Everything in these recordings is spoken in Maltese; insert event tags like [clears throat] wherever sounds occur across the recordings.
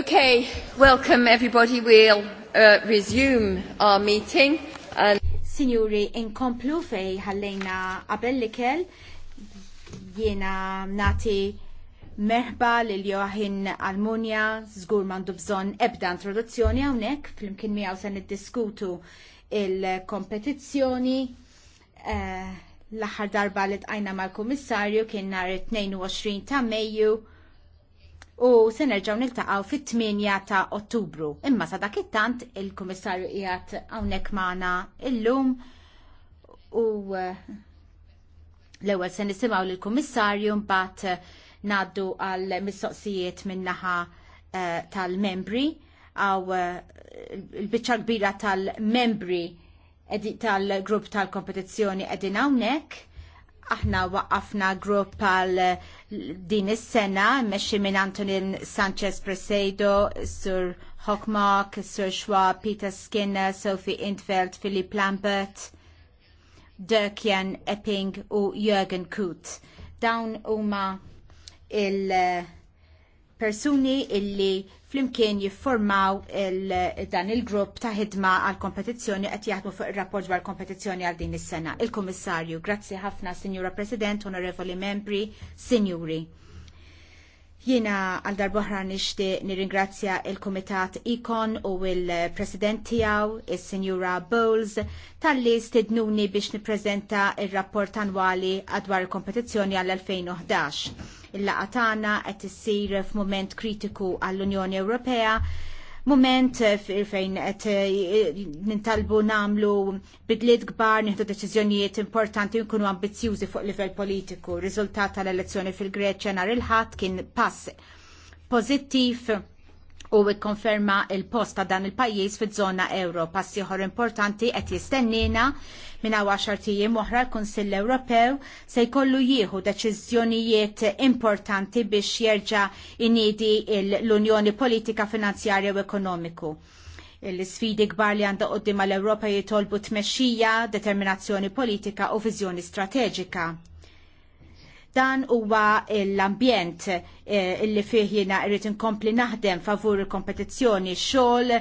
Okay, welcome everybody. We'll uh, resume our meeting. And... Signori, inkomplu fej ħallejna qabel likel jiena nati merħba lil joħin Almunja, żgur m'għandu bżonn ebda introduzzjoni hawnhekk flimkien miegħu se niddiskutu il-kompetizzjoni uh, l-aħħar darba li tqajna mal-Kummissarju kien nhar 22 ta' Mejju u se nerġgħu niltaqgħu fit-8 ta' Ottubru. Imma sa dak it-tant il-Kummissarju qiegħed hawnhekk magħna illum u eh, l-ewwel se nisimgħu lill-Kummissarju mbagħad eh, ngħaddu għal mistoqsijiet min-naħa eh, tal-membri għaw il-bicċa kbira tal-membri tal-grupp tal-kompetizzjoni edin hawnhekk. Aħna waqqafna grupp tal din is-sena mmexxi minn Antonin Sanchez Presedo, Sir Hockmark, Sir Schwa, Peter Skinner, Sophie Intveld, Philip Lambert, Dirk Jan Epping u Jürgen Kut. Dawn huma il- persuni illi flimkien jifformaw il dan il-grupp ta' ħidma għal kompetizzjoni qed jaħdmu fuq ir-rapport dwar kompetizzjoni għal din is-sena. Il-Kummissarju, grazzi ħafna Sinjura President, Onorevoli Membri, Sinjuri. Jiena għal darbohra nixtieq nirringrazzja il-Kumitat Ikon u il-President tiegħu, il sinjura Bowles, tal-li stednuni biex nippreżenta il rapport annwali għadwar il-kompetizzjoni għall-2011 il laqgħa tagħna qed issir f'mument kritiku għall-Unjoni Ewropea moment eh, fejn qed eh, nintalbu namlu bidliet kbar nieħdu deċiżjonijiet importanti nkunu ambizjużi fuq livell politiku. Riżultat tal-elezzjoni fil-Greċja nhar il-ħadd kien pass pożittiv u ikkonferma il-post ta' dan il-pajjiż fiż-żona euro. Pass ieħor importanti qed jistennina minna 10 tiem oħra l-Kunsill Ewropew se jkollu jieħu deċiżjonijiet importanti biex jerġa' inidi l-Unjoni Politika Finanzjarja u Ekonomiku. L-sfidi kbar li għandha qoddim għall-Ewropa jitolbu tmexxija, determinazzjoni politika u viżjoni strateġika Dan huwa l-ambjent eh, illi fih jiena irrid inkompli naħdem favur il-kompetizzjoni xogħol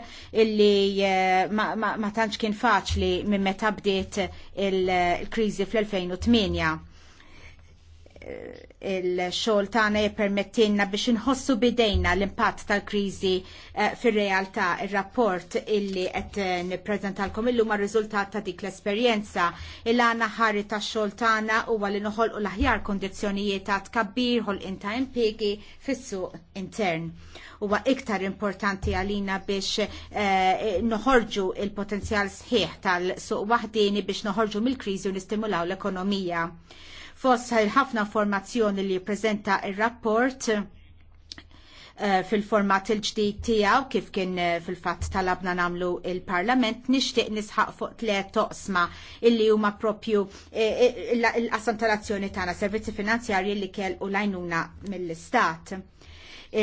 illi eh, ma tantx kien faċli minn meta bdiet il-kriżi fl-2008 il-xol tagħna jippermettilna biex inħossu bidejna l-impatt tal-kriżi eh, fir-realtà ir-rapport illi qed eh, nippreżentalkom illum mar-riżultat ta' dik l-esperjenza il għana ħari tax-xogħol tagħna huwa li noħolqu l-aħjar kundizzjonijiet ta' tkabbir ħolqien ta' impiegi fis-suq intern. Huwa iktar importanti għalina biex eh, noħorġu il-potenzjal sħiħ tal-suq waħdini biex noħorġu mill-kriżi u nistimulaw l-ekonomija. Fost ħafna formazzjoni li prezenta il-rapport eh, fil-format il-ġdijt tijaw kif kien eh, fil-fat talabna namlu il-parlament nishtiq nisħaq fuq tle toqsma illi huma propju eh, l-assantalazzjoni tana servizzi finanzjarji li kell u lajnuna mill-istat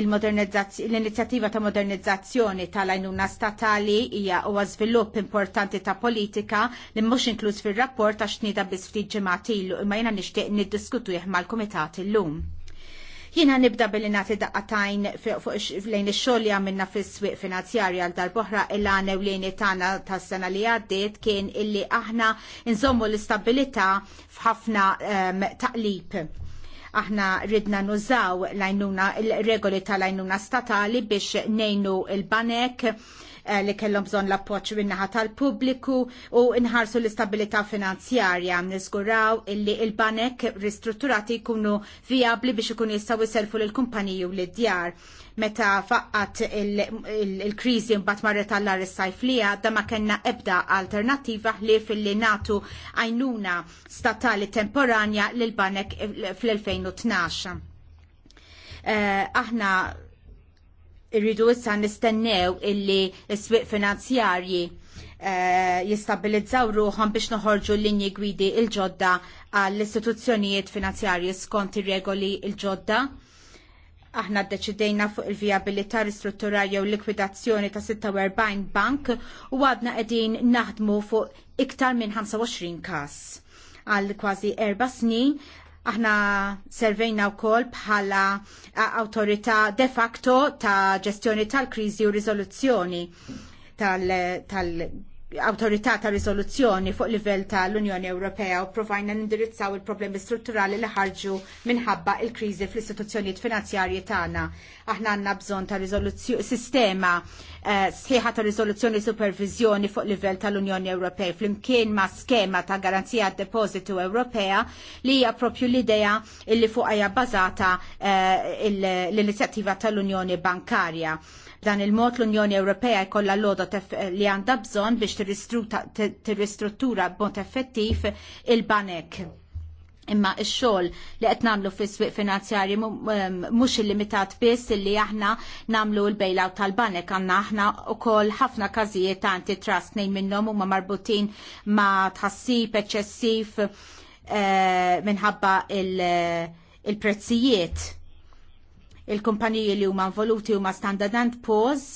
l-inizjattiva ta' modernizzazzjoni tal-għajnuna statali hija huwa żvilupp importanti ta' politika li mhux inkluż fir-rapport għax tnieda biss ftit ġematilu imma jiena nixtieq niddiskutu mal-kumitat illum. Jiena nibda billi nagħti daqqatajn lejn ix-xogħol għamilna fis-swieq finanzjarja għal darb'oħra il għanew tana tagħna tas-sena li għaddiet kien illi aħna nżommu l-istabilità f'ħafna ehm, taqlib Aħna ridna nużaw l-għajnuna, il-regoli tal-għajnuna statali biex nejnu il-banek eh, li kellhom bżonn l appoċ min-naħa tal-pubbliku u nħarsu l-istabilità finanzjarja niżguraw illi il-banek ristrutturati jkunu viabli biex ikun jistgħu jselfu lill kumpaniji u lid djar meta faqqat il-kriżi mbagħad marret għall is-sajf li da ma kellna ebda alternattiva li fil-li natu għajnuna statali temporanja lil banek fl-2012. Eh, aħna irridu issa nistennew illi s-swieq finanzjarji eh, jistabilizzaw ruhom biex noħorġu l-linji gwidi il-ġodda għall istituzzjonijiet finanzjarji skont ir-regoli il-ġodda aħna ddeċidejna fuq il-vijabilità ristrutturar jew likwidazzjoni ta' 46 bank u għadna qegħdin naħdmu fuq iktar minn 25 każ. Għal kważi erba' snin aħna servejna wkoll bħala awtorità de facto ta' ġestjoni tal-kriżi u riżoluzzjoni tal-kriżi autorità ta' riżoluzzjoni fuq livell tal-Unjoni Ewropea u provajna nindirizzaw il-problemi strutturali li ħarġu minħabba il-kriżi fl-istituzzjonijiet finanzjarji tagħna. Aħna għandna bżonn ta' sistema Eh, sħiħa ta' Rizoluzzjoni supervizjoni fuq livell tal-Unjoni Ewropej flimkien ma' skema ta' garanzija depositu Ewropea li hija propju l-idea illi fuq hija bbażata eh, l-inizjattiva tal-Unjoni Bankarja. Dan il-mod l-Unjoni Ewropea jkollha l li għandha bżonn biex tirristruttura b'mod effettiv il-banek Imma ix xogħol li qed nagħmlu fis-swieq finanzjarji mhux illimitat biss illi aħna nagħmlu l bejlaw tal-banek għandna aħna wkoll ħafna każijiet ta' antitrust nejn minnhom huma marbutin ma' tħassib eċċessiv eh, minħabba il-prezzijiet. Il-kumpaniji li huma involuti huma Standard and Poor's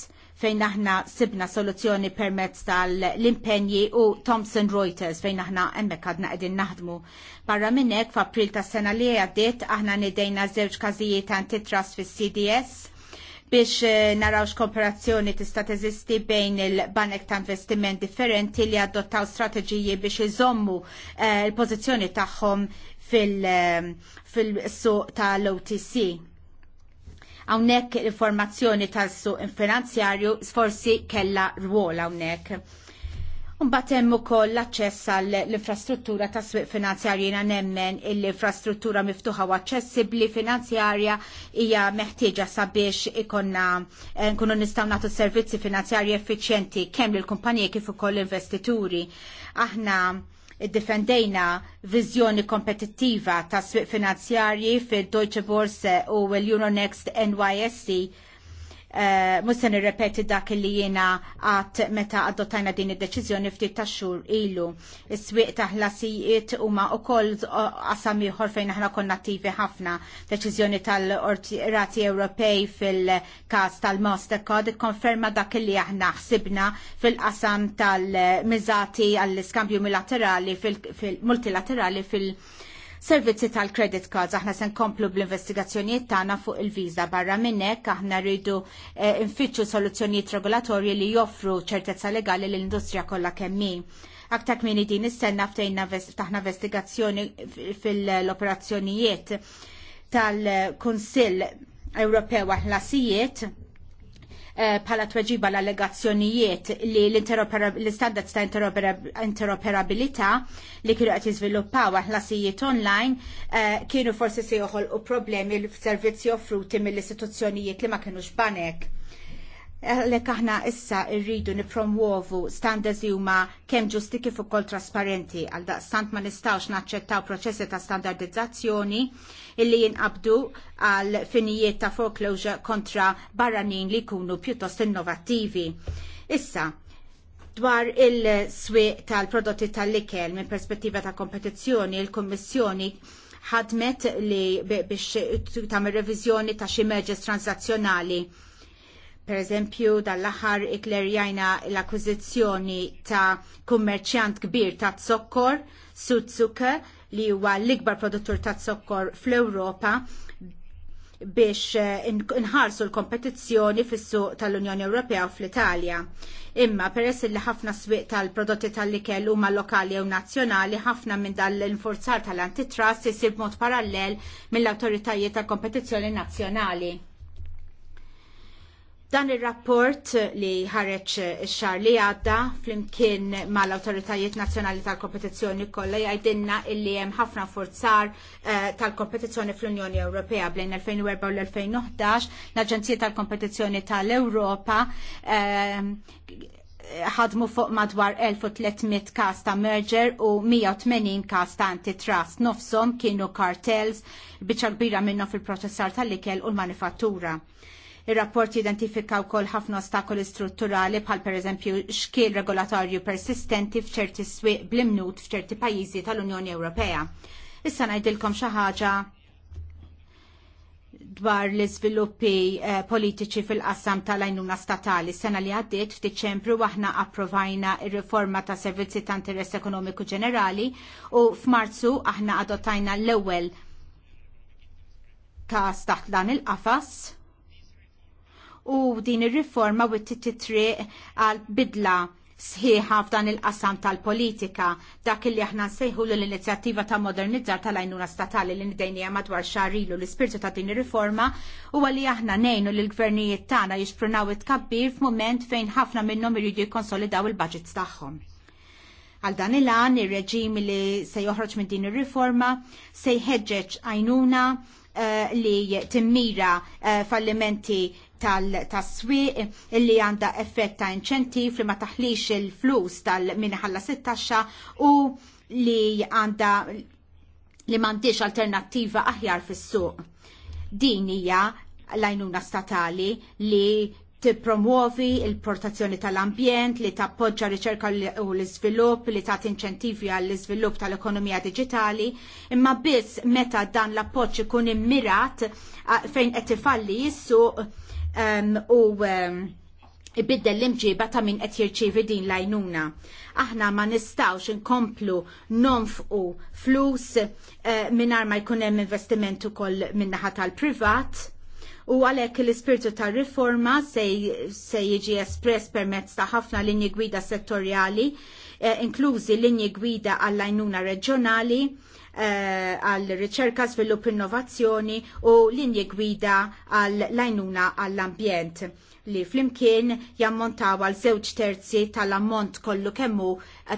fejn aħna sibna soluzzjoni permezz tal-impenji u Thomson Reuters fejn aħna hemmhekk għadna qegħdin naħdmu. Barra minnek f'April tas-sena li għaddiet aħna nidejna żewġ każijiet antitrust fis-CDS biex eh, narawx komparazzjoni tista' teżisti bejn il-banek ta' investiment differenti li adottaw strateġiji biex iżommu eh, l-pożizzjoni tagħhom eh, fil-suq tal-OTC. Hawnhekk l-informazzjoni tas-suq finanzjarju sforsi kellha rwol hawnhekk. Mbagħad hemm ukoll l-aċċess għall-infrastruttura ta' swieq finanzjarji jina nemmen l-infrastruttura miftuħa u aċċessibbli finanzjarja hija meħtieġa sabiex ikonna eh, nkunu nistgħu nagħtu servizzi finanzjarji effiċjenti kemm lill kumpaniji kif ukoll investituri. Aħna Iddifendejna viżjoni kompetittiva ta' swieq finanzjarji fid-Deutsche Börse u l-Euronext NYSE Eh, Mus se nirrepeti dak li jiena għat meta adottajna din id-deċiżjoni ftit ta' xhur ilu. Is-swieq ta' ħlasijiet huma wkoll qasam ieħor fejn aħna konnattivi ħafna. Deċiżjoni tal-Rati Ewropej fil-każ tal-Mastercard ikkonferma dak li aħna ħsibna fil-qasam tal-miżati għall-iskambju multilaterali fil-, fil, fil servizzi tal-credit cards. Aħna se nkomplu bl-investigazzjonijiet tagħna fuq il-viża barra minnek aħna rridu eh, infittxu soluzzjonijiet regolatorji li joffru ċertezza legali l-industrija kollha kemm Aktar kmini din is-senna ftejna taħna investigazzjoni fil-operazzjonijiet tal-Kunsill Ewropew ħlasijiet. Eh, pala tweġiba l-allegazzjonijiet li l-standards ta' interoperabilità li kienu qed jiżviluppaw ħlasijiet online eh, kienu forsi se joħolqu problemi l-servizzi offruti mill-istituzzjonijiet li ma kienux banek. Lek aħna issa rridu nipromuovu standards li huma kemm ġusti kif ukoll trasparenti għal daqstant ma nistgħux naċċettaw proċessi ta' standardizzazzjoni illi jinqabdu għal finijiet ta' foreclosure kontra barranin li jkunu pjuttost innovattivi. Issa, dwar il-swieq tal-prodotti tal-ikel minn perspettiva ta' kompetizzjoni, il-Kommissjoni ħadmet li biex tagħmel reviżjoni ta' xi mergers transazzjonali Per eżempju, dal-aħħar jajna l-akkużizzjoni ta' kummerċjant kbir ta' zokkor, Sutsuke, li huwa l-ikbar produttur ta' zokkor fl-Ewropa, biex eh, inħarsu l-kompetizzjoni fis-suq tal-Unjoni Ewropea u fl-Italja. Imma peress li ħafna swieq tal-prodotti tal ikel huma lokali u nazzjonali, ħafna minn dal-infurzar tal-antitrust isir b'mod parallel mill-awtoritajiet tal-kompetizzjoni nazzjonali. Dan il-rapport li ħareċ xar li għadda flimkien mal autoritajiet Nazzjonali tal-kompetizzjoni kollha jgħidilna illi hemm ħafna forzar uh, tal-kompetizzjoni fl-Unjoni Ewropea bejn 2004 u l-2011 l-Aġenzija tal-Kompetizzjoni tal-Ewropa eh, ħadmu uh, fuq madwar 1300 kas ta' merger u 180 kas ta' antitrust. Nofsom kienu kartels biċa kbira minnhom fil-proċessar tal-ikel u l-manifattura. Ir-rapport jidentifikaw wkoll ħafna ostakoli strutturali bħal pereżempju xkiel regolatorju persistenti f'ċerti swiq blimnut f'ċerti pajjiżi tal-Unjoni Ewropea. Issa ngħidilkom xi ħaġa dwar l iżviluppi eh, politiċi fil-qassam tal-għajnuna statali. Sena li għaddiet f'Diċembru aħna approvajna ir-riforma ta' servizzi ta' interess ekonomiku ġenerali u f'Marzu aħna adottajna l-ewwel ta' staħt dan il-qafas u din ir-riforma witti titriq għal bidla sħiħa f'dan il-qasam tal-politika, dak li aħna nsejħu l-inizjattiva ta' modernizzar tal-għajnuna statali li ndejnija madwar xarilu l-ispirtu ta' din ir-riforma u li aħna nejnu li l-gvernijiet tagħna jixprunaw it-kabbir f'mument fejn ħafna minnhom iridu jkonsolidaw il-budgets tagħhom. Għal dan il-għan, ir-reġim li se joħroġ minn din ir-riforma se jħeġġeġ għajnuna eh, li timmira eh, fallimenti tal swieq illi għandha effett ta' inċentiv li ma taħlix il-flus tal minħalla ħalla 16 u li għandha li m'għandix alternattiva aħjar fis-suq. Din hija l-għajnuna statali li tippromuovi il-portazzjoni tal-ambjent li tappoġġa riċerka u l-iżvilupp li tagħti inċentivi għall iżvilupp tal-ekonomija diġitali, imma biss meta dan l-appoġġ ikun immirat fejn qed ifalli jissuq u ibiddel l-imġiba ta' min qed jirċievi din l-għajnuna. Aħna ma nistawx inkomplu nonfqu flus eh, mingħajr ma jkun hemm investiment ukoll min-naħa tal-privat. U għalhekk l-ispirtu tar riforma se jiġi espress permezz ta' ħafna linji gwida settorjali, eh, inklużi linji gwida għall-għajnuna reġjonali Eh, għal riċerka svilupp innovazzjoni u linji gwida għal lajnuna għall-ambjent li flimkien jammontaw għal żewġ terzi tal-ammont kollu kemmu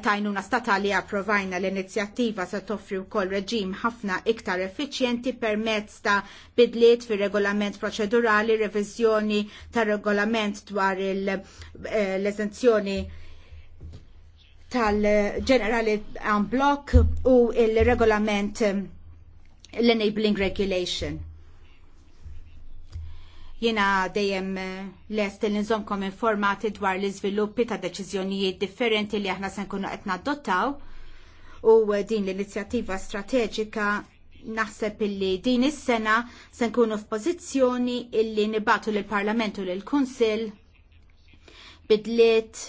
tajnuna statali approvajna l-inizjattiva se toffri wkoll reġim ħafna iktar effiċjenti permezz ta' bidliet fir regolament proċedurali, reviżjoni tar regolament dwar eh, l-eżenzjoni tal-Generali Unblock u il-regolament um, l-Enabling Regulation. Jena dejjem uh, lest il-nżomkom informati dwar l-izviluppi ta' deċiżjonijiet differenti li aħna se nkunu qed nadottaw u uh, din l-inizjattiva strateġika naħseb illi din is-sena se nkunu f'pożizzjoni illi nibatu lill-Parlament u lill-Kunsill bidliet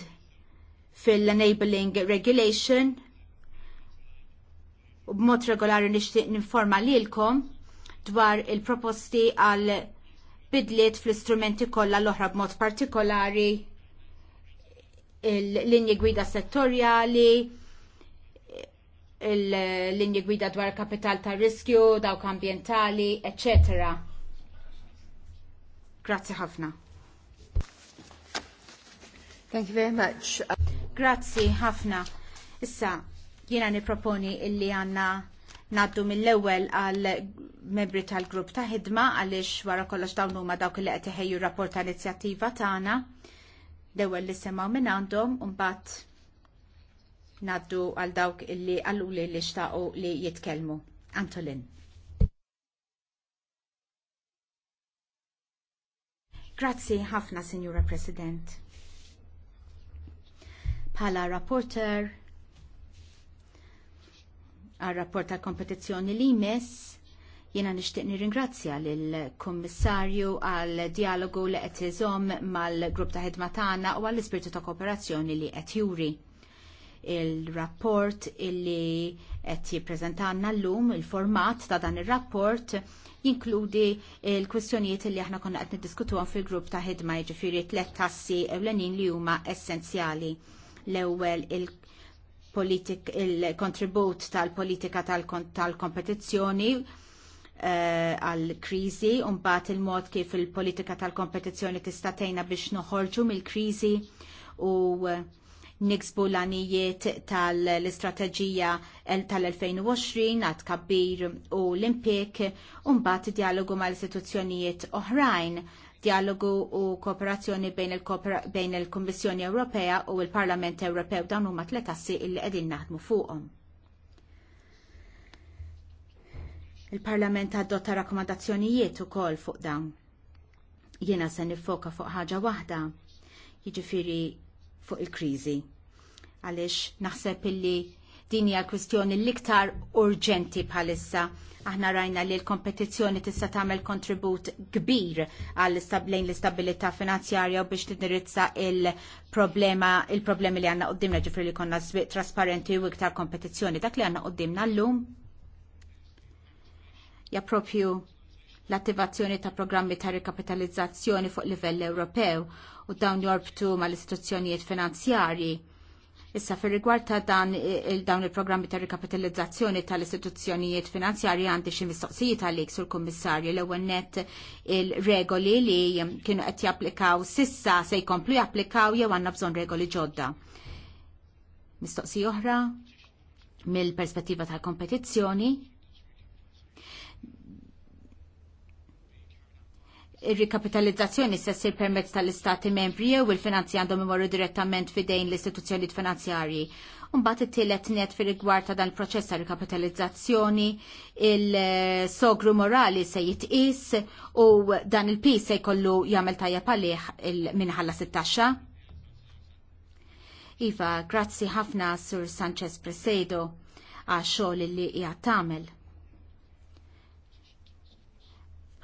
fil-Enabling Regulation u b'mod regolari nixtieq ninforma lilkom dwar il-proposti għal bidliet fl-istrumenti kollha l-oħra b'mod partikolari il-linji gwida settorjali, il-linji gwida dwar kapital ta' riskju, dawk ambientali, etc. Grazzi ħafna. Thank you very much. Grazzi ħafna. Issa, jiena niproponi illi għanna naddu mill-ewwel għal membri tal-grupp ta' ħidma għaliex wara kollox dawn huma dawk li qed iħejju rapport ta' inizjattiva tagħna. L-ewwel li semgħu minn għandhom u mbagħad naddu għal dawk illi għalluli li xtaqu li jitkellmu. Antolin. Grazzi ħafna, Signora President bħala rapporter għal rapporta tal kompetizzjoni li jmiss Jiena nixtieq nirringrazzja lill kummissarju għal dialogu li qed iżomm mal-grupp ta' ħidma tagħna u għall ispirtu ta' kooperazzjoni li qed juri. Il-rapport illi qed jippreżentanna llum il-format ta' dan ir-rapport jinkludi il-kwistjonijiet li aħna konna qed niddiskutuhom fil-grupp ta' ħidma jiġifieri tliet tassi ewlenin li huma essenzjali L-ewwel il- il-kontribut tal-politika tal-kompetizzjoni eh, għal kriżi u mbagħad il-mod kif il-politika tal-kompetizzjoni tista' tgħinna biex noħorġu mill-kriżi u eh, niksbu l-anijiet tal-istrateġija tal-2020 għad kabbir u l-impik un bat dialogu mal istituzzjonijiet oħrajn dialogu u kooperazzjoni bejn il-Kommissjoni il Ewropea u il-Parlament Ewropew dawn huma tletassi illi qegħdin naħdmu fuqhom. Il-Parlament adotta rakkomandazzjonijiet ukoll fuq dawn. Jiena se nifoka fuq ħaġa waħda, jiġifieri fuq il-kriżi. Għaliex naħseb illi din hija kwistjoni l-iktar urġenti bħalissa Aħna rajna li l-kompetizzjoni tista' tagħmel kontribut kbir għal lejn l-istabilità finanzjarja u biex tindirizza il-problema il-problemi li għandna qudiemna ġifri li konna sbiq trasparenti u iktar kompetizzjoni dak li għandna qudiemna llum propju l-attivazzjoni ta' programmi ta' rikapitalizzazzjoni fuq livell Ewropew u dawn jorbtu mal istituzzjonijiet finanzjarji Issa fir rigward ta' dan il-dawn il-programmi ta' rikapitalizzazzjoni tal-istituzzjonijiet finanzjarji għandi xi mistoqsijiet għalik sur kummissarju l-ewwel net il-regoli li kienu qed japplikaw sissa se jkomplu japplikaw jew għandna bżonn regoli ġodda. Mistoqsija oħra mill-perspettiva tal-kompetizzjoni Ir-rikapitalizzazzjoni se ssir permezz tal-istati membri jew il-finanzi għandhom imorru direttament fidejn l-istituzzjonijiet finanzjarji. Umbat it-tielet net fi rigward ta' dan proċess ta' rikapitalizzazzjoni, il-sogru morali se jitqis u dan il-pis se jkollu jagħmel tajja palih minħalla 16. Iva, grazzi ħafna Sur Sanchez Presedo għax xogħol li qiegħed tagħmel.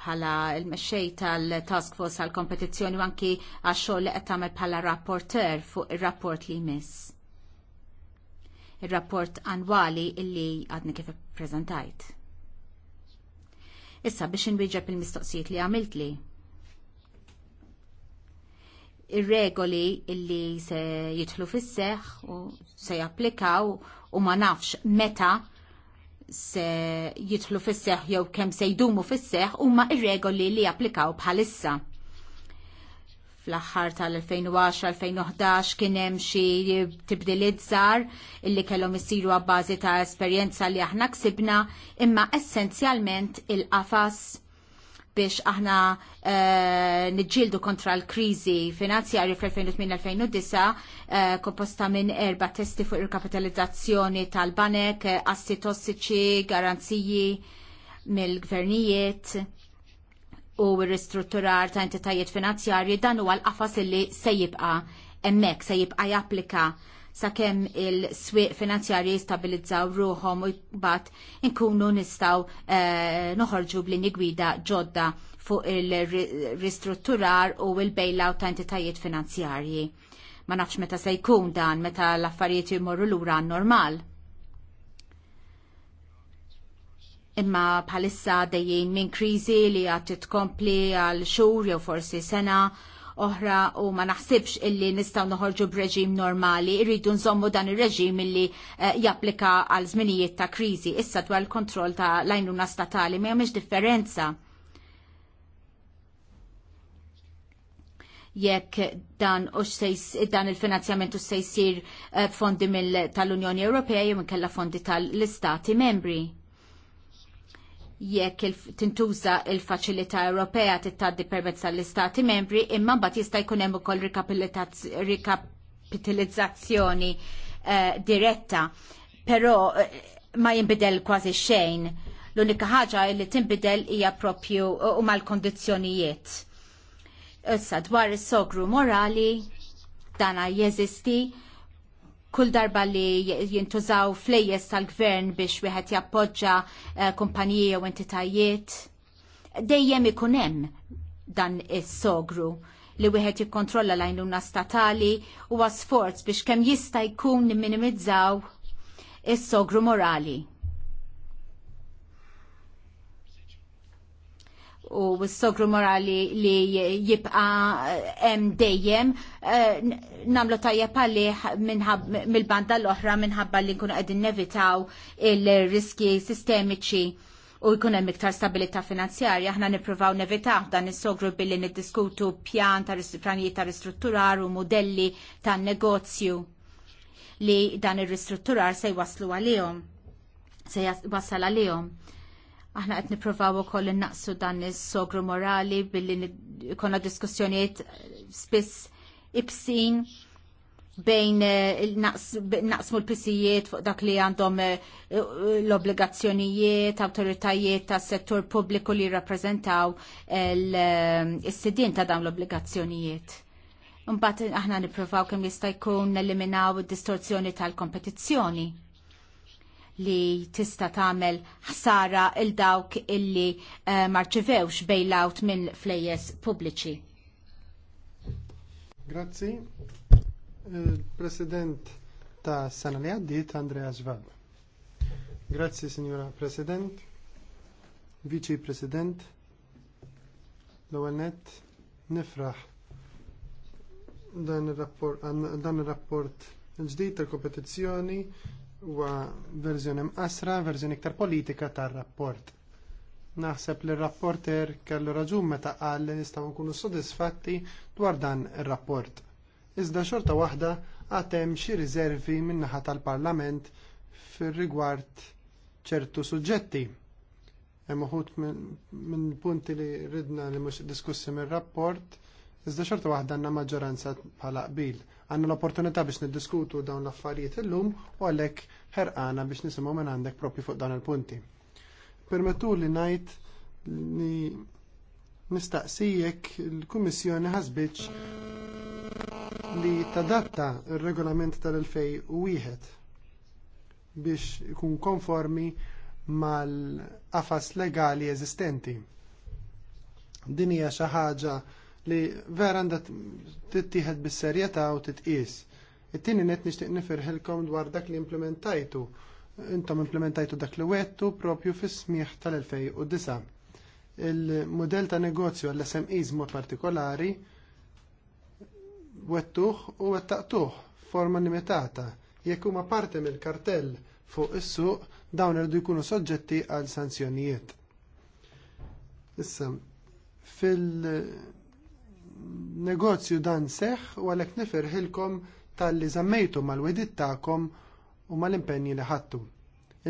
bħala il-mexxej tal-Task Force għal kompetizzjoni u anki għax xogħol li qed tagħmel bħala rapporter fuq ir-rapport li jmiss. Ir-rapport annwali illi għadni kif ippreżentajt. Issa biex inwieġeb il-mistoqsijiet li għamilt li. Ir-regoli illi se jidħlu fis u se japplikaw u ma nafx meta se jidħlu fis seħħ jew kemm se jdumu fis seħħ huma ir-regoli li japplikaw bħalissa. Fl-aħħar tal-2010-2011 kien hemm xi tibdiliet żgħar illi kellhom isiru għabbażi ta' esperjenza li aħna ksibna imma essenzjalment il-qafas biex aħna uh, eh, nġildu kontra l-krizi finanzjarju fl-2008-2009 uh, komposta minn erba testi fuq il-kapitalizzazzjoni tal-banek, eh, assi tossiċi, garanziji mill-gvernijiet u r-istrutturar ta' entitajiet finanzjarji dan huwa l-qafas li se jibqa' emmek se jibqa' japplika sakemm il-swieq finanzjarji jistabilizzaw ruhom u bat inkunu nistaw eh, noħorġu b'lini gwida ġodda fuq il-ristrutturar u il-bailout ta' entitajiet finanzjarji. Ma nafx meta se jkun dan meta l-affarijiet jmorru lura normal. imma bħalissa dejjin minn kriżi li għad titkompli għal xhur jew forsi sena oħra u ma naħsibx illi nistgħu noħorġu b'reġim normali, irridu nżommu dan ir-reġim illi eh, japplika għal żminijiet ta' kriżi. Issa dwar il-kontroll ta' lajnuna statali ma hemmx differenza. jekk dan dan il-finanzjament u se jsir eh, fondi tal-Unjoni Ewropea jew kella fondi tal-Istati membri jekk tintuża il-faċilità Ewropea tittaddi permezz tal-Istati membri imma mbagħad jista' jkun hemm ukoll rikapitalizzazzjoni eh, diretta. Però eh, ma jinbidel kważi xejn. L-unika ħaġa li tinbidel hija propju eh, u mal-kondizzjonijiet. Issa dwar is-sogru morali dana jeżisti kull darba li jintużaw flejjes tal-gvern biex wieħed jappoġġa eh, kumpaniji jew entitajiet. Dejjem ikun hemm dan is-sogru li wieħed jikkontrolla l-għajnuna statali huwa sforz biex kemm jista' jkun minimizzaw is-sogru morali. u s-sogru morali li jibqa hemm eh, dejjem eh, namlu tajjeb għalli mill-banda l-oħra minħabba li nkunu qegħdin nevitaw il-riski sistemiċi u jkun hemm iktar stabilità finanzjarja aħna nippruvaw nevitaw dan is-sogru billi niddiskutu pjan ta' pranijiet ta' ristrutturar u modelli ta' negozju li dan ir-ristrutturar se jwaslu għalihom se jwassal għalihom Aħna qed nippruvaw ukoll innaqsu dan is-sogru morali billi ikonna diskussjonijiet eh, spiss ibsin bejn eh, naqsmu l-pisijiet fuq dak li għandhom eh, l-obbligazzjonijiet, autoritajiet ta' settur pubbliku li rappresentaw l-istudin ta' dawn l-obbligazzjonijiet. Mbagħad aħna nippruvaw kemm jista' jkun neliminaw id-distorzjoni tal-kompetizzjoni li tista' tagħmel ħsara il dawk illi eh, marċivewx bailout minn flejjes pubbliċi. Grazzi. Il-President eh, ta' sena li għaddiet Andrea Zvab. Grazzi, Signora President, Vici President, l-ewwel nifraħ dan ir-rapport il-ġdid tal-kompetizzjoni huwa verżjoni mqasra, verżjoni iktar politika tar-rapport. Naħseb li r-rapporter kellu raġun meta qal li nistgħu nkunu sodisfatti dwar dan ir-rapport. Iżda xorta waħda għad hemm xi riservi min-naħa tal-Parlament fir-rigward ċertu suġġetti. Hemm uħud minn punti li ridna li mhux diskussi mir-rapport Iżda xorta waħda għandna maġġoranza bħala qbil. Għandna l-opportunità biex niddiskutu dawn l-affarijiet illum u għalhekk ħerqana biex nisimgħu minn għandek propju fuq dawn il-punti. Permettu li ngħid li nistaqsijek il-Kummissjoni ħasbiċ li tadatta r regolament tal-2001 biex ikun konformi mal-qafas legali eżistenti. Din hija xi ħaġa li vera għandha tittieħed bis-serjetà u titqies. It-tieni net nixtieq nifirħilkom dwar dak li implementajtu. Intom implementajtu dak li wettu propju fis-smieħ tal-2009. Il-modell ta' negozju għall-SMEs mod partikolari wettuħ u wettaqtuh forma limitata. Jekk huma parti mill-kartell fuq is-suq dawn irdu jkunu soġġetti għal sanzjonijiet. Issa, fil- negozju dan seħħ u għalhekk nifirħilkom talli żammejtu mal-wedid tagħkom u mal impenni li ħadtu.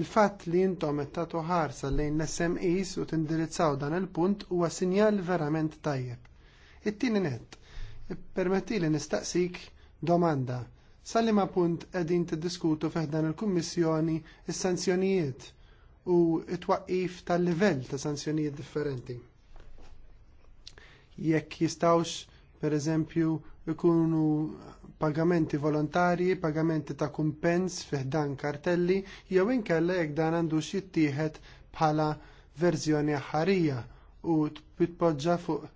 Il-fatt li intom qed tagħtu ħarsa lejn l-SMEs u tindirizzaw dan il-punt huwa sinjal verament tajjeb. It-tieni nett, permetti li nistaqsik domanda. Salli ma punt qegħdin tiddiskutu fih dan il-Kummissjoni is-sanzjonijiet u t twaqqif tal-livell ta' sanzjonijiet differenti jekk jistawx pereżempju ikunu pagamenti volontarji, pagamenti ta' kumpens fiħdan kartelli, jew inkella jekk dan għandu jittieħed bħala verżjoni ħarija u tpoġġa fuq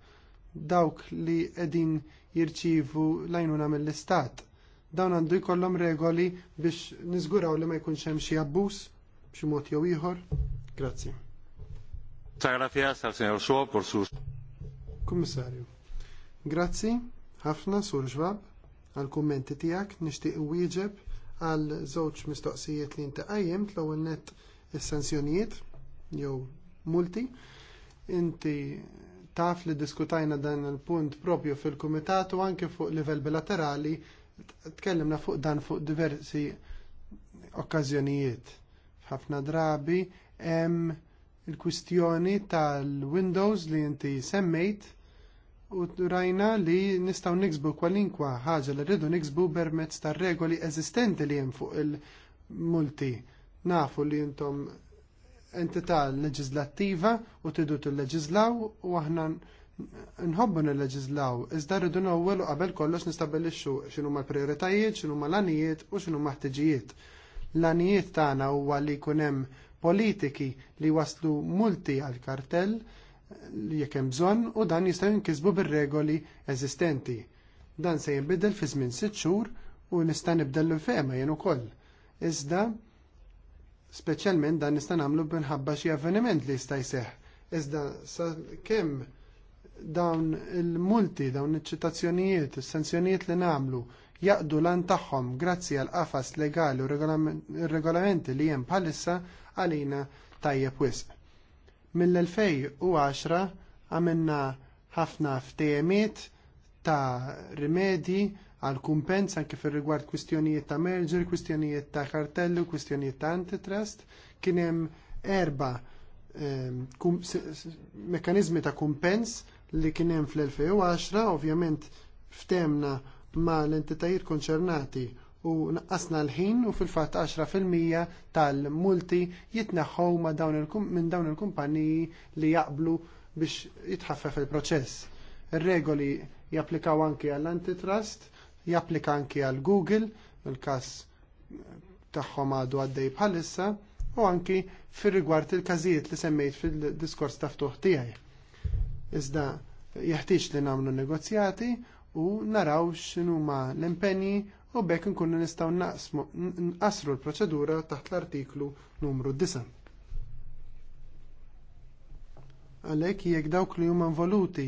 dawk li qegħdin jirċievu l-għajnuna mill-istat. Dawn għandu jkollhom regoli biex niżguraw li ma jkunx hemm xi abbuż b'xi mod jew ieħor. Grazzi. Suo por Kummissarju. Grazzi ħafna sur ġvab għal kummenti tiegħek nixtieq wieġeb għal żewġ mistoqsijiet li inti qajjimt l-ewwel nett is-sanzjonijiet jew multi. Inti taf li diskutajna dan il-punt propju fil-Kumitat u anke fuq livell bilaterali tkellimna fuq dan fuq diversi okkażjonijiet. Ħafna drabi hemm il-kwistjoni tal-Windows li inti semmejt u rajna li nistgħu niksbu kwalinkwa ħaġa li rridu niksbu permezz tar regoli eżistenti li hemm fuq il-multi. Nafu li intom entità leġislattiva u tridu tilleġislaw u aħna nħobbu nilleġislaw, leġizlaw iżda rridu nawwel u qabel kollox nistabellixxu x'inhu ma prioritajiet, xinu ma l-anijiet u xinu ma ħtiġijiet. L-anijiet tagħna huwa li jkun hemm politiki li waslu multi għal kartell jekk hemm bżonn u dan jista' jinkisbu bir-regoli eżistenti. Dan se jinbidel fi żmien sitt xhur u nista' nibdel l-fema jien ukoll. Iżda speċjalment dan nista' nagħmlu minħabba xi avveniment li jista' jseħħ. Iżda sa kemm dawn il-multi, dawn iċ-ċitazzjonijiet, is-sanzjonijiet li nagħmlu jaqdu lan tagħhom grazzi għal qafas legali u regolamenti li hemm bħalissa għalina tajjeb wisq. Mill-2010 għamilna ħafna ftehimiet ta' rimedji għal kumpens anke fir rigward kwistjonijiet ta' merger, kwistjonijiet ta' kartellu, kwistjonijiet ta' antitrust, kien hemm erba ehm, mekkaniżmi ta' kumpens li kien hemm fl-2010, ovvjament ftemna ma' l-entitajiet konċernati u naqqasna l-ħin u fil-fatt 10% tal-multi jitneħħu minn dawn il-kumpaniji li jaqblu biex jitħaffef il-proċess. Ir-regoli japplikaw anki għall-antitrust, japplika anki għall Google, il-każ tagħhom għadu għaddej bħalissa, u anki fir-rigward il-każijiet li semmejt fil-diskors taftuħ tiegħi. Iżda jeħtieġ li nagħmlu negozjati u naraw x'inhuma l-impenji u bekk nkunu nistgħu nqasru l-proċedura taħt l-artiklu numru 9. Għalhekk jekk dawk li huma involuti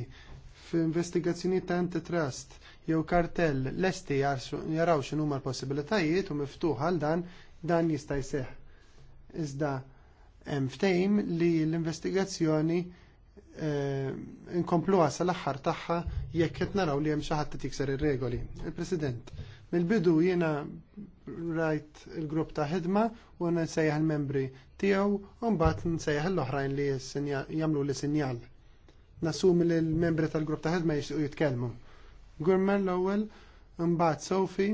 investigazzjoni ta' antitrust jew kartell lesti jaraw xin huma l-possibilitajiet u miftuħ għal dan dan jista' jseħħ. Iżda hemm ftehim li l-investigazzjoni eh, nkomplu għasa l-axħar taħħa jekk qed naraw li hemm xi ħadd tikser ir-regoli. Il-President, mil bidu jiena rajt il-grupp ta' ħidma u nsejħ il-membri tiegħu u mbagħad nsejħ l-oħrajn li jagħmlu li sinjal. Nassum li l-membri tal-grupp ta' ħidma jisqu jitkellmu. Gurman l-ewwel, mbagħad Sofi,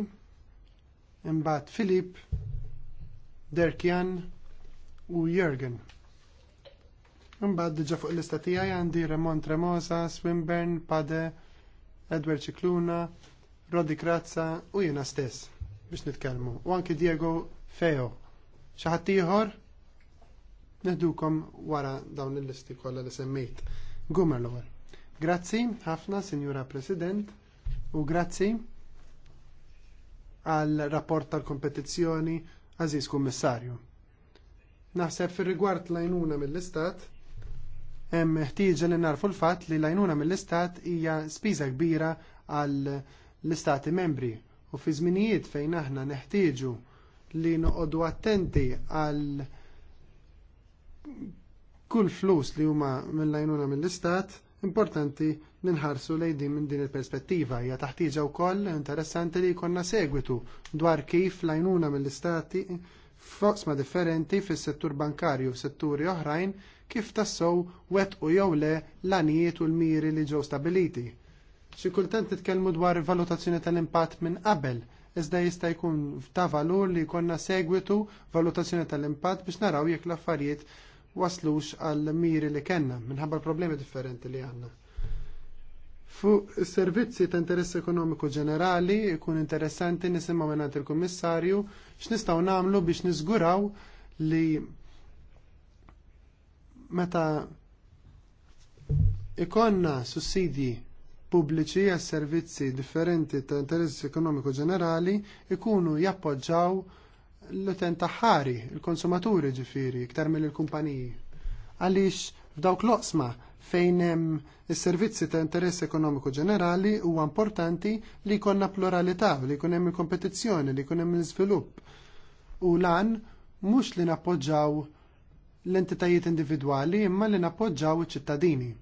mbagħad Filip, Derkjan u Jürgen. Imbagħad diġà fuq l-lista tiegħi għandi Remon Tremosa, Swinburne, Pade, Edward Cicluna, Roddi Krazza u jiena stess biex nitkellmu. U anki Diego Feo. Xaħat tiħor? ieħor? Neħdukom wara dawn il-listi kollha li semmejt. Gumer l-ewwel. Grazzi ħafna, Signora President, u grazzi għal rapport tal-kompetizzjoni għaziz Kummissarju. Naħseb fir rigward lajnuna mill-istat, hemm ħtieġa li narfu l-fatt li lajnuna mill-istat hija spiża kbira għal l-istati membri u fi żminijiet fejn aħna neħtieġu li noqogħdu attenti għal kull flus li huma mill-lajnuna mill-istat, importanti ninħarsu lejn din minn din il-perspettiva. Hija taħtieġa wkoll interessanti li jkollna segwitu dwar kif lajnuna mill-istati f'oqsma differenti fis-settur bankarju setturi oħrajn kif tassew wettqu jew le l-anijiet u l-miri li ġew stabiliti Xi kultant titkellmu dwar valutazzjoni tal-impatt minn qabel, iżda jista' jkun ta' valur li jkollna segwitu valutazzjoni tal-impatt biex naraw jekk l-affarijiet waslux għal miri li kellna minħabba problemi differenti li għandna. Fuq servizzi ta' interess ekonomiku ġenerali, jkun interessanti nisimgħu minnant il-Kummissarju x'nistgħu nagħmlu biex niżguraw li meta ikonna sussidji pubbliċi għas servizzi differenti ta' interess ekonomiku ġenerali ikunu jappoġġaw l-utent ħari, il-konsumaturi ġifiri, iktar mill-kumpaniji. Għaliex f'dawk l-oqsma fejn hemm is-servizzi ta' interess ekonomiku ġenerali huwa importanti li jkollna pluralità, li jkun hemm il-kompetizzjoni, li jkun hemm l-iżvilupp. U lan mhux li nappoġġaw l-entitajiet individwali imma li nappoġġaw iċ-ċittadini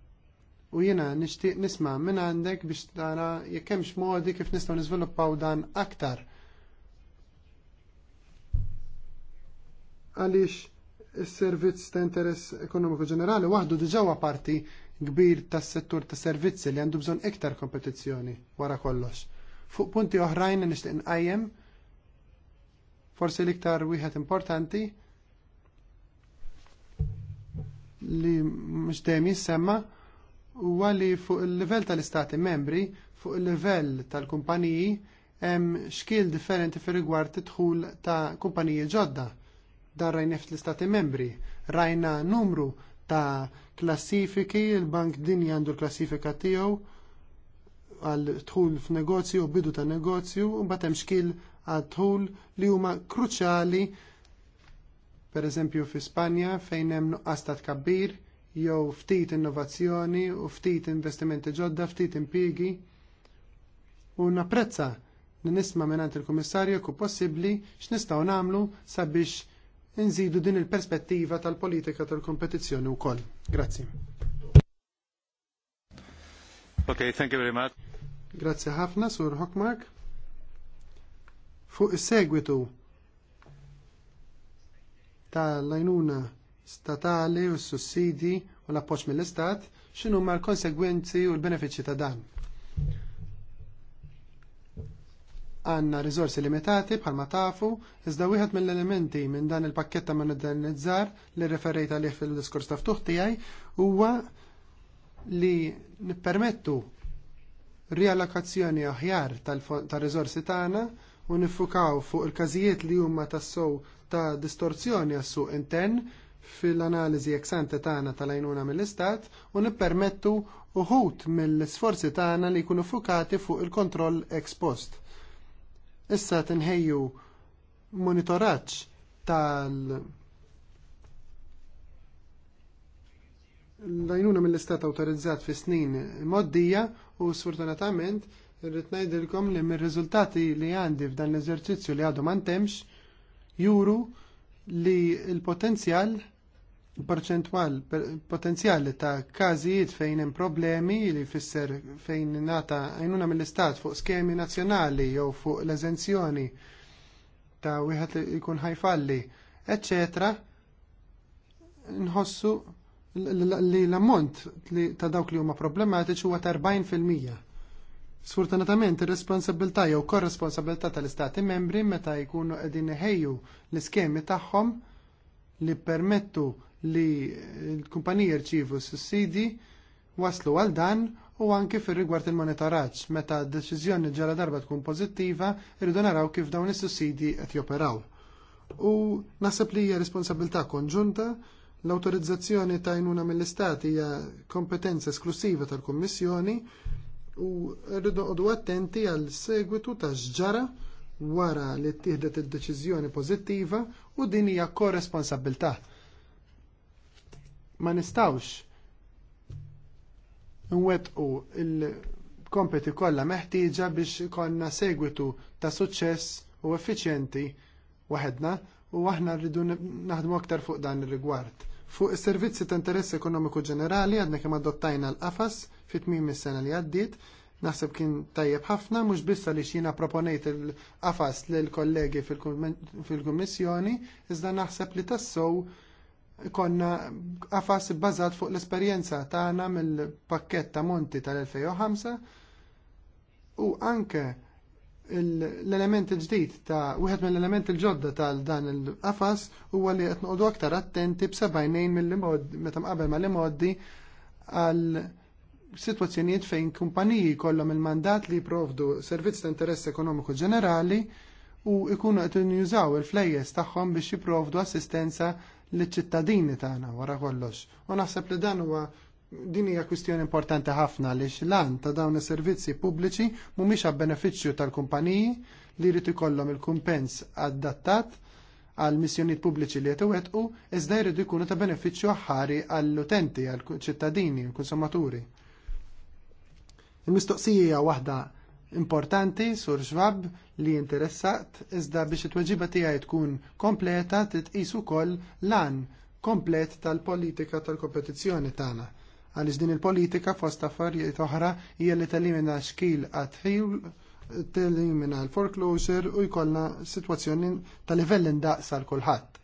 u jiena nixtieq nisma' minn għandek biex tara jekk hemmx modi kif nistgħu niżviluppaw dan aktar. Għaliex is-servizz ta' interess ekonomiku ġenerali waħdu diġawa parti kbir tas-settur tas servizzi li għandu bżonn iktar kompetizzjoni wara kollox. Fuq punti oħrajn nixtieq nqajjem forsi l-iktar wieħed importanti li mhux dejjem jissemma' huwa li fuq il-livell tal-istati membri, fuq il-livell tal-kumpaniji, hemm xkiel differenti fir rigward id-dħul ta' kumpaniji ġodda. Dan rajna fl-istati membri, rajna numru ta' klassifiki, il-bank dinja għandu l-klassifika tiegħu għal dħul f'negozju u bidu ta' negozju, u hemm xkiel għal dħul li huma kruċjali pereżempju fi Spanja fejn hemm nuqqas ta' tkabbir, jew ftit innovazzjoni u ftit investimenti ġodda, ftit impigi. U napprezza li nisma minn il-Kummissarju ku possibbli x'nistgħu nagħmlu sabiex nżidu din il-perspettiva tal-politika tal-kompetizzjoni wkoll. Grazzi. Okay, thank you very much. Grazzi ħafna, Sur Hockmark. Fuq is-segwitu tal-lajnuna statali u s-sussidi u l-appoġġ mill-istat xinu ma l-konsegwenzi u l-benefiċċji ta' dan. Għanna rizorsi limitati bħalma tafu, iżda wieħed mill-elementi minn dan il-pakketta ma' modernizzar li referejt għalih fil-diskors ta' ftuħ tiegħi huwa li nippermettu riallokazzjoni aħjar tal rizorsi tagħna u nifukaw fuq il-każijiet li huma tassew ta' distorzjoni għas-suq intern fil-analiżi eksante tagħna tal-għajnuna mill-istat u nippermettu uħut mill-sforzi tagħna li jkunu fukati fuq il-kontroll ex post. Issa tinħejju monitoraġġ tal- l-għajnuna mill-istat awtorizzat fi snin moddija u sfortunatament irrid ngħidilkom li mir-riżultati li għandi f'dan l-eżerċizzju li għadu ma ntemx juru li l-potenzjal perċentwal potenzjali ta' każijiet fejn hemm problemi li jfisser fejn nata għajnuna mill-istat fuq skemi nazzjonali jew fuq l-eżenzjoni ta' wieħed li jkun ħajfalli, eċċetera, nħossu li l-ammont ta' dawk li huma problematiċi huwa ta' 40 fil-mija. Sfortunatament, ir-responsabilità jew korresponsabilità tal-Istati membri meta jkunu qegħdin iħejju l-iskemi tagħhom li permettu li l-kumpaniji jirċievu sussidi waslu għal dan u anke fir rigward il-monitoraġġ meta d-deċiżjoni ġara darba tkun pożittiva irridu naraw kif dawn is-sussidi qed joperaw. U naħseb li hija responsabilità konġunta l-autorizzazzjoni ta' jnuna mill-istati hija kompetenza esklusiva tal-Kummissjoni u rridu għodu attenti għal segwitu ta' xġara wara li t-tihdet id-deċiżjoni pożittiva u din hija korresponsabilità. Ma nistawx nwettqu il-kompeti kollha meħtieġa biex ikollna segwitu ta' suċċess u effiċjenti waħedna u aħna rridu naħdmu aktar fuq dan ir-rigward. Fuq is-servizzi ta' interess ekonomiku ġenerali għadna kemm adottajna l-qafas fit is-sena li għaddiet naħseb kien tajjeb ħafna, mhux biss li xina proponejt il-qafas lill-kollegi fil-kummissjoni, iżda naħseb li tassow konna qafas bbażat fuq l-esperjenza tagħna mill-pakkett ta' Monti tal-2005 u anke l-element il-ġdid ta' wieħed mill-element il-ġodda tal dan il-qafas huwa li qed noqogħdu aktar attenti b'sebgħinejn mill-imod meta mqabel mal imodi għal situazzjonijiet fejn kumpaniji kollom il-mandat li jiprovdu servizz ta' interess ekonomiku ġenerali u jkunu qed jużaw il-flejjes tagħhom biex jipprovdu assistenza liċ ċittadini tagħna wara kollox. U naħseb li dan huwa din hija kwistjoni importanti ħafna li lan ta' dawn is-servizzi pubbliċi mhumiex għab benefiċċju tal-kumpaniji li jrid ikollhom il-kumpens adattat għal missjonijiet pubbliċi li u iżda jridu jkunu ta' benefiċċju aħħari għall-utenti, għall-ċittadini, l-konsumaturi. Il-mistoqsija waħda importanti sur xvab li interessat iżda biex it-tweġiba tiegħi tkun kompleta titqis ukoll lan komplet tal-politika tal-kompetizzjoni tagħna. Għaliex din il-politika fost affarijiet oħra hija li telimina xkil għat telimina l-foreclosure u jkollna sitwazzjoni tal-livell indaqsa l kulħadd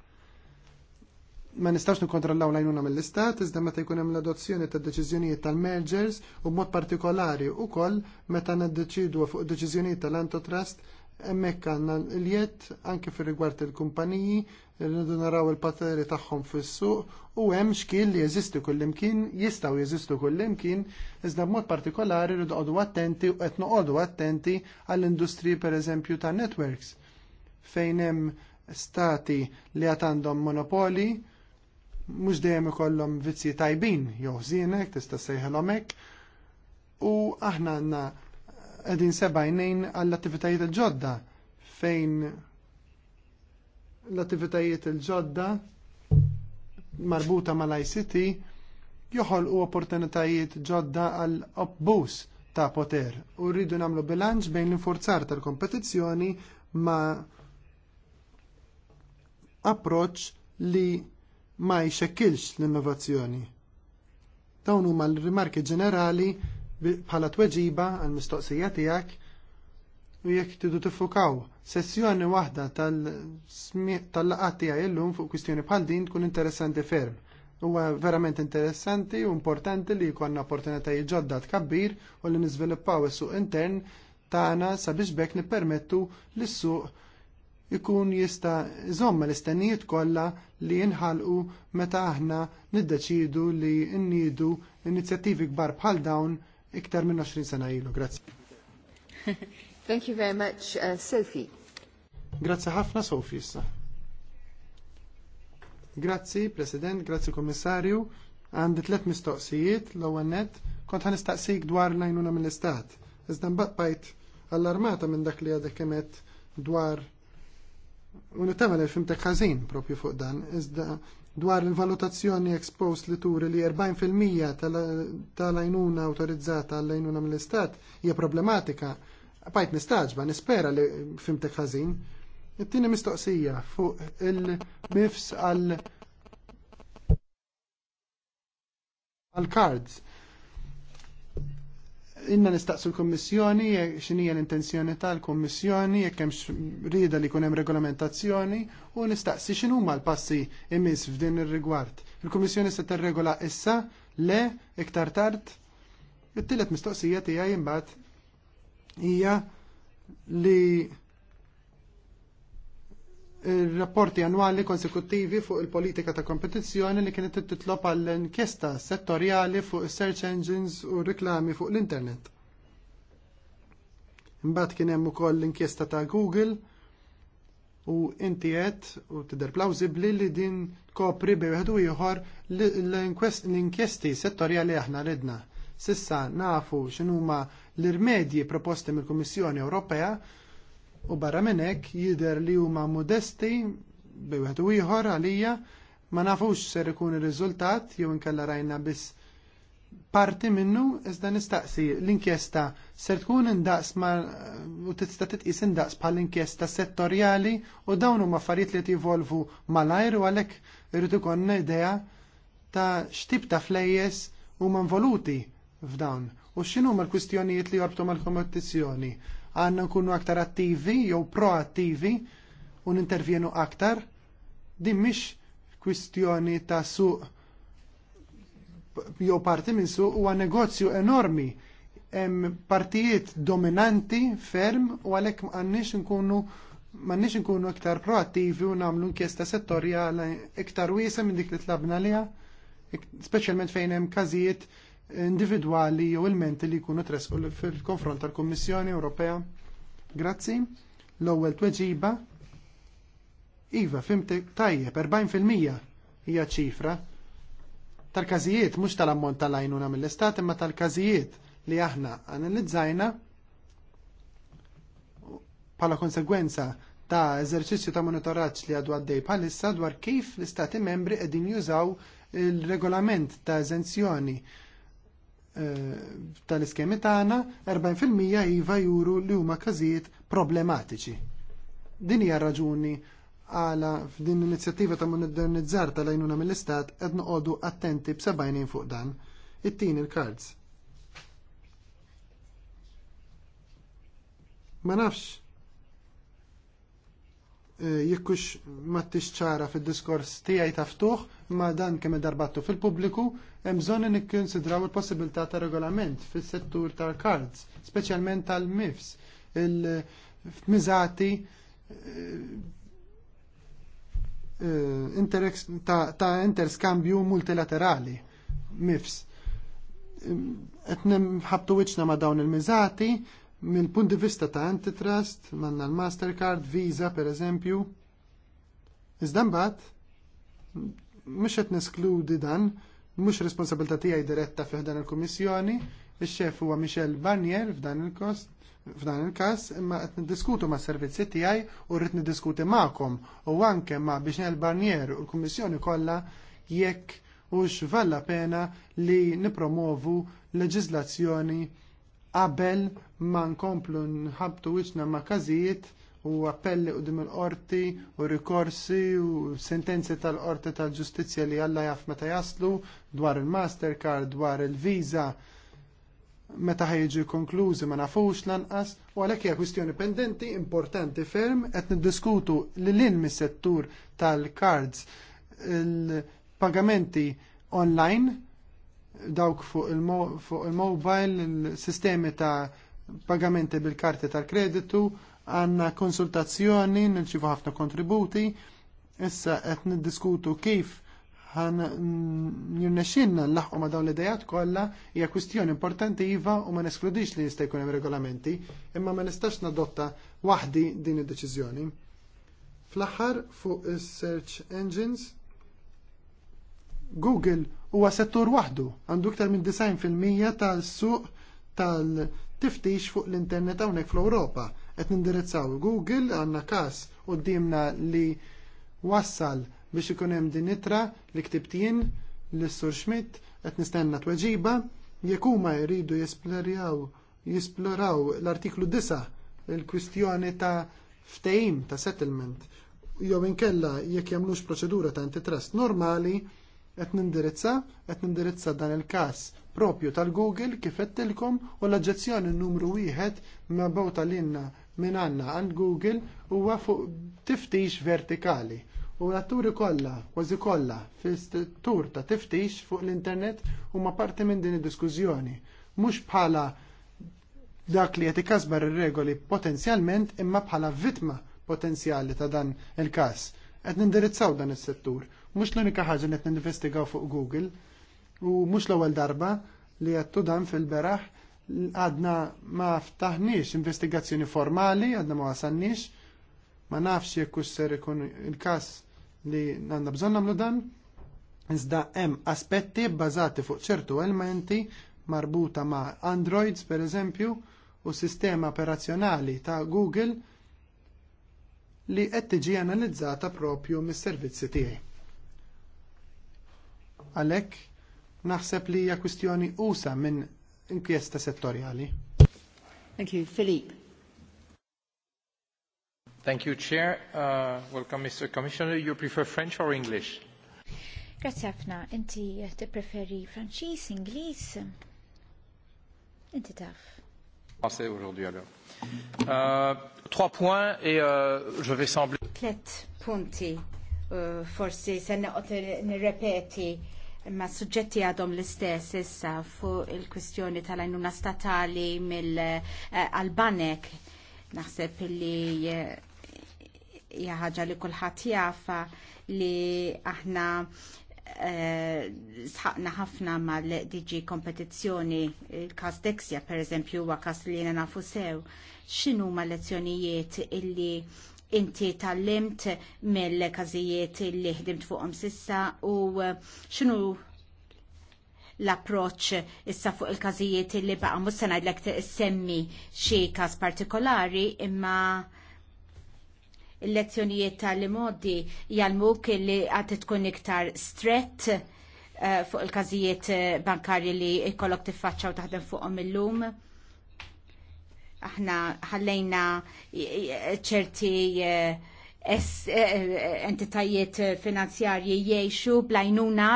ma nistax nikontrollaw lajnuna mill-istat, iżda meta jkun hemm l-adozzjoni ta' deċiżjonijiet tal-mergers u b'mod partikolari wkoll meta niddeċidu fuq deċiżjonijiet tal-antitrust hemmhekk għandna l-jett anke fir rigward il-kumpaniji rridu naraw il-pateri tagħhom fis-suq u hemm xkien li jeżistu kullimkien, jistgħu jeżistu kullimkien, iżda b'mod partikolari rridu qogħdu attenti u qed noqogħdu attenti għall-industriji pereżempju ta' networks fejn hemm stati li għad għandhom monopoli mhux dejjem ikollhom vizzi tajbin jew żienek tista' sejħilhom hekk u aħna għandna qegħdin sebajnejn għall-attivitajiet il-ġodda fejn l-attivitajiet il-ġodda marbuta mal-ICT joħolqu opportunitajiet ġodda għal obbus ta' poter u rridu nagħmlu bilanċ bejn l-infurzar tal-kompetizzjoni ma' approċċ li ma jxekkilx l-innovazzjoni. Dawn huma l-rimarki ġenerali bħala tweġiba għall mistoqsija tiegħek u jekk tidu tiffukaw sessjoni waħda tal-laqat tiegħi llum fuq kwistjoni bħal din tkun interessanti ferm. Huwa verament interessanti u importanti li jkollna opportunitajiet ġodda tkabbir u li niżviluppaw is-suq intern tagħna sabiex bekk nippermettu lis-suq ikun jista iżomm l-istennijiet kollha li jinħalqu meta aħna niddeċidu li nniedu inizjattivi kbar bħal dawn iktar minn 20 sena ilu. Grazzi. [laughs] Thank you very much, uh, Sophie. Grazzi ħafna, Sophie, issa. Grazzi, President, grazzi, Komissarju. Għandi tlet mistoqsijiet, l-ewwel net, kont ħanistaqsik dwar l-għajnuna mill-istat. Iżda mbagħad bajt allarmata minn dak li għadek kemet dwar u nittama li fimtek ħażin propju fuq dan, iżda dwar il-valutazzjoni ekspost li turi li 40% tal ajnuna autorizzata għall-għajnuna mill-istat hija problematika, bajt nistaġba, nispera li fimtek ħażin. It-tieni mistoqsija fuq il-bifs għal għal-cards inna nistaqsu l-Kommissjoni xinija l-intenzjoni tal-Kommissjoni jekk hemm rida li jkun hemm regolamentazzjoni u nistaqsi xinu ma l-passi imiss f'din ir-rigward. Il-Kummissjoni se tirregola issa le iktar tard. it tillet mistoqsija tiegħi imbagħad hija li rapporti annwali konsekuttivi fuq il-politika ta' kompetizzjoni li kienet titlob għall-inkjesta settorjali fuq search engines u riklami fuq l-internet. Imbagħad kien hemm ukoll l-inkjesta ta' Google u inti qed u tidher plawsibbli li din kopri bi wieħed ieħor l-inkjesti settorjali aħna ridna. Sissa nafu x'inhuma l-irmedji proposti mill-Kummissjoni Ewropea U barra minn hekk jidher li huma modesti bi wieħed u ieħor għalija ma nafux ser ikun ir-riżultat jew inkella rajna biss parti minnu iżda nistaqsi l-inkjesta ser tkun indaqs ma u tista' titqis indaqs bħal inkjesta settorjali u dawn huma affarijiet li tivolvu malajr u għalhekk irid ikollna idea ta' x'tip ta' flejjes huma involuti f'dawn u x'inhuma l-kwistjonijiet li jorbtu mal-kompetizzjoni għanna nkunu aktar attivi jew proattivi u nintervjenu aktar. Din mhix kwistjoni ta' suq jew parti minn suq huwa negozju enormi hemm partijiet dominanti ferm u għalhekk m'għandniex nkunu m'għandniex nkunu iktar proattivi u nagħmlu inkjesta settorjali iktar wiesa minn dik li tlabna liha, speċjalment fejn hemm każijiet individwali jew il-menti li jkunu tresqu fil-konfront tal-Kummissjoni Ewropea. Grazzi. L-ewwel tweġiba Iva, fimtek tajjeb, 40% hija ċifra tal-każijiet mhux tal-ammont tal-għajnuna mill-istat imma tal-każijiet li aħna analizzajna bħala konsegwenza ta' eżerċizzju ta' monitoraġġ li għadu għaddej bħalissa dwar kif l-istati membri qegħdin jużaw il-regolament ta' eżenzjoni tal-iskemi tagħna 40% iva juru li huma każijiet problematiċi. Din hija raġuni għala f'din l-inizjattiva ta' modernizzar tal-għajnuna mill-istat qed noqogħdu attenti b'sebgħinin fuq dan. it tieni il-kards. Ma nafx Eh, jekkux ma tixċara fil-diskors tijaj taftuħ ma dan kemm darbattu fil-pubbliku, hemm bżonn nikkonsidraw il-possibilità ta' regolament fis-settur tal-cards, speċjalment tal-MIFS, il-mizati eh, eh, ta' interskambju multilaterali, MIFS. Etnem ħabtu wiċċna ma' dawn il-miżati, Mill punt di vista ta' antitrust, manna l-Mastercard, Visa per eżempju. Iżda mbagħad mhux qed neskludi dan, mhux responsabilità tiegħi diretta fi dan il-Kummissjoni, ix-xef huwa Michel Barnier f'dan il-kost f'dan il-każ imma qed niddiskutu ma' servizzi tiegħi u rrid niddiskuti magħkom u anke ma' Michel Barnier u l-Kummissjoni kollha jekk x valla pena li nipromovu leġiżlazzjoni qabel ma nkomplu nħabtu wisna ma' każijiet u appelli u dim il-qorti u rikorsi u sentenzi tal-qorti tal-ġustizja li għalla jaff meta jaslu dwar il-Mastercard, dwar il-Visa meta ħajġi konklużi ma nafux lanqas u għalhekk hija kwistjoni pendenti importanti ferm qed niddiskutu li lin mis-settur tal-cards il-pagamenti online dawk fuq il-mobile, il-sistemi ta' pagamenti bil-karti tal-kreditu, għanna konsultazzjoni, nirċivu ħafna kontributi, issa qed niddiskutu kif ħan l-laħqo ma dawn l-idejat kollha hija kwistjoni importanti iva u ma neskludix li jista' jkun hemm regolamenti, imma ma nistax nadotta waħdi din id-deċiżjoni. Fl-aħħar fuq is-search engines Google huwa settur waħdu, għandu iktar minn 90% tal-suq tal-tiftix fuq l-internet hawnhekk fl-Ewropa. Qed nindirizzaw Google għandna każ qudiemna li wassal biex ikun hemm din itra li jien l-Sur Schmidt qed nistenna tweġiba jekk huma jridu jisploraw l-artiklu 9 il-kwistjoni ta' ftehim ta' settlement jew inkella jekk jagħmlux proċedura ta' antitrust normali qed nindirizza, qed nindirizza dan il-każ propju tal-Google kif qedtilkom u l-oġġezzjoni numru wieħed ma' l-inna minn għandna għand Google huwa fuq tiftix vertikali. U l-atturi kollha, kważi kollha, fil-tur ta' tiftix fuq l-internet huma parti minn din id-diskużjoni. Mhux bħala dak li qed ikasbar ir-regoli potenzjalment imma bħala vittma potenzjali ta' dan il-każ Qed nindirizzaw dan is-settur. Mhux l-unika ħaġa li qed ninvestigaw fuq Google u mhux l-ewwel darba li qed dan fil-beraħ għadna ma ftaħniex investigazzjoni formali, għadna ma wasanniex, ma nafx jekk ser ikun il-każ li għandna bżonn nagħmlu dan, iżda hemm aspetti bbażati fuq ċertu elementi marbuta ma' Androids per eżempju u sistema operazzjonali ta' Google li qed tiġi analizzata propju mis-servizzi tiegħi. Għalhekk naħseb li hija kwistjoni usa minn inkjesta settorjali. Thank you, Philippe. Thank you, Chair. Uh, welcome, Mr. Commissioner. You prefer French or English? Grazie ħafna. Inti tippreferi Franċiż, Ingliż? Inti taf. Français aujourd'hui alors. Euh, trois points et euh, je vais sembler. Tlet punti, uh, forsi se nirrepeti ma suġġetti għadhom l-istess issa fuq il-kwistjoni tal-għajnuna statali mill-Albanek. Eh, Naħseb eh, li jaħġa li kullħat jafa li aħna Eh, sħaqna ħafna mal diġi kompetizzjoni il-kas Dexia per eżempju huwa kas li jena nafu sew xinu ma lezzjonijiet illi inti tal-limt mill-każijiet li ħdimt fuqhom sissa u eh, x'inhu l-approċ issa fuq il-każijiet illi baqa' mhux se ngħidlek semmi xi każ partikolari imma il-lezzjonijiet tal-modi jalmuk li għad tkun iktar stret eh, fuq il-każijiet eh, bankarji li jkollok tiffaċċa u taħdem fuqhom illum. Aħna ħallejna eh, ċerti entitajiet finanzjarji jiexu blajnuna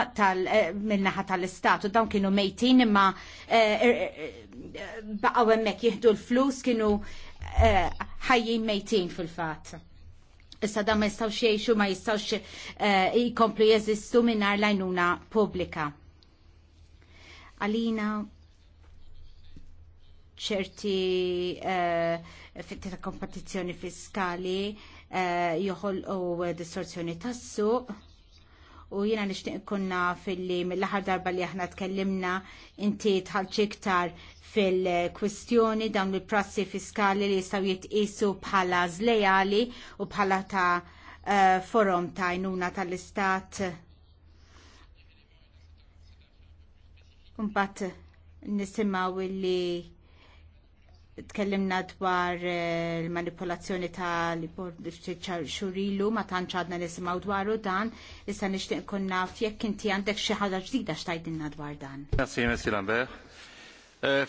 minnaħa tal-istat u dawn kienu mejtin imma er, baqaw emmek jihdu l-flus kienu ħajjin mejtin fil-fat Issa da ma jistaw xiexu ma jistawx eh, jikomplu jeżistu minnar lajnuna publika. Alina, ċerti uh, ta' kompetizzjoni fiskali uh, eh, u distorsjoni tas-suq u jiena nixtieq kunna fil-li mill-aħħar darba li aħna tkellimna inti tħalċi iktar fil-kwistjoni dawn il-prassi fiskali li jistgħu jitqisu bħala zlejali u bħala ta' eh, forum ta' jnuna tal-istat. nisimaw nisimgħu li tkellimna dwar il-manipolazzjoni eh, ta' li xurilu ma tantx għadna nisimgħu dwaru dan, issa nixtieq nkun naf jekk inti għandek xi ħaġa ġdida x'tajdilna dwar dan. Grazzi, Messi Lambert. Eh, eh,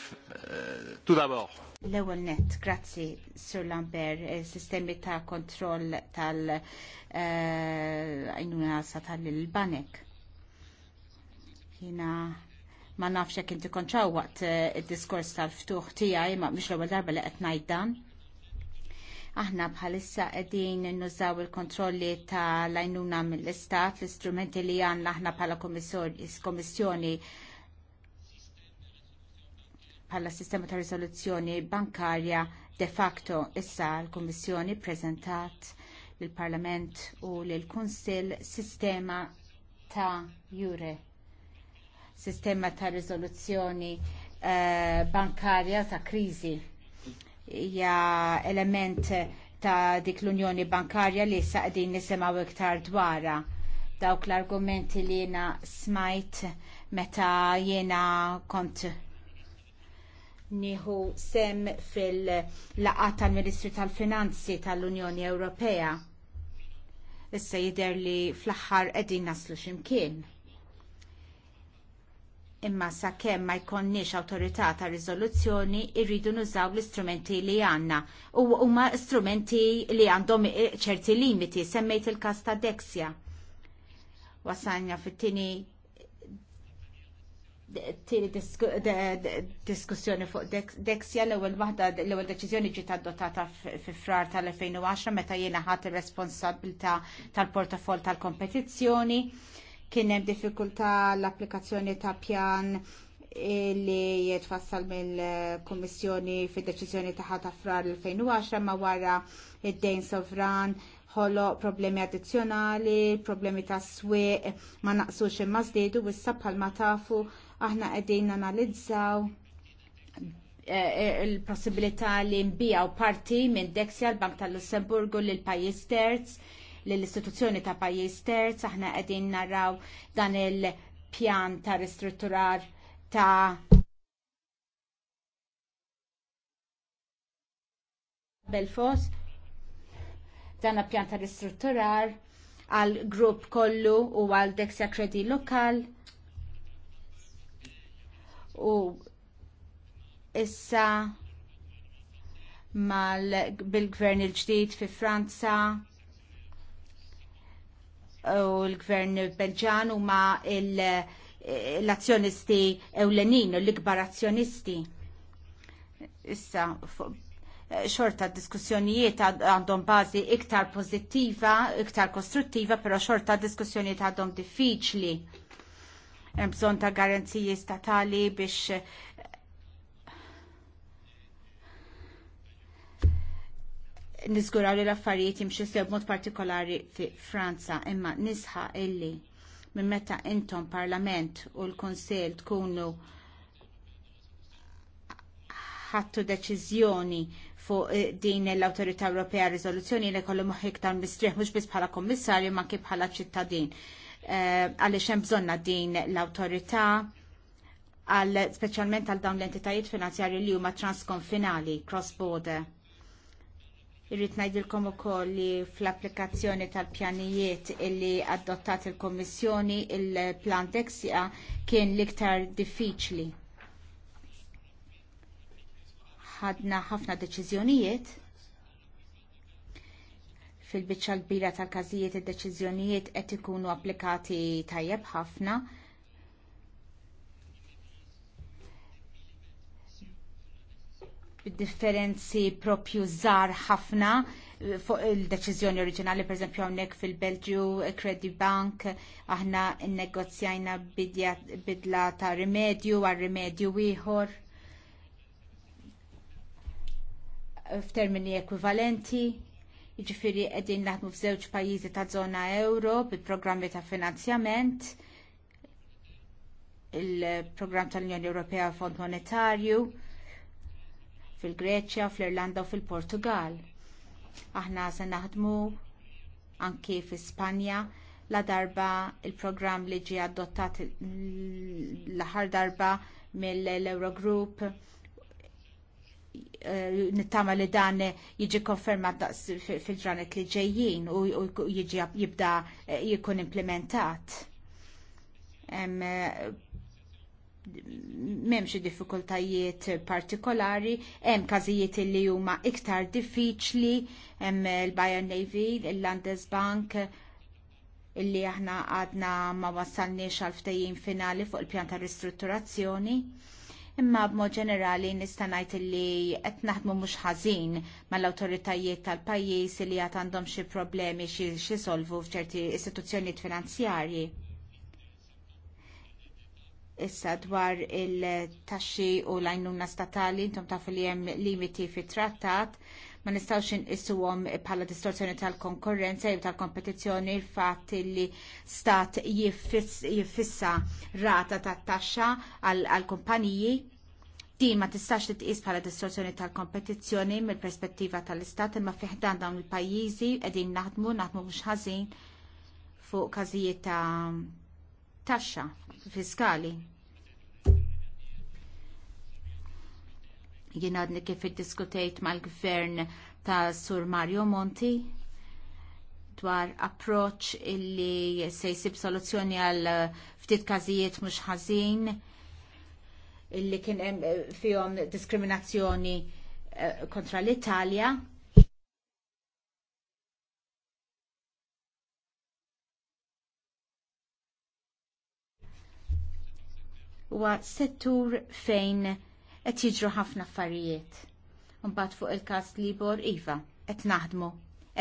tu d'abord. L-ewwel net, grazzi Sur Lambert, sistemi ta' kontroll tal-għajnuna sa tal-banek. Jina ma nafx jekk inti konċaw waqt eh, id-diskors tal-ftuħ tiegħi ma mhix l-ewwel darba li qed ngħid dan aħna bħalissa qegħdin nużaw il-kontrolli ta' lajnuna mill-istat, l-istrumenti li għandna aħna bħala komissjoni bħala sistema ta' risoluzzjoni bankarja de facto issa l kummissjoni prezentat l-Parlament u l-Kunsil sistema ta' jure sistema ta' rizoluzzjoni eh, bankarja ta' kriżi hija element ta' dik l-Unjoni Bankarja li sa qegħdin nisimgħu iktar dwarha dawk l-argumenti li jiena smajt meta jiena kont nieħu sem fil laqgħa tal-Ministri tal-Finanzi tal-Unjoni Ewropea. Issa jidher li fl-aħħar qegħdin naslu x'imkien. Imma sakemm ma jkonniex awtorità ta' riżoluzzjoni irridu nużaw l-istrumenti li għandna. U huma strumenti li għandhom ċerti limiti, semmejt il-kas ta' Dexia. Wasanja fit tieni diskussjoni fuq Dexia l-ewwel waħda l-ewwel deċiżjoni ġiet adottata fi frar tal-2010 meta jiena ħadd ir-responsabilità tal-portafol tal-kompetizzjoni. tal portafol tal kompetizzjoni tal kompetizzjoni Kien hemm diffikultà l-applikazzjoni ta' pjan li jitfassal mill kummissjoni fid deċiżjoni ta' ħata frar 2010 ma wara id-dejn sovran ħolo problemi addizzjonali, problemi ta' swieq ma naqsux imma żdiedu wissa bħalma tafu aħna qegħdin analizzaw eh, eh, il-possibilità li nbijaw parti minn Dexia l-Bank tal-Lussemburgu lill pajjiż terz l-istituzzjoni ta' pajjiż terz, aħna qegħdin naraw dan il-pjan ta' ristrutturar ta' Belfos, dan il pjan ta' ristrutturar għal grupp kollu u għal Dexia Kredi Lokal u issa mal bil-gvern il-ġdid fi Franza u l-gvern Belġan huma l-azzjonisti ewlenin, u l-ikbar azzjonisti. Issa, xorta diskussjonijiet għandhom bażi iktar pożittiva, iktar kostruttiva, però xorta diskussjonijiet għandhom diffiċli. Hemm bżonn ta' garanziji statali biex Nizguraw li l-affarijiet jimxu sew b'mod partikolari fi Franza, imma nisħa illi minn meta intom Parlament u l-Konsell tkunu ħattu deċiżjoni fuq eh, din l-Autorità Ewropea Riżoluzzjoni li kollu moħħi iktar mistrieħ mhux biss bħala kommissarju ma kif bħala ċittadin. Eh, għaliex hemm bżonna din l-awtorità għal speċjalment għal dawn l-entitajiet finanzjarji li huma transkonfinali cross border Irrit ngħidilkom ukoll li fl-applikazzjoni tal-pjanijiet illi adottat il kummissjoni il-plan Dexia kien l-iktar diffiċli. Ħadna ħafna deċiżjonijiet fil-biċċa l-bira tal-każijiet id-deċiżjonijiet qed ikunu applikati tajjeb ħafna differenzi propju żgħar ħafna eh, fuq il-deċiżjoni oriġinali, per eżempju hawnhekk fil-Belġju, eh, Credit Bank, aħna nnegozjajna bidla ta' rimedju għal rimedju ieħor eh, f'termini ekwivalenti. Jiġifieri qegħdin naħdmu f'żewġ pajjiżi ta' żona euro bi programmi ta' finanzjament il-programm tal-Unjoni Ewropea Fond Monetarju fil-Greċja, fl-Irlanda u fil-Portugal. Aħna se naħdmu anki fi Spanja la darba il-programm li ġie adottat l-aħħar darba mill-Eurogroup eh, nittama li dan jiġi konfermat fil-ġranet li ġejjin u jiġi jibda eh, jikun implementat eh, memx diffikultajiet partikolari, hemm każijiet li huma iktar diffiċli, hemm il-Bayern Navy, il-Landesbank, illi aħna għadna ma wassalniex għal ftejjin finali fuq il-pjan ta' ristrutturazzjoni. Imma b'mod ġenerali nista' ngħid illi qed naħdmu mhux ħażin mal-awtoritajiet tal-pajjiż li għad għandhom xi problemi xi solvu f'ċerti istituzzjonijiet finanzjarji Issa dwar il-taxxi u l-għajnuna statali, intom taf li hemm limiti fit trattat, ma nistawx għom bħala distorsjoni tal-konkurrenza jew tal-kompetizzjoni il fatt li stat jiffissa rata tat-taxxa għall kumpaniji Din ma tistax titqis bħala distorsjoni tal-kompetizzjoni mill-perspettiva tal-istat imma fiħdan dawn il-pajjiżi qegħdin naħdmu naħdmu mhux ħażin fuq każijiet ta' taxxa fiskali. Jien għadni kif iddiskutejt mal-gvern ta' Sur Mario Monti dwar approċ illi se jsib soluzzjoni għal ftit każijiet mhux ħażin illi kien fihom diskriminazzjoni eh, kontra l-Italja huwa settur fejn qed jiġru ħafna affarijiet. Mbagħad fuq il-każ Libor Iva, qed naħdmu,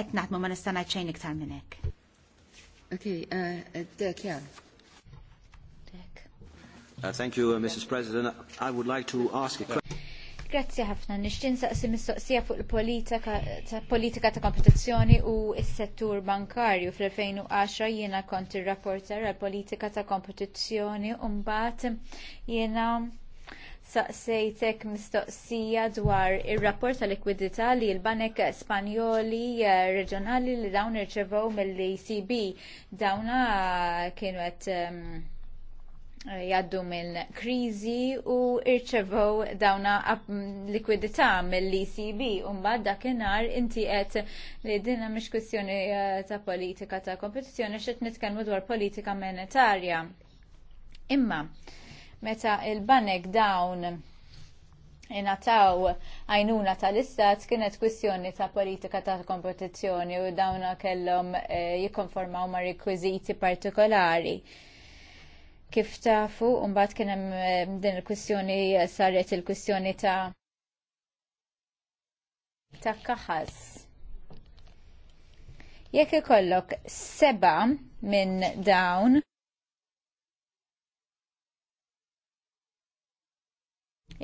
qed naħdmu ma nista' ngħid xejn iktar minn hekk. Okay, uh, uh Dirk Jan. Uh, thank you, uh, Mrs. President. I would like to ask a question. Grazzi ħafna, nixtin saqsi mistoqsija fuq il-politika ta' kompetizzjoni u s-settur bankarju fl-2010 jiena kont ir-rapporter għal-politika ta' kompetizzjoni u mbagħad jiena saqsejtek mistoqsija dwar ir-rapport tal likwidità li l-Banek Spanjoli eh, reġjonali li dawn irċevew mill-ECB dawna kienu qed ehm, Eh, jaddu minn kriżi u irċevow dawna likwidità mill-ECB umba dakinhar inti għedt li dinna mhix kwistjoni eh, ta' politika ta' kompetizzjoni xed nitkellmu dwar politika monetarja. Imma meta il-banek dawn inataw għajnuna tal-istat kienet kwistjoni ta' politika ta' kompetizzjoni u dawna kellhom eh, jikkonformaw ma' rekwiżiti partikolari. Kif tafu, mbagħad kien hemm eh, din il-kwistjoni eh, saret il-kwistjoni ta' ta' kaħas. Jekk ikollok seba minn dawn,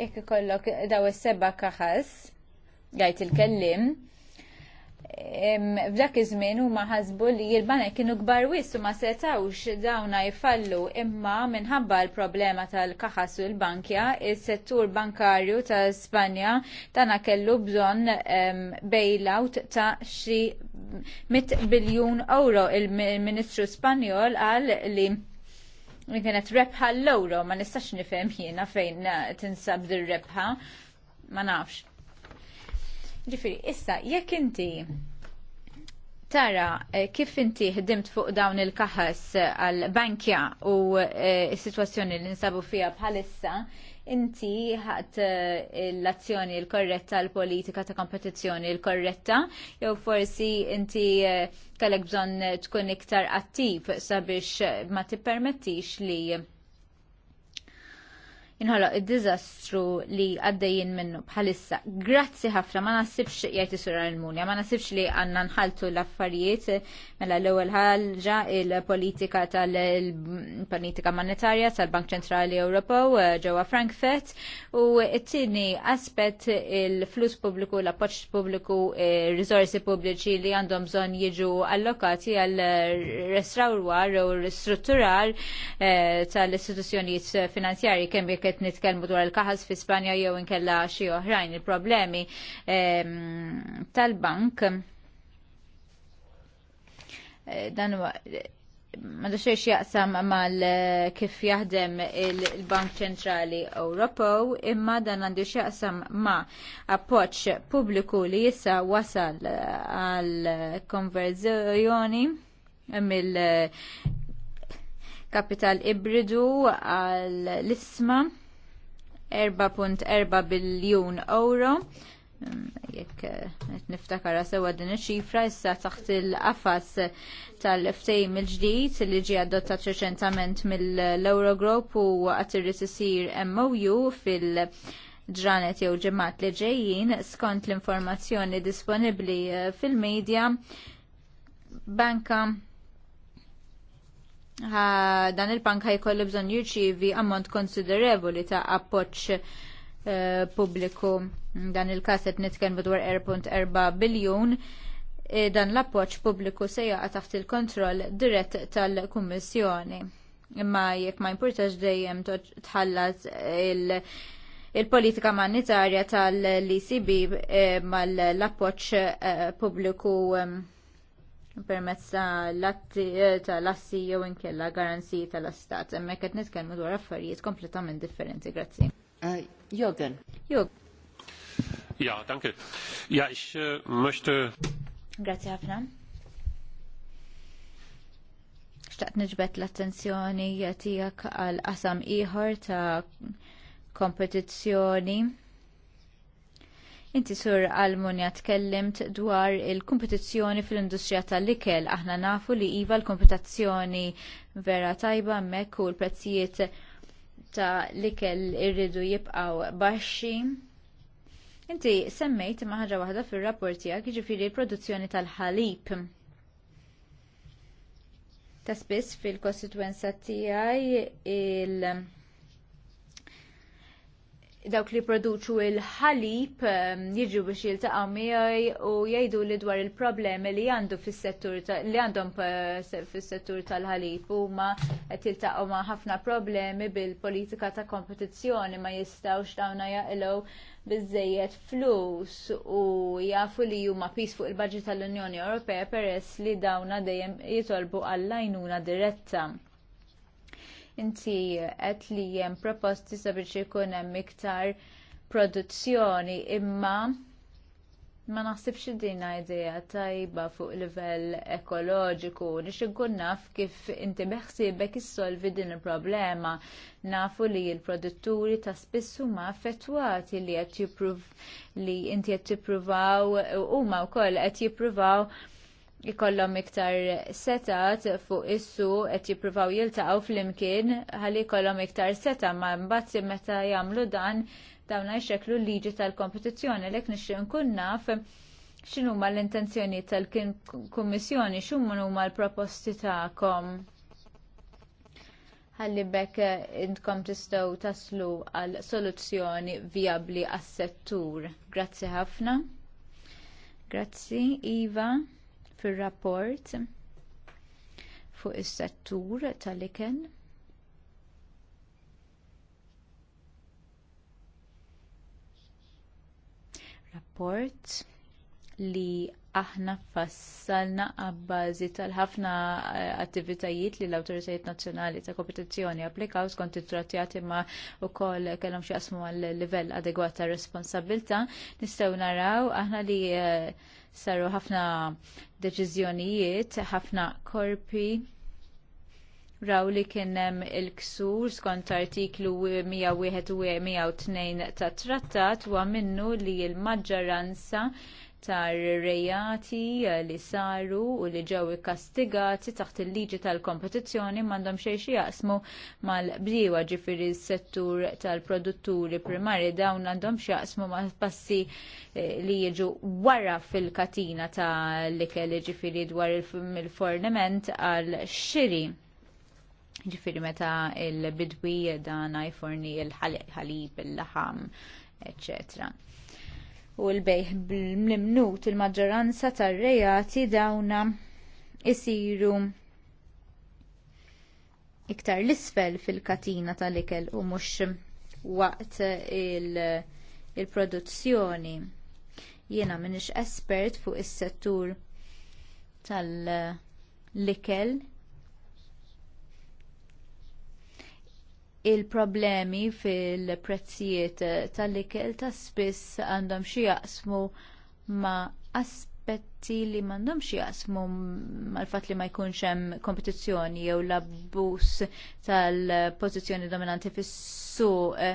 jekk ikollok daw is-seba kaħas, għajt il-kellim, f'dak iż-żmien huma ħasbu li l-banek kienu kbar wis u ma setawx dawna jfallu imma minħabba l-problema tal-kaħas u l-bankja, is-settur bankarju ta' Spanja tana kellu bżonn bailout ta' xi 100 biljun euro il-Ministru Spanjol għal li kienet rebħa l-euro, ma nistax nifhem jiena fejn tinsab dir-rebħa, ma nafx Ġifiri, issa, jekk inti tara eh, kif inti ħdimt fuq dawn il-kaħas eh, għal-bankja u eh, s-situazzjoni li nsabu fija bħalissa, inti ħat l-azzjoni l-korretta, l-politika ta' kompetizzjoni l-korretta, jew forsi inti kellek bżon tkun iktar attiv sabiex ma tippermettix li jinħoloq id-diżastru li għaddejjin minnu bħalissa. Grazzi ħafna, ma nasibx jgħid isura l-munja, ma nasibx li għanna nħaltu l-affarijiet mela l-ewwel ħalġa il-politika tal-politika monetarja tal-Bank Ċentrali Ewropew eh, ġewwa Frankfurt u t-tieni aspett il-flus pubbliku, l-appoġġ pubbliku, eh, risorsi pubbliċi li għandhom bżonn jiġu allokati għal restrawar u ristrutturar eh, tal-istituzzjonijiet finanzjarji kemm jekk qed nitkellmu dwar il-kaħas fi Spanja jew inkella xi oħrajn il-problemi ehm, tal-bank eh, dan ma xiex jaqsam mal eh, kif jaħdem il-Bank Ċentrali Ewropew imma dan għandu x'jaqsam ma appoċ pubbliku li jissa wasal eh, għal konverzjoni mill kapital ibridu għal l-isma 4.4 biljun euro mm, jekk eh, qed niftakara sewa din iċ-ċifra issa taħt il-qafas tal-ftejm il-ġdid li ġie adottat reċentament mill-Eurogroup u qatt irrid isir MOU fil- ġranet jew ġemat li ġejjin skont l-informazzjoni disponibbli eh, fil-medja banka dan il-bank ħajkollu bżonn jirċievi ammont konsiderevoli ta' appoġġ uh, eh, pubbliku. Dan il-każ qed nitkellmu dwar 4.4 er biljun. E, dan l-appoġġ pubbliku se jaqa' taħt il-kontroll dirett tal-Kummissjoni. Imma jekk ma jimpurtax dejjem tħallat il- politika monetarja tal-ECB eh, mal-appoċ eh, pubbliku permezz ta' l eh, assi jew inkella garanziji tal-istat. Hemmhekk qed nitkellmu dwar affarijiet kompletament differenti, grazzi. Eh, Jogan. Jürgen. Ja, danke. Ja, ich eh, möchte. Grazie ħafna. Xtaqt niġbet l-attenzjoni jatijak għal qasam ieħor ta' kompetizzjoni Inti sur Almunja tkellimt dwar il-kompetizzjoni fil-industrija tal-ikel. Aħna nafu li iva l-kompetizzjoni vera tajba mek u l-prezzijiet ta' likel ikel irridu jibqaw baxxi. Inti semmejt maħġa waħda fil-rapportijak ġifiri l-produzzjoni tal-ħalib ta' spiss fil-kostituenza tiegħi il- dawk li produċu il-ħalib ehm, jiġu biex jiltaqgħu miegħi u jgħidu li dwar il-problemi li għandu fis-settur li għandhom eh, fis-settur tal-ħalib huma qed jiltaqgħu ma' ħafna problemi bil-politika ta' kompetizzjoni ma jistgħux dawna jaqilgħu biżejjed flus u jafu li huma pis fuq il-baġġi tal-Unjoni Ewropea peress li dawna dejjem jitolbu għall-għajnuna diretta. Inti qed li hemm proposti sabiex ikun hemm iktar produzzjoni imma ma naħsibx dina idea tajba fuq livell ekoloġiku nix inkun naf kif inti beħsibek issolvi din il-problema. Nafu li l-produtturi ta' spissu ma' affettwati li qed li inti qed tippruvaw huma wkoll qed jippruvaw ikollhom iktar setat fuq issu qed jippruvaw jiltaqgħu flimkien ħalli jkollhom iktar seta ma mbagħad meta jagħmlu dan dawn jxeklu liġi tal-kompetizzjoni lek nixtieq nkun naf x'inhu huma l-intenzjoni tal-Kummissjoni x'huma huma l-proposti tagħkom. Ħalli bekk intkom tistgħu taslu għal soluzzjoni vijabbli għas-settur. Grazzi ħafna. Grazzi, Iva fir-rapport fuq is-settur tal-iken. Rapport li aħna fassalna għabbażi tal-ħafna eh, attivitajiet li l-autoritajiet nazzjonali ta' kompetizzjoni applikaw skont it-trattjati ma' u koll kellhom xjaqsmu għal livell adegwat ta' responsabilta' nistgħu naraw aħna li eh, saru ħafna deċiżjonijiet, ħafna korpi raw li kien hemm il-ksur skont artiklu 101 u 102 tat trattat huwa minnu li l-maġġoranza tar rejati eh, li saru u li ġew ikkastigati taħt il-liġi tal-kompetizzjoni m'għandhom xejn xi jaqsmu mal-bdiewa ġifieri s-settur tal-produtturi primari dawn għandhom jaqsmu ma' passi eh, li jiġu wara fil-katina tal-ikel ġifieri dwar il-forniment għal xiri ġifieri meta il-bidwi dan jforni il-ħalib, il-laħam, eccetera u l-bejħ bl mlimnut il-maġġoranza tar-rejati dawna isiru iktar l-isfel fil-katina tal-ikel u mhux waqt il-produzzjoni. Jiena minix espert fuq is-settur tal-ikel il-problemi fil-prezzijiet tal-ikel ta' spiss għandhom xi jaqsmu ma' aspetti li m'għandhom xi jaqsmu mal-fatt li ma jkunx hemm kompetizzjoni jew l-abbuż tal-pożizzjoni dominanti fis-suq eh,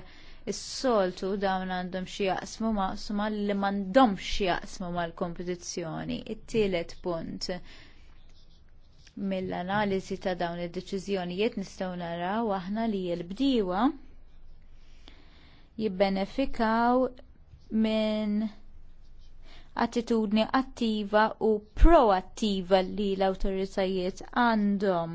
is-soltu dawn għandhom xi jaqsmu maqsuma li m'għandhomx jaqsmu mal-kompetizzjoni. It-tielet punt mill-analiżi ta' dawn id-deċiżjonijiet nistgħu naraw aħna li l-bdiewa jibbenefikaw minn attitudni attiva u proattiva li l-awtoritajiet għandhom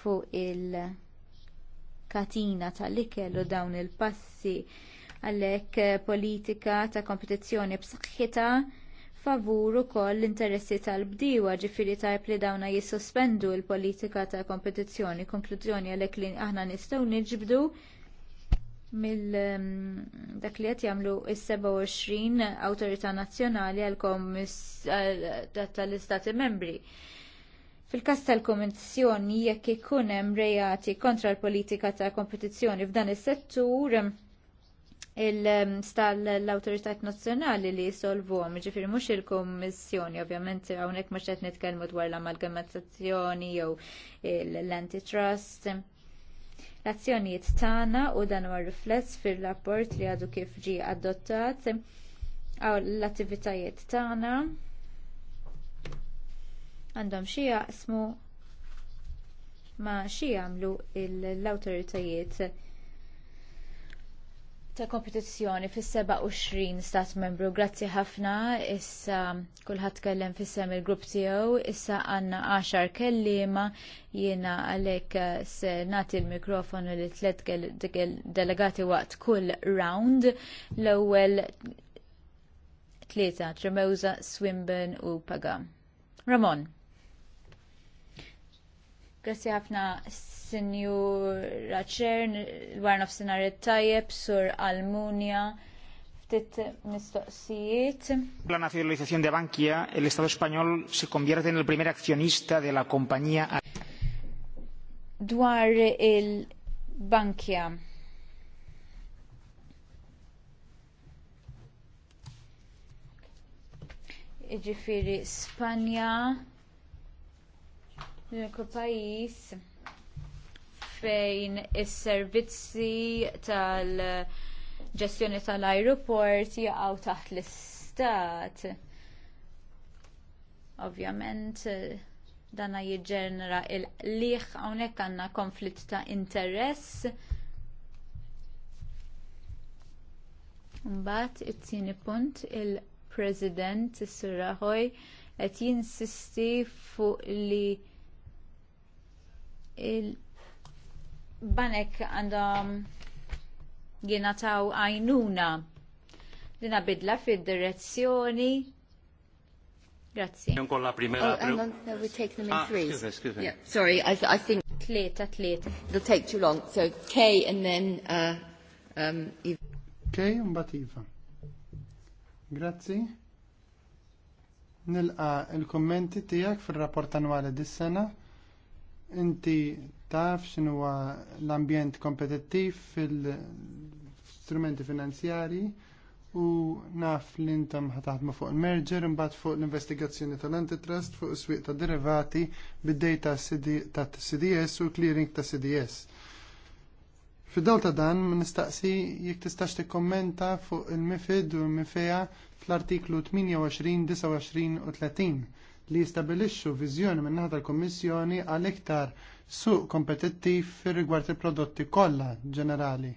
fuq il-katina tal-ikel u dawn il-passi għalhekk politika ta' kompetizzjoni b'saħħitha favur ukoll l-interessi tal-bdiewa ġifieri tajb li dawna jissospendu l-politika ta' kompetizzjoni. Konklużjoni għalhekk li aħna nistgħu niġbdu mill ehm, dak li qed jagħmlu 27 awtorità nazzjonali għal tal-istati membri. Fil-kas tal-Komissjoni jekk ikun hemm rejati kontra l-politika ta' kompetizzjoni f'dan is-settur, il-stall l-autoritajt nazzjonali li għom, ġifiri mhux il-Kummissjoni, ovvjament hawnhekk mhux qed nitkellmu dwar l-amalgamazzazzjoni jew l-antitrust. L-azzjonijiet tagħna u dan huwa rifless fir-rapport li għadu kif ġie adottat għaw l-attivitajiet tagħna għandhom xi jaqsmu ma xi jagħmlu l-awtoritajiet ta' kompetizzjoni fis-27 stat membru. Grazzi ħafna, issa kulħadd kellem fis-sem il-grupp tiegħu, issa għandna 10 kelliema jiena għalhekk se nagħti l-mikrofonu li tliet delegati waqt kull round. L-ewwel tlieta Tremewza, Swinburne u Paga. Ramon. Grazie ħafna Sinjur Raċern, warna f'sinari tajjeb, Sur Almunia, ftit mistoqsijiet. La nacionalización de Bankia, el Estado español se convierte en el primer accionista de la compañía. Dwar il bankia Iġifiri Spanja l pajis fejn is-servizzi tal-ġestjoni tal ajruport jaqgħu taħt l-istat. Ovvjament dana jiġġenera il-liħ hawnhekk għandna konflitt ta' interess. Imbagħad it-tieni punt il-President Sur sur qed jinsisti fuq li il-banek għandhom taw għajnuna dina bidla fil-direzzjoni Grazie. Non con la primera. Oh, on, no, we take them in ah, three. Excuse me, excuse me. Yeah, sorry, I, th I think. Tleta, tleta. It'll take too long. So K and then uh, um, Eva. K un batifa. Grazzi. a il-kommenti tijak fil-rapport annuale dis-sena Inti taf x'inhuwa l-ambjent kompetittiv fil-strumenti finanzjarji u naf li intom ħataħdmu fuq il-merger imbagħad fuq l-investigazzjoni tal-antitrust fuq is-swieq ta' derivati bid-dejta ta' CDS u clearing ta' CDS. Fid-dawl ta' dan nistaqsi jekk tistax tikkommenta fuq il-MIFID u l-MIFEA fl-artiklu 28, 29 u 30 li jistabilixxu viżjoni min naħa tal-Kummissjoni għal iktar suq kompetittiv fir rigward il-prodotti kollha ġenerali.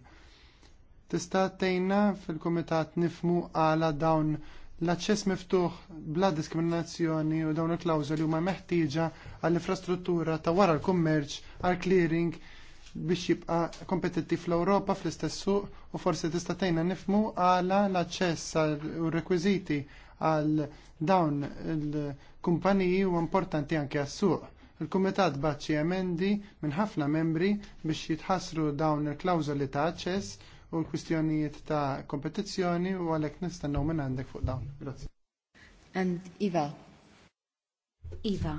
Tista' tgħinna fil-Kumitat nifmu għala dawn l-aċċess miftuħ bla diskriminazzjoni u dawn il-klawżoli huma meħtieġa għall-infrastruttura ta' wara l-kummerċ għal clearing biex jibqa kompetittiv fl-Ewropa fl-istess suq u forsi tista' tgħinna nifmu għala l-aċċess u r-rekwiżiti għal dawn il-kumpaniji u importanti anke għas-suq. Il-Kumitat baċċi emendi minn ħafna membri biex jitħassru dawn il-klawżoli ta' aċċess u l-kwistjonijiet ta' kompetizzjoni u għalhekk nistennew minn għandek fuq dawn. Grazzi. And Iva. Iva.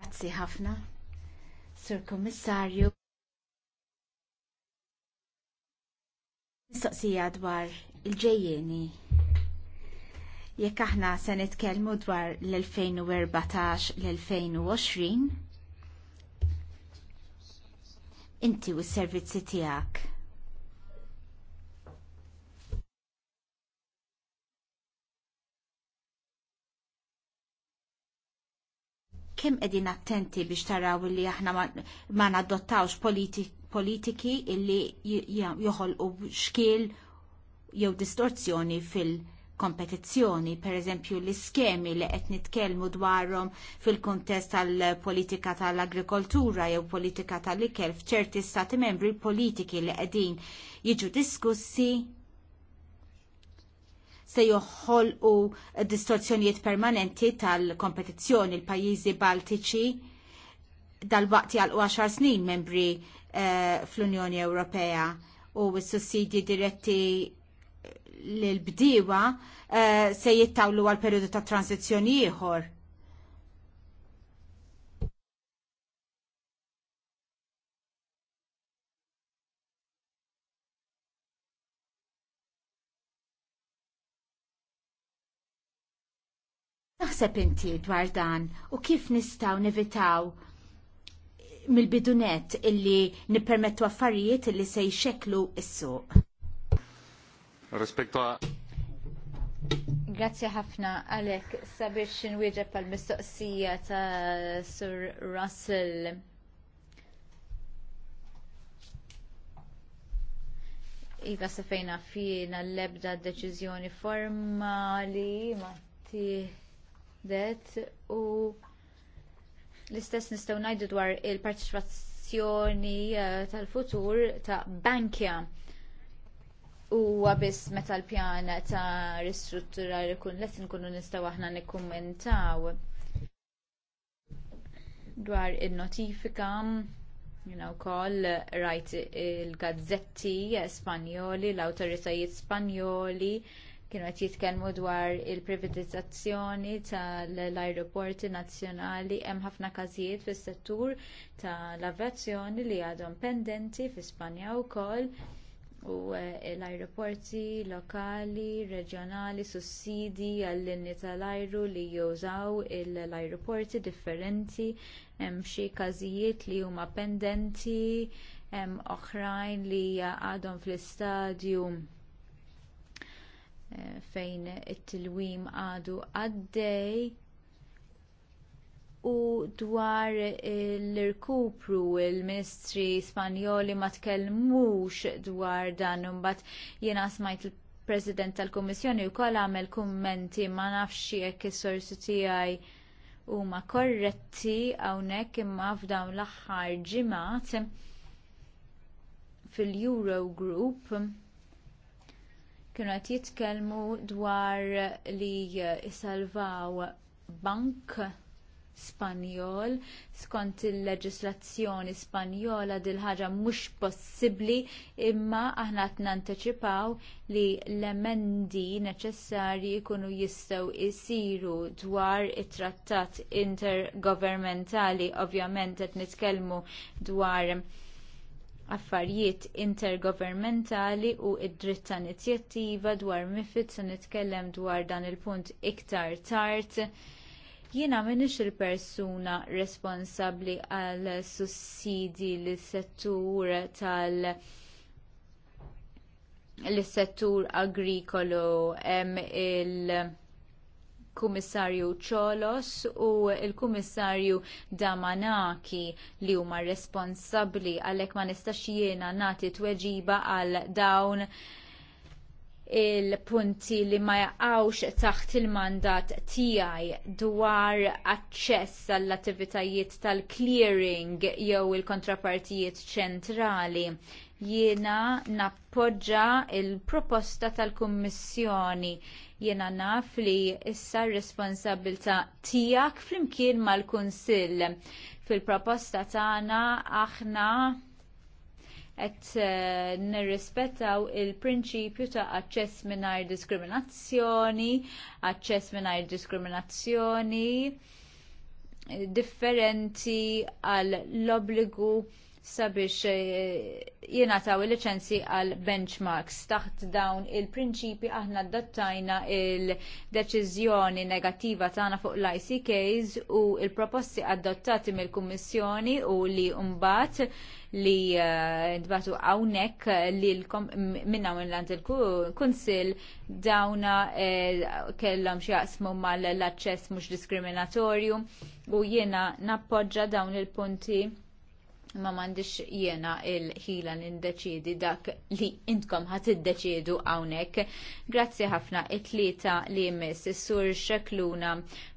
Grazzi ħafna. Sir Kommissarju, Mistoqsija dwar il-ġejjeni. Jekk aħna se nitkellmu dwar l-2014 l-2020, inti u s-servizzi tiegħek. Kemm qegħdin attenti biex taraw li aħna ma nadottawx politik politiki illi joħolqu xkiel jew distorzjoni fil-kompetizzjoni, per eżempju l-iskemi li qed nitkellmu dwarhom fil-kuntest tal-politika tal-agrikoltura jew politika tal-ikel f'ċerti stati membri politiki li qegħdin jiġu diskussi se joħolqu distorzjonijiet permanenti tal-kompetizzjoni l pajjiżi Baltiċi dal-waqt jgħalqu 10 snin membri Eh, fl-Unjoni Ewropea u s-sussidji diretti l-bdiewa eh, se jittawlu għal periodu ta' transizjoni ieħor. Naħseb inti dwar dan u kif nistaw nevitaw mill-bidunet illi nippermettu affarijiet illi se jxeklu s-suq. Rispekta. Grazzi ħafna Alek. sabiex nwieġeb għal mistoqsija ta' Sur Russell. Iva fejna fina l-ebda deċizjoni formali ma' tieħdet u L-istess nistgħu ngħidu dwar il parteċipazzjoni eh, tal-futur ta' bankja u biss meta l-pjan ta' ristruttura li kun les nkunu nistgħu aħna nikkummentaw dwar il-notifika jina u rajt il-gazzetti spanjoli, l-autoritajiet spanjoli kienu qed jitkellmu dwar il-privatizzazzjoni tal-ajruporti nazzjonali hemm ħafna każijiet fis-settur tal-avjazzjoni li għadhom pendenti fi Spanja wkoll u eh, l-ajruporti lokali, reġjonali, sussidi għall-linni tal-ajru li jużaw l-ajruporti differenti hemm xi każijiet li huma pendenti hemm oħrajn li għadhom fl-istadju fejn it-tilwim għadu għaddej u dwar l-irkupru il-Ministri Spanjoli ma tkellmux dwar dan imbagħad jiena smajt il-President tal-Kummissjoni wkoll għamel kummenti ma nafx jekk is-sorsi tiegħi huma korretti hawnhekk imma f'dawn l-aħħar ġimgħat fil-Eurogroup kienu qed jitkellmu dwar li jsalvaw bank Spanjol skont il-leġislazzjoni Spanjola dil ħaġa mhux possibbli imma aħna qed nanteċipaw li l-emendi neċessarji jkunu jistgħu jsiru dwar it-trattat intergovernmentali ovvjament qed nitkellmu dwar affarijiet intergovernmentali u id-dritt ta' inizjattiva dwar MIFID se nitkellem dwar dan il-punt iktar tard. Jiena m'iniex il-persuna responsabbli għal sussidi lis settur tal- l-settur agrikolo il- il-Kummissarju Ċolos u l kummissarju Damanaki li huma responsabbli għalhekk ma nistax jiena nagħti tweġiba għal dawn il-punti li ma jaqgħux taħt il-mandat tiegħi dwar aċċess għall-attivitajiet tal-clearing jew il-kontrapartijiet ċentrali jiena nappoġġa l proposta tal-Kummissjoni. Jiena naf li issa r responsabilità tiegħek flimkien mal-Kunsill. Fil-proposta tagħna aħna qed eh, nirrispettaw il-prinċipju ta' aċċess mingħajr diskriminazzjoni, aċċess mingħajr diskriminazzjoni differenti għall obbligu sabiex eh, taw il-licenzi għal benchmarks taħt dawn il-prinċipi aħna dattajna il-deċizjoni negativa tagħna fuq l-ICKs u il-proposti adottati mill-Kummissjoni u li mbagħad li eh, dbatu hawnhekk li minna minnant il-Kunsill dawna eh, kellhom xi jaqsmu mal-aċċess mhux diskriminatorju u jiena nappoġġa dawn il-punti ma m'għandix jiena il-ħila nindeċidi dak li intkom ħat iddeċiedu hawnhekk. Grazzi ħafna it-tlieta li jmiss is-sur Xekluna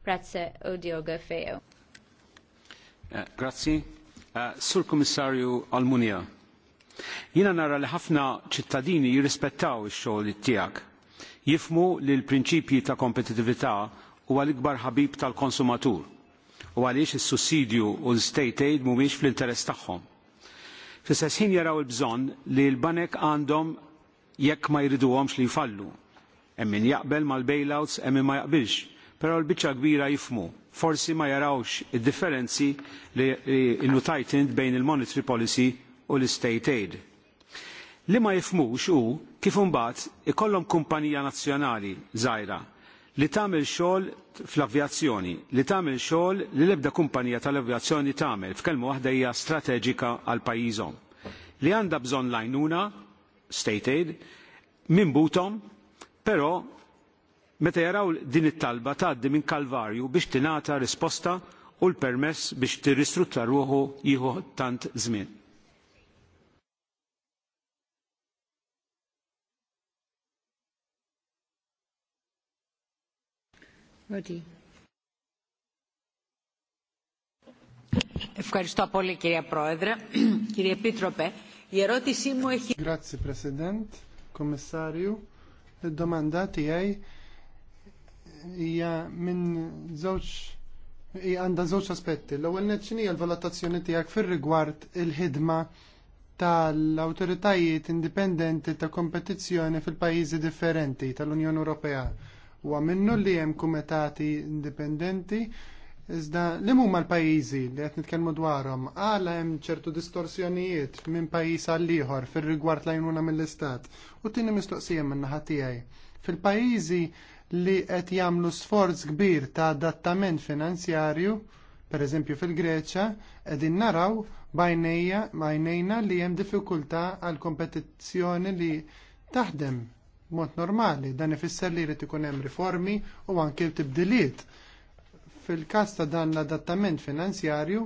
Pratze u Diogo Fejo. Eh, grazzi. Eh, sur Komissarju Almunija, jiena nara li ħafna ċittadini jirrispettaw ix-xogħol tiegħek. Jifmu li l-prinċipji ta' kompetitività huwa l-ikbar ħabib tal-konsumatur u għaliex is-sussidju u l-state aid mhumiex fl-interess tagħhom. fis istess ħin jaraw il-bżonn li l-banek għandhom jekk ma jriduhomx li jfallu. Hemm min jaqbel mal-bailouts hemm min ma jaqbilx, però l-biċċa kbira jifmu. Forsi ma jarawx id-differenzi li innutajt bejn il-monetary policy u l-state aid. Li ma jifmux hu kif imbagħad ikollhom kumpanija nazzjonali żgħira li tagħmel xogħol fl-avjazzjoni, li tagħmel xogħol li l-ebda kumpanija tal-avjazzjoni tagħmel f'kelma waħda hija strateġika għal pajjiżhom. Li għandha bżonn lajnuna, state aid, minn butom, però meta jaraw din it-talba tgħaddi minn kalvarju biex tingħata risposta u l-permess biex tirristruttar ruħu jieħu tant żmien. Ready. Ευχαριστώ πολύ κυρία Πρόεδρε. [clears throat] Κύριε Επίτροπε, η ερώτησή μου έχει... Grazie President, Commissario. Il-domanda tiegħi hija minn żewġ għandha żewġ aspetti. L-ewwel neċċini l-valutazzjoni tiegħek fir-rigward il-ħidma tal-awtoritajiet indipendenti ta' kompetizzjoni fil-pajjiżi differenti tal-Unjoni Ewropea U għamennu li hemm kumitati indipendenti iżda li huma l-pajjiżi li qed nitkellmu dwarhom għala hemm ċertu distorsjonijiet minn pajjiż għall ieħor fir-rigward lajnuna mill-istat u tini mistoqsija min-naħa tiegħi. Fil-pajjiżi li qed jagħmlu sforz kbir ta' adattament finanzjarju Pereżempju fil-Greċja, qegħdin naraw bajnejna li hemm diffikultà għal kompetizzjoni li taħdem mod normali. Dan ifisser li jrid ikun hemm riformi u anke tibdiliet. Fil-każ ta' dan l-adattament finanzjarju,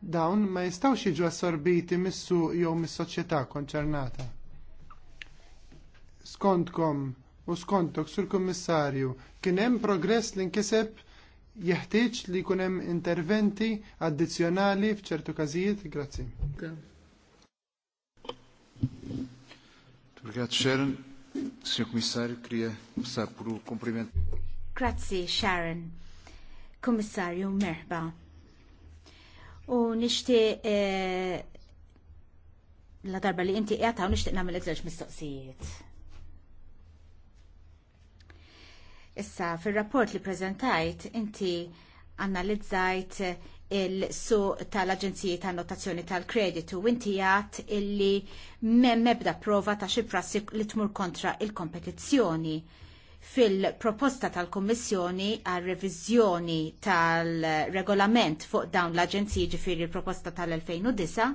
dawn ma jistgħux jiġu assorbiti mis-suq jew mis-soċjetà konċernata. Skontkom u skontok sur kummissarju kien hemm progress li nkiseb jeħtieġ li jkun hemm interventi addizzjonali f'ċertu każijiet? Grazzi. Sr. Komissarju, krija sa' puru kompliment. Grazzi, Sharon. Komissarju, merħba. U nishti eh, la darba li inti qiegħed hawn nixtieq nagħmel żewġ mistoqsijiet. Issa, fir-rapport li preżentajt, inti analizzajt il-suq tal-Aġenziji tan Notazzjoni tal-Kreditu inti għat illi mebda prova ta' xi li tmur kontra il-kompetizzjoni fil-proposta tal-Kommissjoni għal reviżjoni tal-regolament fuq dawn l-Aġenziji ġifiri proposta tal-2009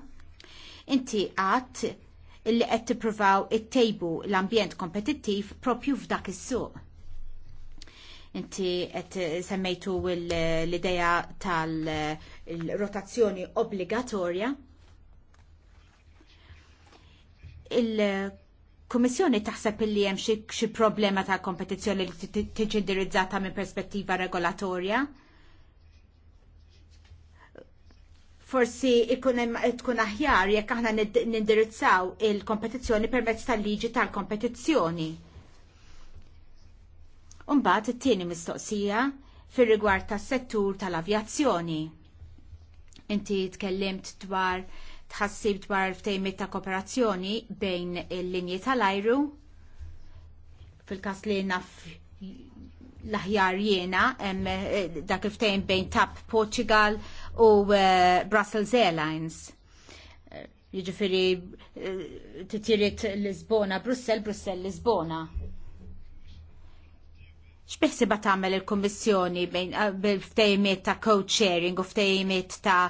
inti għat illi qed tippruvaw ittejbu l-ambjent kompetittiv propju f'dak is-suq Inti qed semmejtu l-idea tal-rotazzjoni obbligatorja. Il-Kummissjoni taħseb illi hemm xi problema ta' kompetizzjoni li tiġi indirizzata minn perspettiva regolatorja. forsi tkun aħjar jekk aħna nindirizzaw il-kompetizzjoni permezz tal-liġi tal-kompetizzjoni. Umbat it-tieni mistoqsija fir-rigward tas-settur tal-avjazzjoni. Inti tkellimt dwar tħassib dwar ftejmiet ta' kooperazzjoni bejn il-linji tal-ajru fil każ li naf l-aħjar hemm eh, dak il ftehim bejn TAP Portugal u eh, Brussels Airlines. Eh, jiġifieri titjiriet Lisbona, Brussel, Brussel, Lisbona bat tagħmel il-Kummissjoni bejn eh, bil-ftejmiet ta' co sharing u ftejmiet ta'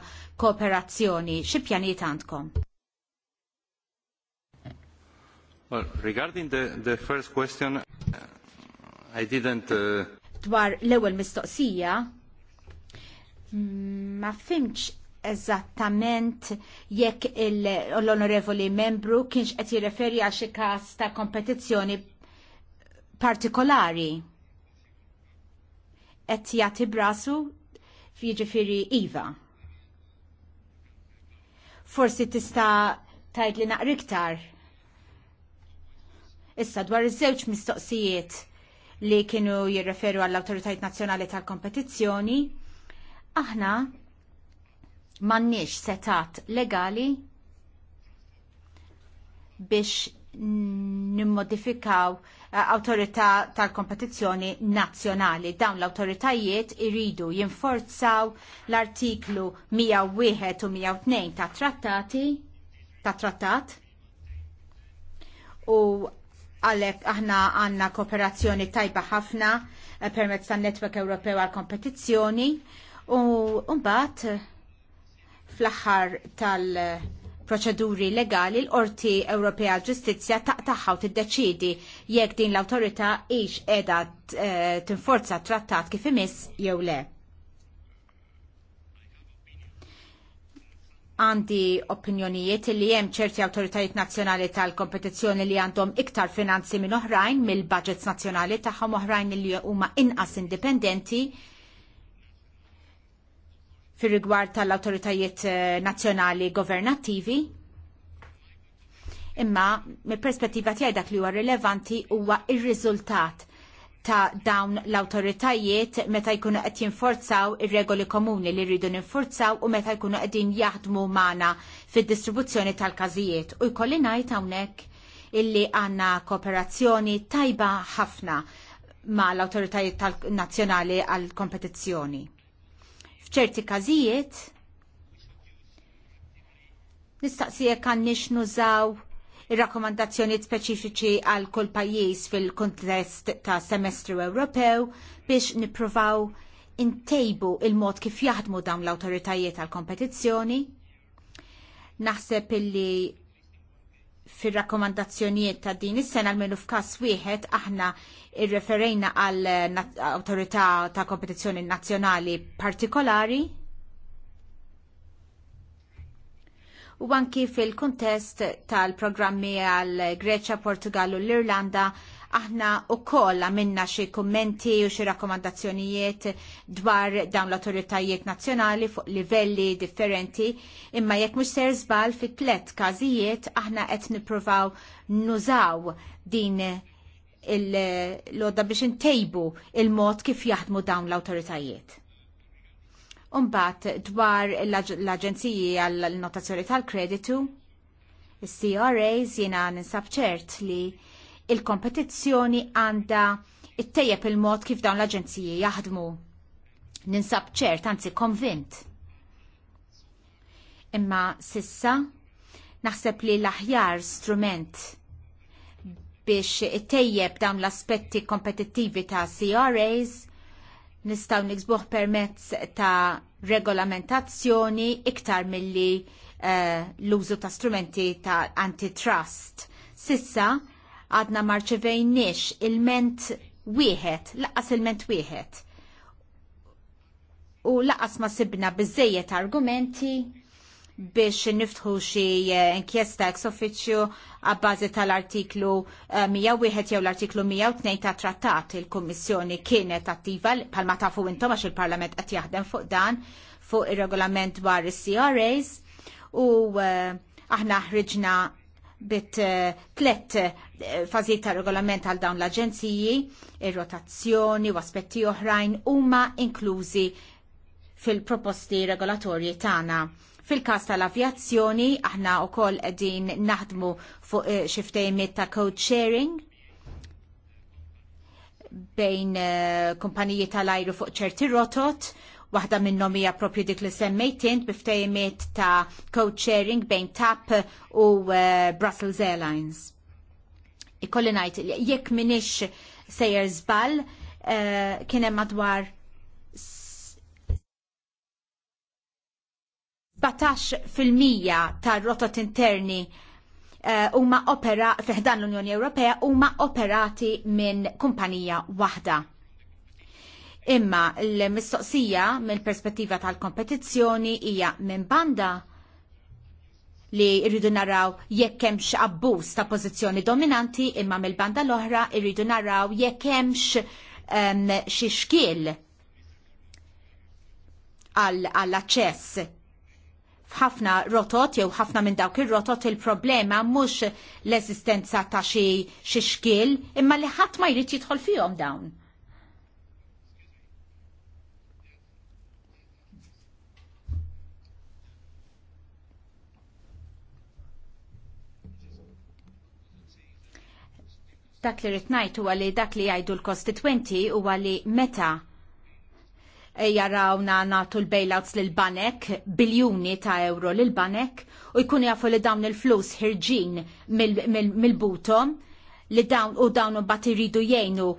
kooperazzjoni? Xi pjanijiet għandkom? Well, regarding the, the first question, I didn't... Uh... Dwar l-ewwel mistoqsija, mm, ma finċ eżattament jekk l-onorevoli membru kienx qed jirreferi għal xi każ ta' kompetizzjoni partikolari qed jagħti brasu jiġifieri iva. Forsi tista' tajt li naqri iktar. Issa dwar iż-żewġ mistoqsijiet li kienu jirreferu għall awtoritajiet Nazzjonali tal-Kompetizzjoni, aħna m'għandniex setat legali biex nimmodifikaw Eh, autorità tal-kompetizzjoni nazzjonali. Dawn l-autoritajiet iridu jinforzaw l-artiklu 101 u 102 ta' trattati ta' trattat u għalek aħna għanna kooperazzjoni tajba ħafna eh, permezz tan netwerk Ewropew għal kompetizzjoni u mbagħad eh, fl-aħħar tal- proċeduri legali l-Qorti Ewropea Ġustizzja taqtaħħa u tiddeċidi jekk din l-awtorità hix qiegħda eh, tinforza trattat kif imiss jew le. għandi opinjonijiet li hemm ċerti awtoritajiet nazzjonali tal-kompetizzjoni li għandhom iktar finanzi minn oħrajn mill-budgets nazzjonali tagħhom oħrajn li huma inqas indipendenti fir rigward tal-autoritajiet eh, nazzjonali governattivi. Imma mill-perspettiva tiegħi dak li huwa rilevanti huwa ir-riżultat ta' dawn l-autoritajiet meta jkunu qed jinforzaw ir-regoli komuni li rridu ninforzaw u meta jkunu qegħdin jaħdmu magħna fid-distribuzzjoni tal-każijiet. U jkolli ngħid hawnhekk illi għandna kooperazzjoni tajba ħafna ma' l-autoritajiet tal-nazzjonali għal kompetizzjoni. F'ċerti każijiet nistaqsijek għandniex nużaw ir-rakkomandazzjoni speċifiċi għal kull pajjiż fil-kontest ta' semestru Ewropew biex nippruvaw intejbu il-mod kif jaħdmu dawn l-awtoritajiet għal kompetizzjoni. Naħseb illi fir-rakkomandazzjonijiet ta' din is-sena almenu f'każ wieħed aħna irreferejna għal awtorità ta' kompetizzjoni nazzjonali partikolari u anki fil-kontest tal-programmi għal Greċja, Portugal u l-Irlanda Aħna u koll għamilna xie kummenti u xie rakkomandazzjonijiet dwar dawn l-autoritajiet nazjonali fuq livelli differenti, imma jekk mux ser zbal fi tlet kazijiet aħna qed niprovaw nużaw din l-odda biex intejbu il-mod kif jaħdmu dawn l-autoritajiet. Umbat dwar l-Aġenziji għall-Notazzjoni tal-Kreditu, il-CRAs jena ninsab ċert li il-kompetizzjoni għandha tejjeb il-mod kif dawn l-aġenziji jaħdmu. Ninsab ċert, anzi konvint. Imma sissa naħseb li l-aħjar strument biex ittejjeb dawn l-aspetti kompetittivi ta' CRAs nistaw niksbuħ permezz ta' regolamentazzjoni iktar milli uh, l-użu ta' strumenti ta' antitrust. Sissa, għadna marċevejniex il-ment wieħed, laqas il-ment wieħed. U laqas ma sibna bizzejiet argumenti biex niftħu xie eh, inkjesta ex officio għabbażi tal-artiklu 101 eh, jew l-artiklu 102 ta' trattat il-Kommissjoni kienet attiva palma tafu intom għax il-Parlament qed jaħdem fuq dan fuq ir-regolament dwar is-CRAs u eh, aħna ħriġna bit tlet fażijiet ta' regolament għal dawn l-aġenziji, ir-rotazzjoni u aspetti oħrajn huma inklużi fil-proposti regolatorji tagħna. Fil-kas tal-avjazzjoni, aħna u koll naħdmu fuq eh, xiftejmiet ta' code sharing bejn eh, kumpaniji tal-ajru fuq ċerti rotot, waħda minnhom hija propju dik li semmejt int biftejmiet ta' code sharing bejn TAP u eh, Brussels Airlines ikolli najt, jekk minix sejjer żball kienem eh, kien hemm madwar 17% tar-rotot interni eh, huma ma' opera fiħdan l-Unjoni Ewropea huma operati minn kumpanija waħda. Imma l-mistoqsija mill-perspettiva tal-kompetizzjoni hija minn banda li rridu naraw jekk hemmx abbuż ta' pożizzjoni dominanti imma mill-banda l-oħra rridu naraw jekk hemmx ehm, xi xkiel għall-aċċess f'ħafna rotot jew ħafna minn dawk ir-rotot il-problema mhux l-eżistenza ta' xi xkiel imma li ħadd ma jrid jidħol fihom dawn. dak li ritnajt huwa li dak li jgħidu l-kostitwenti huwa li meta e jarawna natu l-bailouts l-banek, biljuni ta' euro l-banek, u jkun jafu li dawn il-flus ħirġin mill-butom, mil li dawn u dawn u bat iridu jgħinu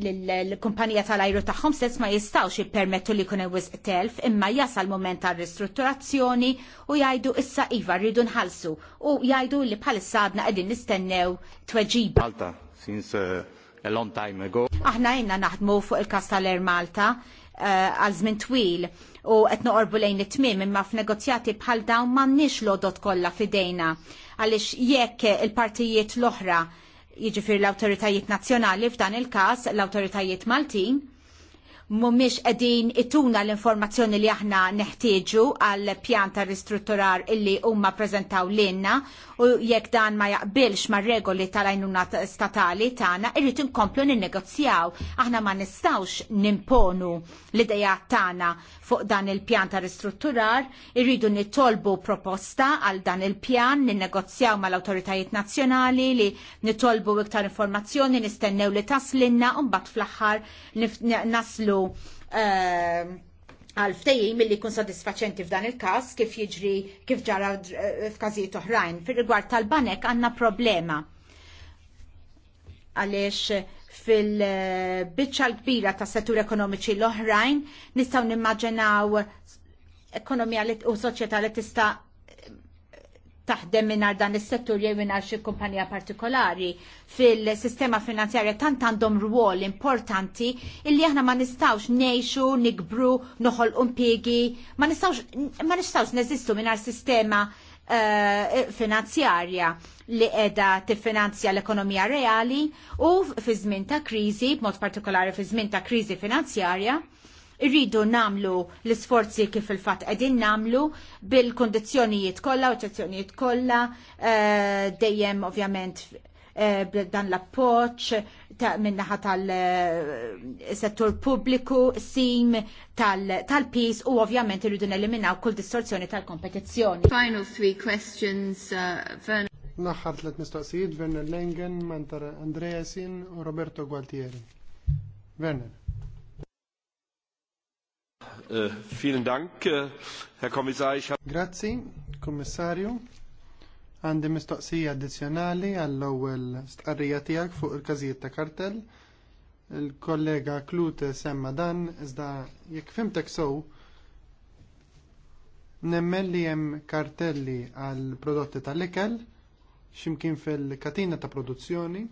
l-kumpanija tal-ajru tagħhom stess ma jistgħux jippermettu li jkun hemm telf imma jasal moment ta' ristrutturazzjoni u jgħidu issa iva rridu nħallsu u jgħidu li bħalissa għadna qegħdin nistennew tweġiba. Malta, since uh, a long time ago. Aħna jenna naħdmu fuq il-kas tal-Air Malta uh, għal uh, żmien twil u qed noqorbu lejn it-tmiem imma f'negozjati bħal dawn m'għandniex lodot kollha f'idejna għaliex jekk il-partijiet l-oħra jiġifir l awtoritajiet nazzjonali f'dan il każ l awtoritajiet Maltin, mhumiex qegħdin ituna l-informazzjoni li aħna neħtieġu għal pjan ristrutturar illi huma ppreżentaw lilna u jekk dan ma jaqbilx ma' regoli tal-għajnuna statali tagħna, irrid inkomplu ninnegozjaw. Aħna ma nistawx nimponu l-ideja tagħna fuq dan il-pjan ta' ristrutturar, irridu nitolbu proposta għal dan il-pjan, ninnegozjaw mal-awtoritajiet nazzjonali li nitolbu iktar informazzjoni, nistennew li taslinna u mbagħad fl-aħħar naslu uh, għal ftejjim milli jkun sodisfaċenti f'dan il-każ kif jiġri kif ġara f'każijiet oħrajn. Fir-rigward tal-banek għandna problema għaliex fil-biċċa l-kbira ta' settur ekonomiċi l-oħrajn nistgħu nimmaġinaw ekonomija u soċjetà li tista' taħdem minar dan is-settur jew minar xi kumpanija partikolari fil-sistema finanzjarja tant għandhom rwol importanti illi aħna ma nistawx nejxu, nikbru, noħol impjiegi, ma nistawx ma nistawx neżistu minar sistema uh, finanzjarja li edha tiffinanzja l-ekonomija reali u fi żmien ta' kriżi, b'mod partikolari fi żmien ta' kriżi finanzjarja, irridu namlu l-isforzi kif il-fat qegħdin namlu bil kondizjonijiet kollha u kolla, kollha eh, dejjem ovvjament eh, dan l-appoċ minnaħa tal-settur pubbliku, sim tal-pis u ovvjament irridu neliminaw kull distorzjoni tal-kompetizzjoni. Final three questions, Vernon. Uh, Naħħar tlet mistoqsijiet, Werner Lengen, Mantar Andreasin u Roberto Gualtieri. Werner. Äh, vielen Dank, äh, Herr Kommissar. Grazzi, Kommissarju. Għandi mistoqsija addizzjonali għall-ewwel stqarrija tiegħek fuq il-każijiet ta' kartell. Il-kollega Klute semma dan iżda jekk fimtek sow nemmen li hemm kartelli għal prodotti tal-ikel ximkien fil-katina ta' produzzjoni.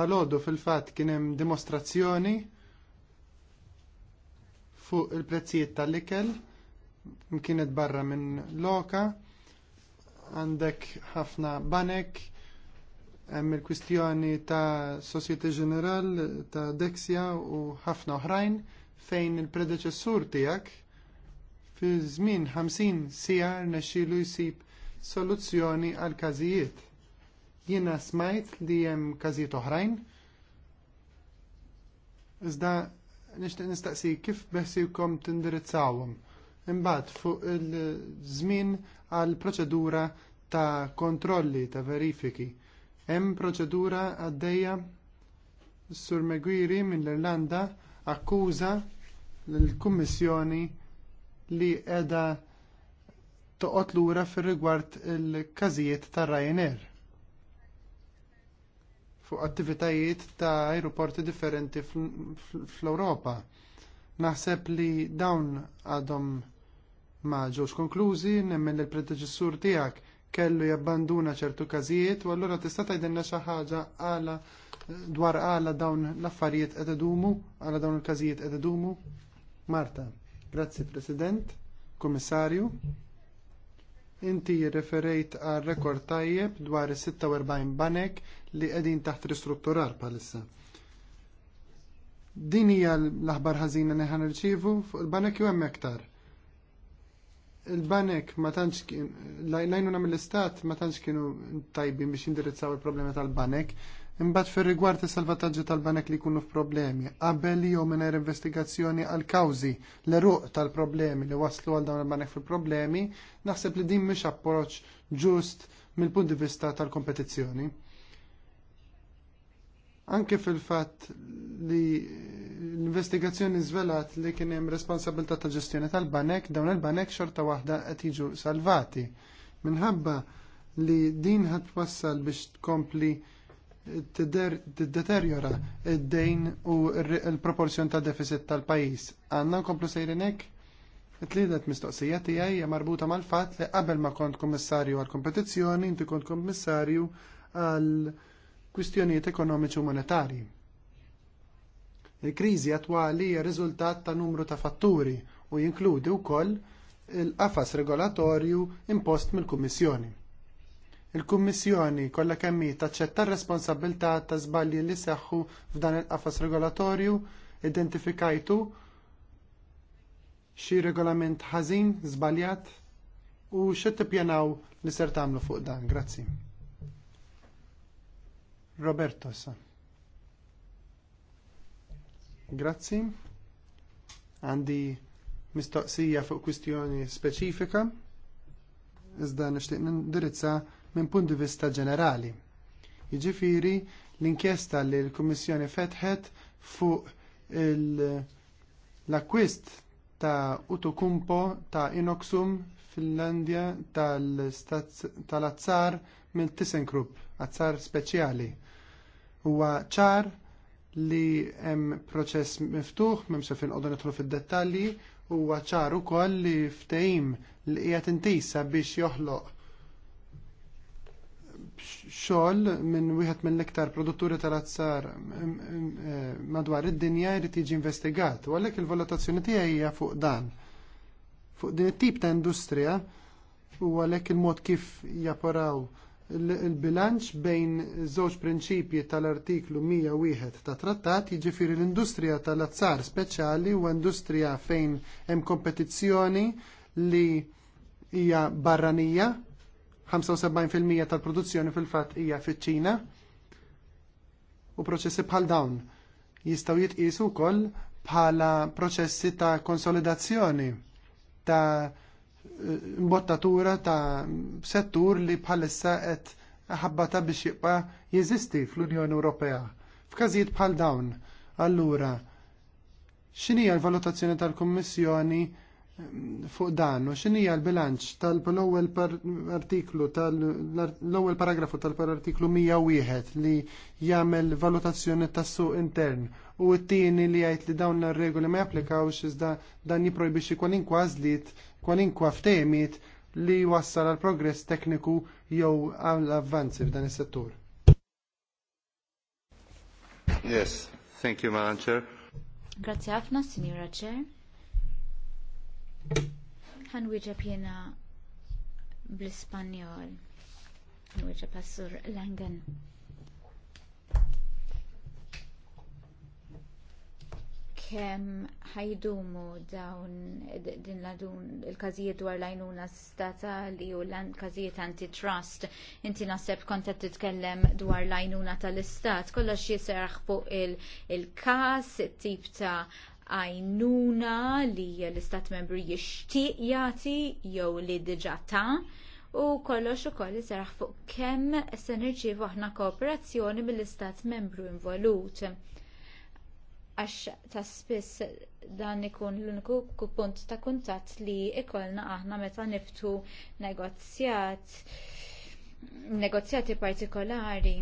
Dalodu fil-fatt kien hemm dimostrazzjoni fuq il-prezzijiet tal-ikel kienet barra minn loka għandek ħafna banek hemm il-kwistjoni ta' Societe General ta' Dexia u ħafna oħrajn fejn il-predeċessur tiegħek fi żmien 50 sija rnexxielu jsib soluzzjoni għal każijiet. Jiena smajt li hemm każijiet oħrajn iżda nixtieq nistaqsi kif beħsibkom tindirizzawhom imbagħad fuq il-żmien għal proċedura ta' kontrolli ta' verifiki. Hemm proċedura għaddejja Sur Megwiri mill-Irlanda akkuża l-Kummissjoni li qiegħda toqgħod lura fir-rigward il-każijiet ta' Ryanair fuq attivitajiet ta' aeroporti differenti fl-Europa. Naħseb li dawn għadhom ma ġewx konklużi, nemmen il-predeċessur tiegħek kellu jabbanduna ċertu każijiet u allura tista' tgħidilna xi ħaġa għala dwar għala dawn l-affarijiet qed idumu, għala dawn il-każijiet qed idumu. Marta, grazzi President, Kummissarju. Inti referejt għal rekord tajjeb dwar 46 banek li qegħdin taħt ristrutturar bħalissa. Din hija l-aħbar ħażina li ħan irċievu fuq il-banek jew hemm aktar. Il-banek ma tantx lajnuna mill-istat ma tantx kienu tajbin biex indirizzaw il-problemi tal-banek, Imbagħad fir-rigward is-salvataġġi tal-banek li jkunu f'problemi, qabel jew mingħajr investigazzjoni għal kawżi l ruq tal-problemi li waslu għal dawn il-banek fil-problemi, naħseb li din mhix approċċ ġust mill-punt di vista tal-kompetizzjoni. Anke fil-fatt li l-investigazzjoni żvelat li kien hemm responsabilità ta' ġestjoni tal-banek, dawn il-banek xorta waħda qed jiġu salvati. Minħabba li din ħadd wassal biex tkompli deteriora id-dejn u l-proporzjon ta' deficit tal-pajis. Għanna nkomplu sejrinek? Tlidet mistoqsija tiegħi hija marbuta mal-fatt li qabel ma kont kummissarju għall kompetizzjoni inti kont kummissarju għal kwistjonijiet ekonomiċi u monetarji. Il-kriżi attwali hija riżultat ta' numru ta' fatturi u jinkludi wkoll il-qafas regolatorju impost mill-Kummissjoni. Il-Kummissjoni kollha kemm hi taċċetta r-responsabilità ta' żbalji li seħħu f'dan il-qafas regolatorju identifikajtu xi regolament ħażin żbaljat u xi tippjanaw li ser tagħmlu fuq dan. Grazzi. Roberto sa. Grazzi. Għandi mistoqsija fuq kwistjoni speċifika. Iżda nixtieq nindirizza minn punt di vista ġenerali. Jiġifieri l-inkjesta li l-Kummissjoni fetħet fuq l-akkwist ta' Utukumpo ta' Inoxum Finlandja tal-azzar mill ThyssenKrupp, azzar speċjali. Huwa ċar li hemm proċess miftuħ, m'hemmx se finqogħdu nidħlu fid-dettalji, huwa ċar ukoll li ftehim li qiegħed intisa biex joħloq xogħol minn wieħed mill-iktar produtturi tal-azzar mm, mm, eh, madwar id-dinja jrid jiġi investigat. U għalhekk il-valutazzjoni tiegħi hija fuq dan. Fuq din it-tip ta' industrija u għalhekk il-mod kif japporaw il-bilanċ bejn żewġ prinċipji tal-artiklu 101 ta' trattat jiġifieri l-industrija tal-azzar speċjali u industrija fejn hemm kompetizzjoni li hija barranija 75% tal-produzzjoni fil-fatt hija fiċ-Ċina u proċessi bħal dawn jistgħu jitqisu wkoll bħala proċessi ta' konsolidazzjoni ta' imbottatura ta' settur li bħalissa qed ħabbata biex jibqa' jeżisti fl-Unjoni Ewropea. F'każijiet bħal dawn, allura x'inhi l-valutazzjoni tal-Kummissjoni fuq dan u x'inhija l-bilanċ tal-ewwel artiklu tal-ewwel paragrafu tal-artiklu 101 li jagħmel valutazzjoni tas-suq intern u t-tieni li jgħid li dawn ir-regoli ma japplikawx iżda dan jipprojbixxi kwalinkwa għażliet kwalinkwa ftehmiet li wassal għal progress tekniku jew għal avvanzi f'dan is-settur. Yes, thank you, Madam Chair. Grazie ħafna, Signora Chair. Ħan wieġeb jiena bl-Ispanjol. Wieġeb għas-sur Langen. kemm ħajdumu dawn din ladun il-każijiet dwar l-għajnuna statali u l-każijiet antitrust. Inti naħseb kont qed titkellem dwar l-għajnuna tal-istat, kollox jisraħ fuq il-każ, it-tip ta' għajnuna li l-istat membri jixtieq jagħti jew li diġà ta' u kollox ukoll iserraħ fuq kemm se nirċievu aħna kooperazzjoni mill-istat membru involut. Għax ta' spiss dan ikun l-uniku punt ta' kuntatt li ikollna aħna meta niftu negozjat negozjati partikolari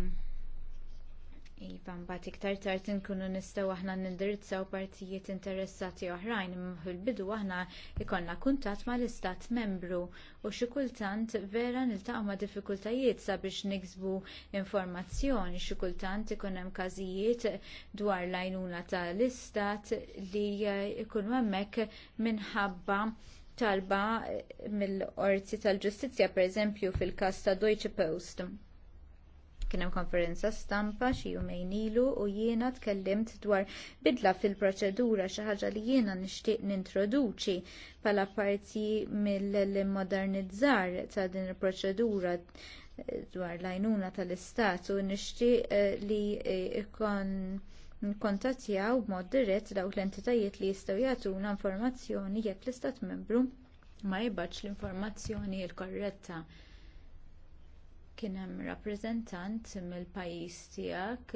Iva, mbagħad iktar tard inkunu nistgħu aħna nindirizzaw partijiet interessati oħrajn fil-bidu aħna ikollna kuntatt mal-istat membru u xi kultant vera niltaqgħu ma' diffikultajiet sabiex niksbu informazzjoni, xi kultant ikun hemm każijiet dwar l-għajnuna tal-istat li jkunu hemmhekk minħabba talba mill qorti tal-Ġustizzja pereżempju fil-każ ta' Deutsche Post Kien hemm konferenza stampa xi jumejn ilu u jiena tkellimt dwar bidla fil-proċedura xi ħaġa li jiena nixtieq nintroduċi bħala parti mill-modernizzar ta' din il-proċedura eh, dwar l-għajnuna tal-istat u nixtieq eh, li eh, ikon nkontattjaw b'mod dirett dawk l-entitajiet li jistgħu jagħtuna informazzjoni jekk l-istat membru ma jibgħatx l-informazzjoni l-korretta kien hemm rappreżentant mill-pajjiż tiegħek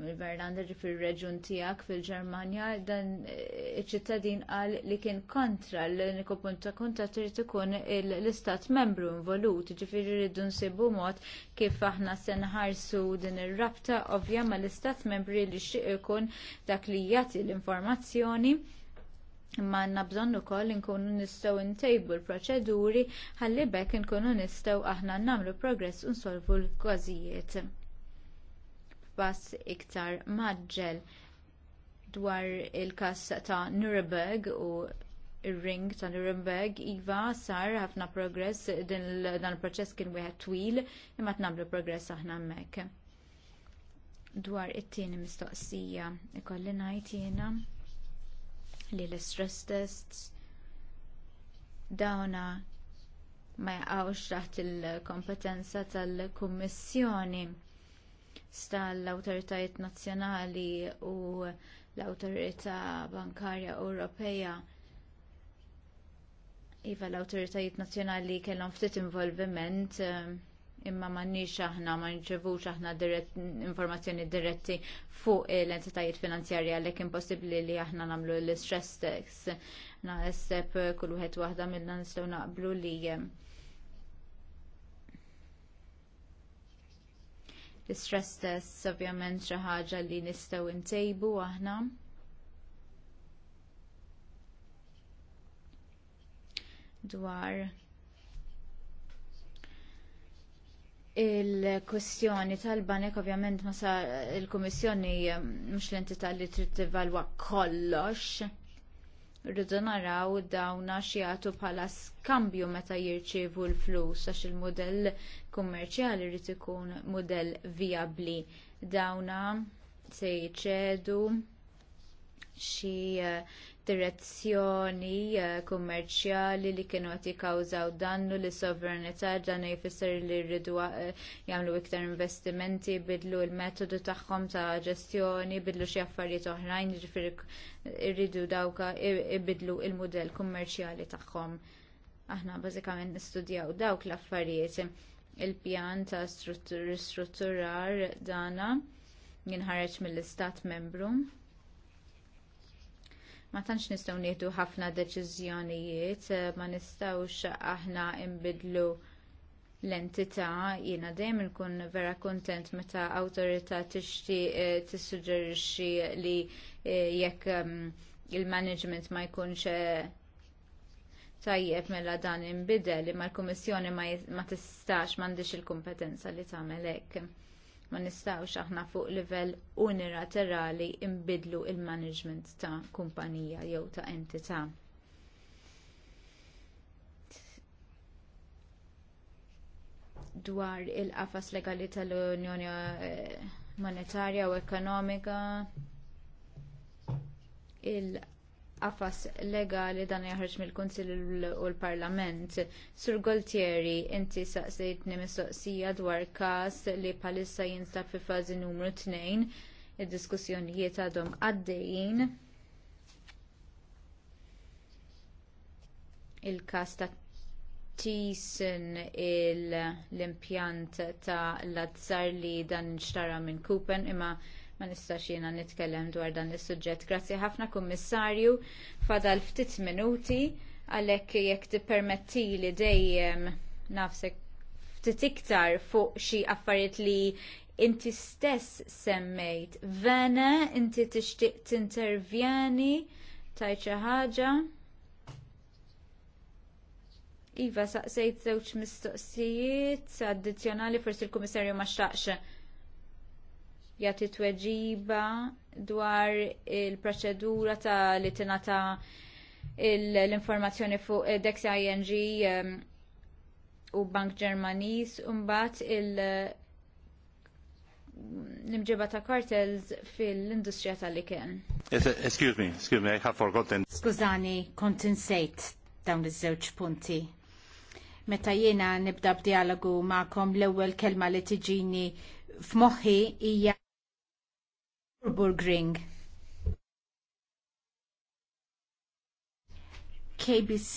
mill-Verlanda fir reġjun tiegħek fil-Ġermanja dan iċ-ċittadin qal li kien kontra l-uniku punt ta' kuntatt irid ikun l-istat membru involut, ġifieri rridu nsibu mod kif aħna se nħarsu din ir-rabta ovvja mal istat membri li xtieq ikun dak li jagħti l-informazzjoni Imma għandna bżonn ukoll inkunu nistgħu ntejbu l-proċeduri ħalli bekk inkunu nistgħu aħna nagħmlu progress u nsolvu l-każijiet. Pass iktar maġġel dwar il-każ ta' Nuremberg u r ring ta' Nuremberg, Iva sar ħafna progress din dan il-proċess kien wieħed twil imma tnamlu progress aħna hemmhekk. Dwar it-tieni mistoqsija, ikolli ngħid jiena li l-stress tests dawna ma jaqgħux taħt il-kompetenza tal-Kummissjoni tal awtoritajiet nazzjonali u l-Awtorità Bankarja Ewropea iva l-awtoritajiet nazzjonali kellhom ftit involviment eh, imma m'għandniex aħna ma nċevux aħna informazzjoni diretti fuq l-entitajiet finanzjarji għalhekk impossibbli li aħna nagħmlu l-stress na Naħseb kull wieħed waħda minna nistgħu naqblu li ehm, l-stress test ovvjament xi ħaġa li nistgħu ntejbu aħna. dwar il-kwestjoni tal-banek ovvjament ma sa il-Kummissjoni ehm, mhux l-entità li trid tivalwa kollox. Rridu naraw dawna jagħtu bħala skambju meta jirċievu l-flus għax il mudell kummerċjali rrid ikun mudell vijabbli. Dawna se jċedu xi eh, direzzjoni eh, kummerċjali li kienu qed jikkawżaw dannu li sovranità dan jfisser li rridu eh, jagħmlu iktar investimenti, bidlu l-metodu tagħhom ta' ġestjoni, bidlu xi affarijiet oħrajn, jiġifieri rridu dawka eh, ibidlu l mudell kummerċjali tagħhom. Aħna bażikament nistudjaw dawk l-affarijiet il-pjan ta' ristrutturar dana jinħareġ mill-istat membru ma tantx nistgħu nieħdu ħafna deċiżjonijiet, eh, ma nistgħux aħna nbidlu l-entità jiena dejjem nkun vera kuntent meta awtorità tixtieq eh, tissuġġerixxi li eh, jekk ehm, il-management ma jkunx tajjeb mela dan inbidel imma l-Kummissjoni ma tistax m'għandix il-kompetenza li tagħmel hekk ma nistgħux aħna fuq livell unilaterali imbidlu l management ta' kumpanija jew ta' entità. Dwar il-qafas legali tal-Unjoni eh, Monetarja u Ekonomika il qafas legali dan jaħarġ mill-Kunsill u l-Parlament. Sur Goltieri, inti saqsejtni mistoqsija dwar każ li bħalissa jinstab fi fażi numru 2, id-diskussjonijiet għadhom għaddejjin. il każ ta' tisen l-impjant ta' azzar li dan xtara minn Kupen imma ma nistax jiena nitkellem dwar dan is-suġġett. Grazzi ħafna kummissarju, fadal ftit minuti għalhekk jekk tippermetti li dejjem nafsek ftit iktar fuq xi affarijiet li inti stess semmejt. Vena, inti tixtieq tintervjeni tajt xi ħaġa. Iva, saqsejt żewġ mistoqsijiet addizzjonali forsi l-Kummissarju ma xtaqx Ja tweġiba dwar il-proċedura ta' li tingħata l-informazzjoni fuq Dex ING um, u Bank Ġermaniż u mbagħad il- l ta' kartels fil-industrija tal-iken. Excuse me, excuse me, I have forgotten. Skużani, kont insejt dawn iż-żewġ punti. Meta jiena nibda b'dialogu ma'kom l-ewwel kelma li tiġini f'moħħi hija Nürburgring. KBC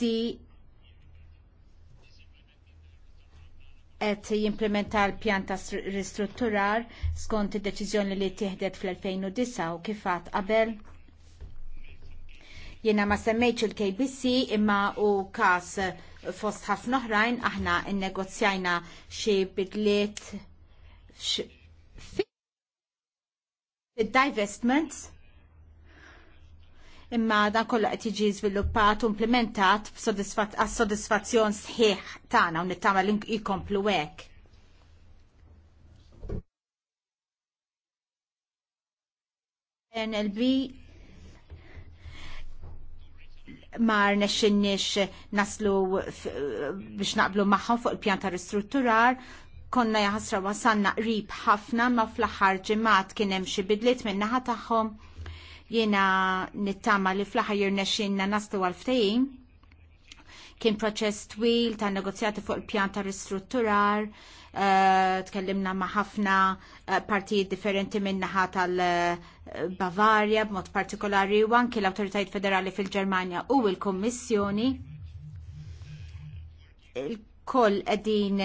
qed jimplementa l-pjan ta' ristrutturar skont id-deċiżjoni li tieħdet fl-2009 u kif kifat qabel. Jiena ma semmejtx il-KBC imma u każ fost ħafna oħrajn aħna nnegozjajna xi bidliet Id-divestments imma dan kollu qed jiġi żviluppat u implementat għas-sodisfazzjon sħiħ tagħna u nittama' li jkomplu hekk. NLB mar nexxinniex naslu biex naqblu magħhom fuq il-pjan ta' ristrutturar konna jaħasra wasanna qrib ħafna ma fl-aħħar ġimgħat kien hemm xi bidliet min-naħa tagħhom. Jiena nittama li fl-aħħar jirnexxinna naslu għal ftehim. Kien proċess twil ta' negozjati fuq il-pjan ta' ristrutturar, eh, tkellimna ma' ħafna eh, partijiet differenti min-naħa tal-Bavarja b'mod partikolari u anki l-Awtoritajiet Federali fil-Ġermanja u l-Kummissjoni koll edin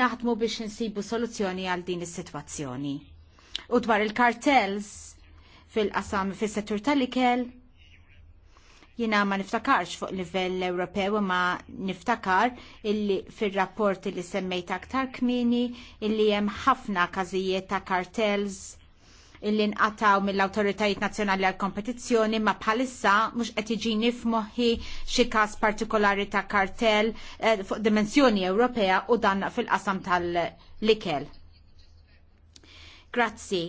naħdmu biex nsibu soluzzjoni għal din is-sitwazzjoni. U dwar il-kartels fil-qasam fis-settur tal-ikel, jina ma niftakarx fuq livell Ewropew ma niftakar illi fil-rapport illi semmejta aktar kmini illi hemm ħafna każijiet ta' kartels illi nqataw mill-autoritajiet nazzjonali għal kompetizzjoni ma bħalissa mhux qed iġini f'moħħi xi każ partikolari ta' kartell eh, fuq dimensjoni Ewropea u dan fil-qasam tal-likel. Grazzi.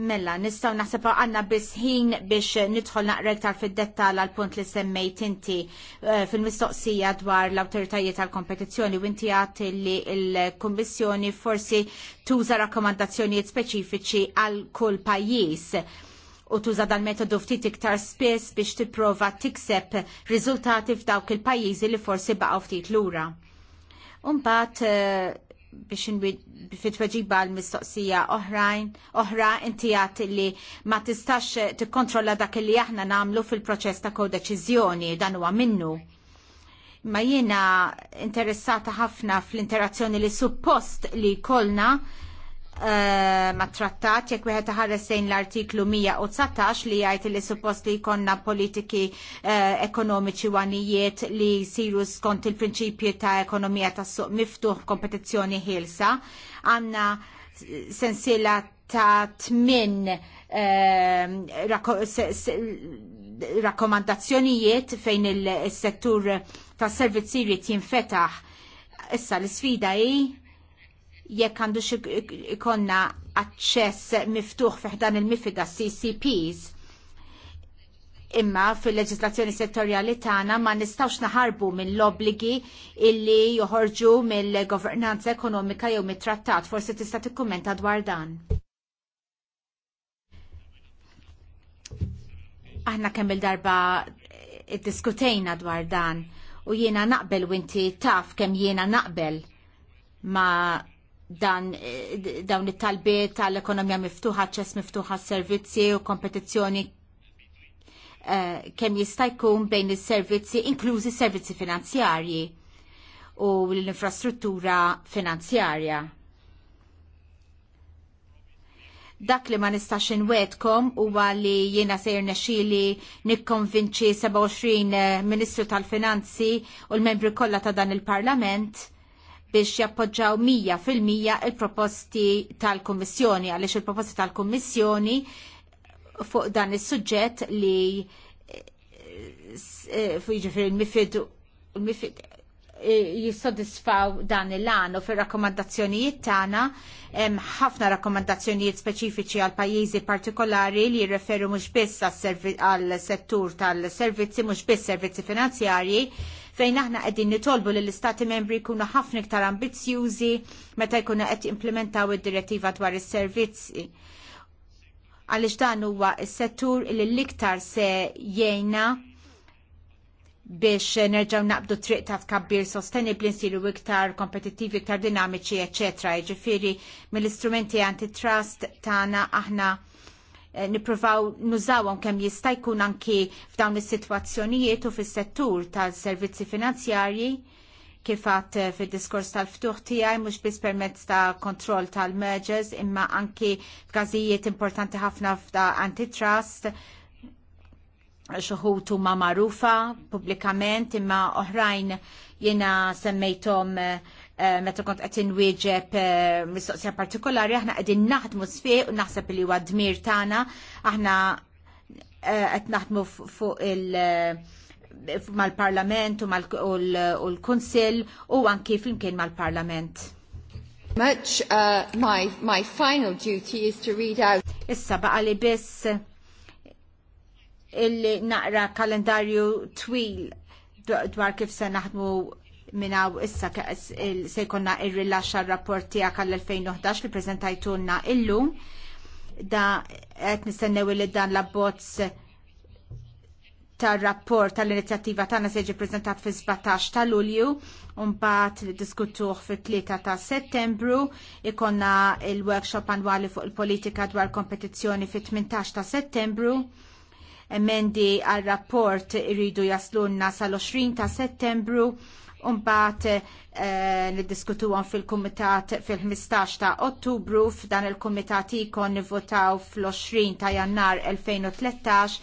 Mella, nistaw naħseb għanna ħin biex nidħol naqra iktar fid-dettal għal punt li semmejt inti eh, fil-mistoqsija dwar l-autoritajiet tal kompetizzjoni u inti għat li l-Kommissjoni forsi tuża rakkomandazzjonijiet speċifiċi għal kull pajjiż u tuża dan metodu ftit iktar spiss biex tipprova tikseb riżultati f'dawk il-pajjiżi li forsi baqgħu ftit lura. Umbat biex fit-tweġiba bħal mistoqsija oħrajn, oħra inti għat li ma tistax tikkontrolla dak li aħna namlu fil-proċess ta' kodeċizjoni dan huwa minnu. Ma jiena interessata ħafna fl-interazzjoni li suppost li kolna Eh, ma' trattat jekk wieħed iħares lejn l-artiklu 119 li jgħid li suppost li jkollna politiki eh, ekonomiċi wanijiet li jsiru skont il-prinċipji ta' ekonomija tas suq miftuħ kompetizzjoni ħielsa għandna sensiela ta' tmin eh, rakkomandazzjonijiet fejn il-settur tas servizzi jrid jinfetaħ. Issa l isfida hi jekk għandu ikonna aċċess miftuħ fiħdan il mifida CCPs. Imma fil-leġislazzjoni settorjali tagħna ma nistawx naħarbu mill-obligi illi joħorġu mill-governanza ekonomika jew mit-trattat. Forsi tista' tikkummenta dwar dan. Aħna kemm il-darba eh, iddiskutejna dwar dan u jiena naqbel u inti taf kemm jiena naqbel ma dan eh, dawn it-talbiet tal-ekonomija miftuħa, ċess miftuħa servizzi u kompetizzjoni uh, kemm jista' jkun bejn is-servizzi, inklużi servizzi finanzjarji u l-infrastruttura finanzjarja. Dak li ma nistax inwedkom huwa li jiena sejr nexili nikkonvinċi 27 eh, Ministru tal-Finanzi u l-membri kollha ta' dan il-Parlament biex jappoġġaw 100% il-proposti tal-Kommissjoni, għaliex il-proposti tal-Kommissjoni fuq dan is suġġett li eh, ġifir il-mifid eh, jissodisfaw dan il-għan u fil-rakkomandazzjonijiet tagħna hemm ħafna rakkomandazzjonijiet speċifiċi għal pajjiżi partikolari li jirreferu mhux biss għal settur tal-servizzi mhux biss servizzi finanzjarji fejn aħna qegħdin nitolbu li l-istati membri jkunu ħafna iktar ambizzjużi meta jkunu qed implementaw id-direttiva dwar is-servizzi għaliex dan huwa s-settur li l-iktar se jgħinna biex nerġaw naqbdu triq ta' tkabbir sostenibli nsiru iktar kompetittivi, iktar dinamiċi, ecc. Ġifiri, mill-istrumenti antitrust tagħna aħna Eh, niprofaw nużawhom kemm jista' jkun anki f'dawn is-sitwazzjonijiet u fis-settur tal-servizzi finanzjarji kif eh, fil-diskors tal-ftuħ tijaj, mux bis permezz ta' kontroll tal-mergers, imma anki f'każijiet importanti ħafna f'da antitrust, xuħutu ma' marufa publikament, imma oħrajn jena semmejtom uh, eh, Eh, meta kont qed inwieġeb eh, mistoqsija partikolari aħna qegħdin naħdmu sfiq u naħseb li huwa dmir tagħna aħna eh, qed naħdmu fuq il mal-parlament u l-kunsill u anki flimkien mal-parlament. Much uh, my, my final duty is to read out. Issa baqa li biss il-naqra kalendarju twil dwar kif se naħdmu minnaw issa se jkollna ir r-rapport tiegħek għall-2011 li prezentajtunna illum da għet nistennew li dan l-abbozz tar-rapport tal-inizjattiva tagħna se jiġi fi 17 ta' Lulju u mbagħad diskutuħ fit-3 ta' Settembru, ikonna il-workshop annwali fuq il-politika dwar kompetizzjoni fi 18 ta' Settembru emendi għal rapport iridu jaslunna sal-20 ta' settembru Umbat eh, nid-diskutu għon fil-Kumitat fil-15 ta' Ottubru f'dan il-Kumitat ikon nivvotaw fl-20 ta' Jannar 2013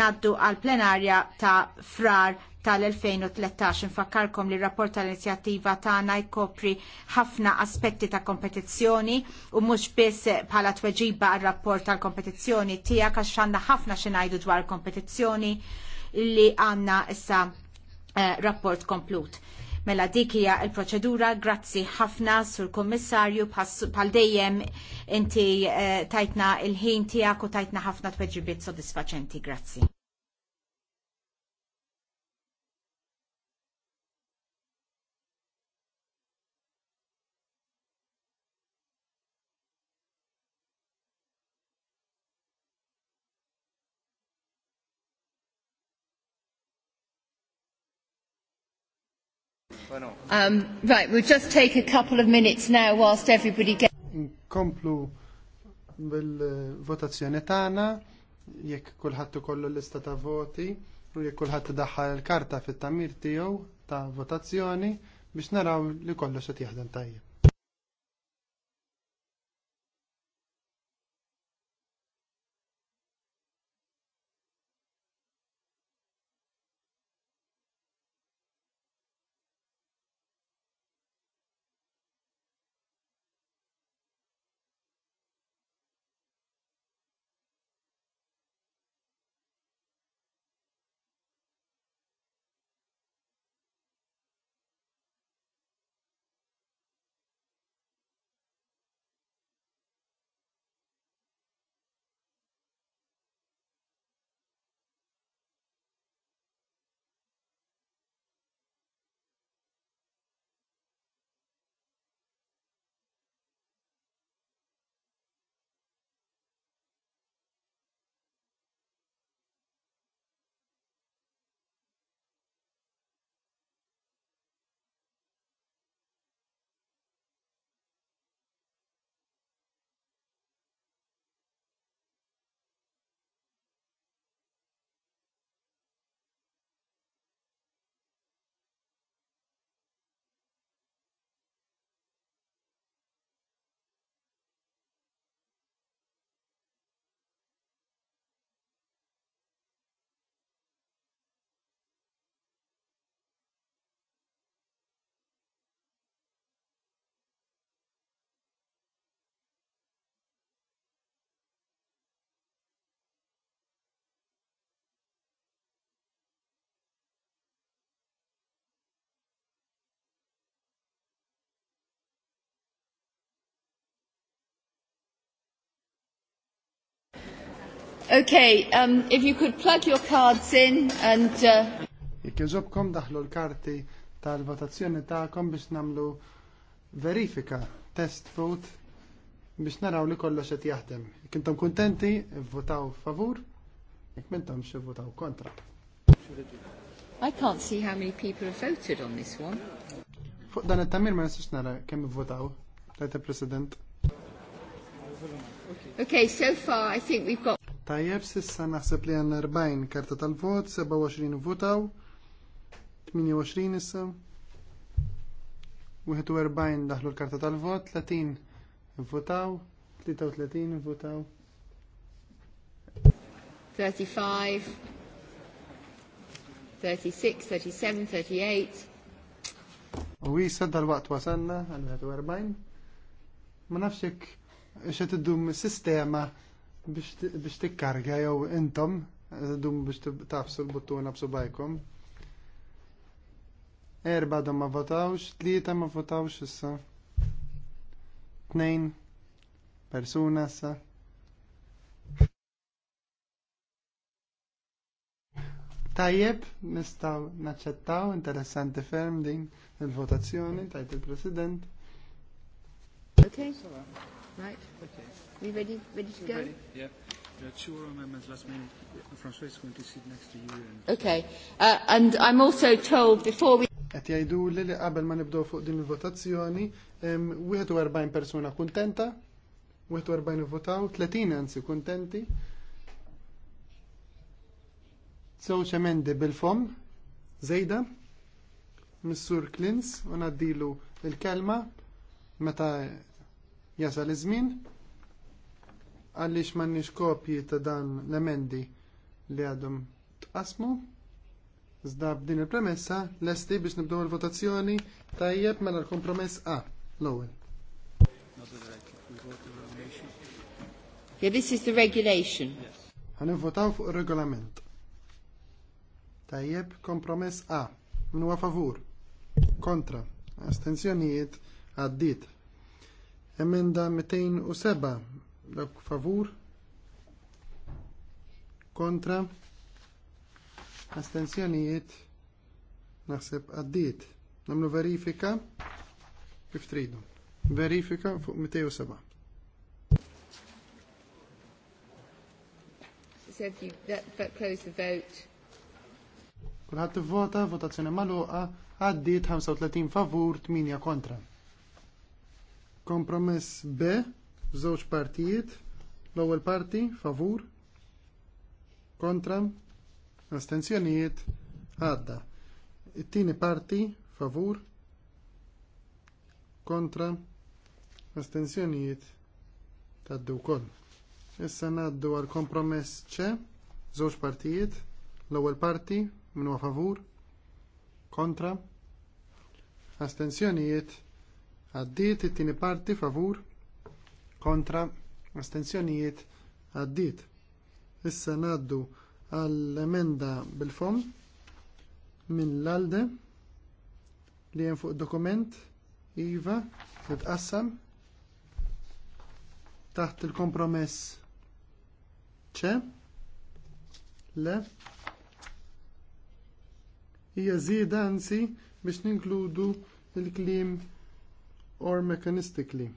naddu għal plenarja ta' frar tal-2013. Infakkarkom li rapport tal-inizjattiva tagħna jkopri ħafna aspetti ta' kompetizzjoni u mhux biss bħala tweġiba għal rapport tal-kompetizzjoni tija għax għandna ħafna xi ngħidu dwar kompetizzjoni li għandna issa eh, rapport komplut. Mela dik hija l-proċedura, grazzi ħafna sur kommissarju bħal dejjem inti eh, tajtna il-ħin tiegħek u tajtna ħafna tweġibiet sodisfaċenti, grazzi. Um, right, we'll just take a couple of minutes now whilst everybody gets... Komplu bil-votazzjoni tagħna jekk kulħadd l lista ta' voti u jekk kulħadd daħħa il-karta fit-tamir tiegħu ta' votazzjoni biex naraw li kollu se jaħdem tajjeb. Okay, um, if you could plug your cards in and... Uh, jekk uh... jġobkom daħlu l-karti tal-votazzjoni ta'kom biex namlu verifika test vote biex naraw li kollox qed jaħdem. Jekk intom kuntenti, votaw favur, jekk mintom xe votaw kontra. I can't see how many people have voted on this one. Fuq dan it-tamir ma nistax nara kemm votaw, tajta President. Okay, so far I think we've got Tajjeb, sissa naħseb li għanna 40 karta tal-vot, 27 votaw, 28 issa, 41 daħlu l-karta tal-vot, 30 votaw, 33 votaw. 35, 36, 37, 38. U jissa dal-waqt wasanna għal 41. Ma nafxek xed id-dum sistema biex tikkarga jew intom eh, dum biex tafsu l-buttuna b'subajkom. Erba dom ma votawx, tlieta ma votawx issa. Tnejn persuna issa. Tajjeb, nistaw naċċettaw, interessanti ferm din il-votazzjoni tajt il-President. Okay. Right. Okay. We ready, ready to go? Ready, yeah. There are two amendments last minute. François is going to sit next to you. And... Okay. Uh, and I'm also told before we... Għat jajdu li li qabel ma nibdow fuq din il-votazzjoni, 41 persona kontenta, 41 votaw, 30 anzi kontenti. Sewċ emendi bil-fom, zejda, Missur Klins, unaddilu il-kelma, meta jasal iż-żmien għaliex ma kopji ta' dan l-emendi li għadhom tqasmu. Zdab din il-premessa lesti biex nibdow il-votazzjoni tajjeb mela l-kompromess A l-ewwel. Yeah, this is the regulation. votaw fuq ir-regolament. Tajjeb kompromess A. Min favur. Kontra. Astenzjonijiet għaddit. Emenda 207 Dak favur. Kontra. Astenzjonijiet. Naħseb għaddiet. Namlu verifika kif tridu. Verifika fuq 207. said you that, that closed the vote. Kulħat t-vota, votazzjoni maluqa, għaddit 35 favur, 8 kontra. Kompromess B, f'żewġ partijiet. L-ewwel parti favur kontra astenzjonijiet għadda. It-tieni parti favur kontra astenzjonijiet taddu wkoll. Issa ngħaddu għal kompromess ċe żewġ partijiet. L-ewwel parti minn huwa favur kontra astenzjonijiet Għaddiet it-tieni parti favur kontra astenzjonijiet għaddit. Issa ngħaddu għall-emenda bil-fom minn l-alde li hemm fuq dokument IVA titqassam taħt il-kompromess ċe le hija żieda anzi biex ninkludu l kliem or mechanistically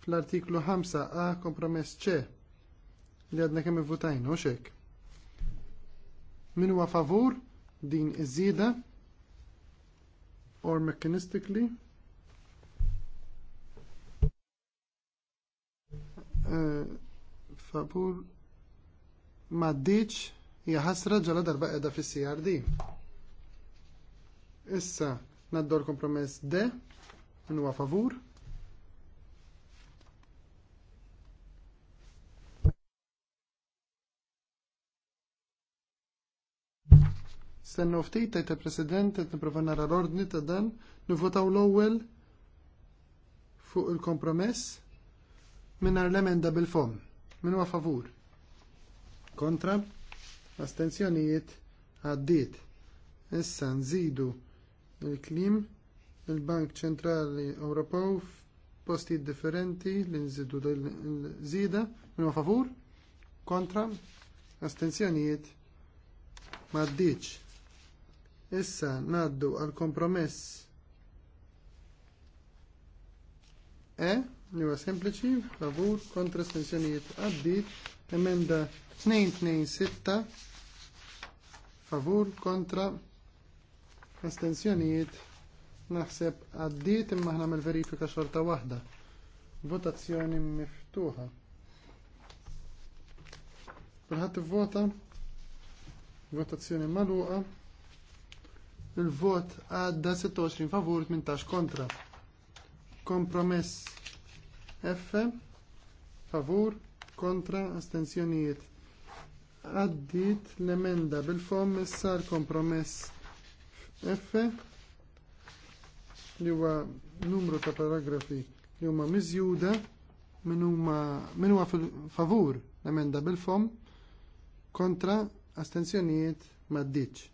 fl-artiklu 5a kompromess ċe li għadna kemm votajn u xek. Min huwa favur din iż-żieda or mechanistically eh, favur ma ddiċ hija ħasra ġala darba qiegħda fis-CRD. Issa naddor kompromess D min huwa favur. Stennu ftit ta' president qed nipprova nara l-ordni ta' dan nivvotaw l-ewwel fuq il-kompromess minna l-emenda bil-fom. Minu a favur? Kontra? Astenzjonijiet għaddit. Issa nżidu il-klim il-Bank Ċentrali Ewropew posti differenti li nżidu l zida min huwa favur? Kontra? Astenzjonijiet ma' Issa ngħaddu għal kompromess E, li huwa sempliċi, favur kontra stensjonijiet għaddit, emenda 226, favur kontra astensjonijiet naħseb għaddit imma ħna mill verifika xorta waħda. Votazzjoni miftuħa. Kulħadd ivvota. Votazzjoni magħluqa. Il-vot għadda 26 favur 18 kontra. Kompromess F favur kontra astensjonijiet. Għaddit l-emenda bil-fom sar kompromess F li huwa numru ta' paragrafi li huma miżjuda min huwa favur l-emenda bil-fom kontra astensjonijiet maddiċ.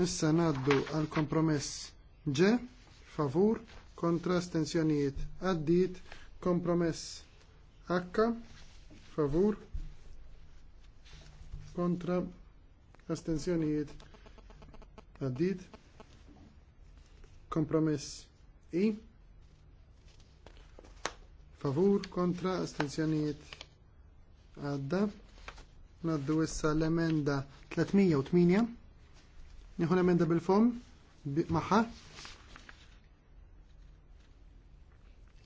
Issa ngħaddu għal kompromess ġe, favur, kontra astensjonijiet għaddit, kompromess H, favur, kontra astensjonijiet għaddit, kompromess I, favur, kontra astensjonijiet għadda, naddu issa l-emenda 308 Nieħu emenda bil-fom magħha.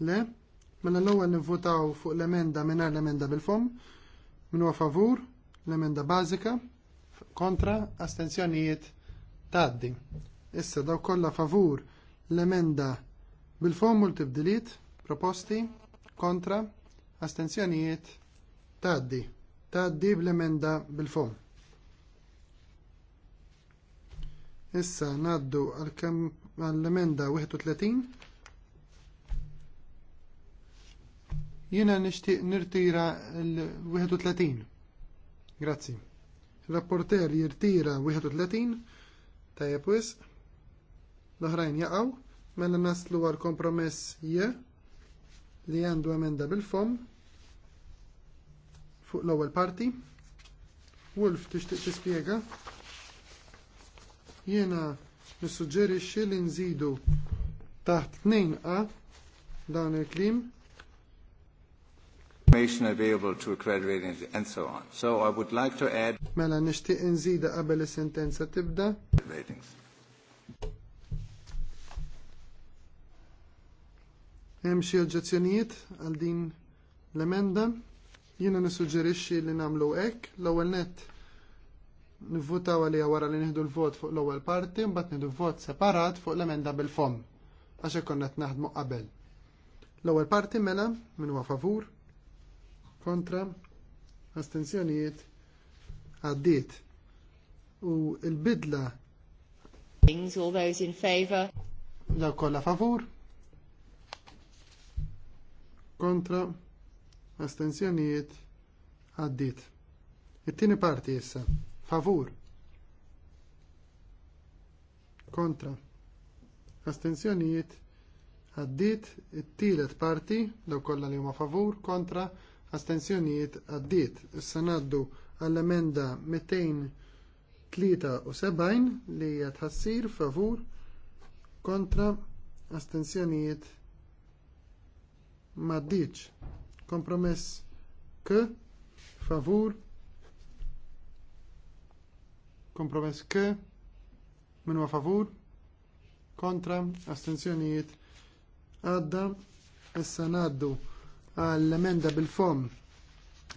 Le, mela l-ewwel nivvutaw fuq l-emenda mingħajr l-emenda bil-fom. Min huwa favur l-emenda bażika kontra astenzjonijiet tgħaddi. Issa daw kollha favur l-emenda bil-fom u l-tibdiliet proposti kontra astenzjonijiet tgħaddi. Tgħaddi bl-emenda bil-fom. Issa ngħaddu għall-emenda 31. Jiena nixtieq nirtira l-31. Grazzi. Rapporter jirtira 31 tajjeb wisq. L-oħrajn jaqgħu mela naslu għal kompromess je li għandu emenda bil-fom fuq l-ewwel parti. Wolf tixtieq tispjega Jiena nissuġġeri li nżidu taħt 2A dan il-klim information available to credit ratings and so on. So I would like to add Mela nishtiq nżida qabel is-sentenza tibda. Ratings. Hemm xi oġġezzjonijiet għal din l-emenda. Jiena nissuġġerixxi li nagħmlu hekk l-ewwel nett nivvutaw għalija wara li nieħdu l-vot fuq l-ewwel parti, mbagħad l vot separat fuq l-emenda bil-fom għax konnet qed naħdmu qabel. L-ewwel parti mela min huwa favur, kontra, astenzjoniet, għaddiet. U l-bidla Things, all those in favor. Daw kolla favur. Kontra, astenzjoniet, għaddiet. It-tieni parti issa favur kontra astensjonijiet għaddit it-tielet parti daw kollha li huma favur kontra astensjonijiet għaddiet. Issa ngħaddu għall-emenda 273 li hija tħassir favur kontra astenzjonijiet m'għaddietx. Kompromess k favur Kompromess ke? Minu a favur. Kontra. Astenzjonijiet. Għadda. Issa naddu għall-emenda bil-fom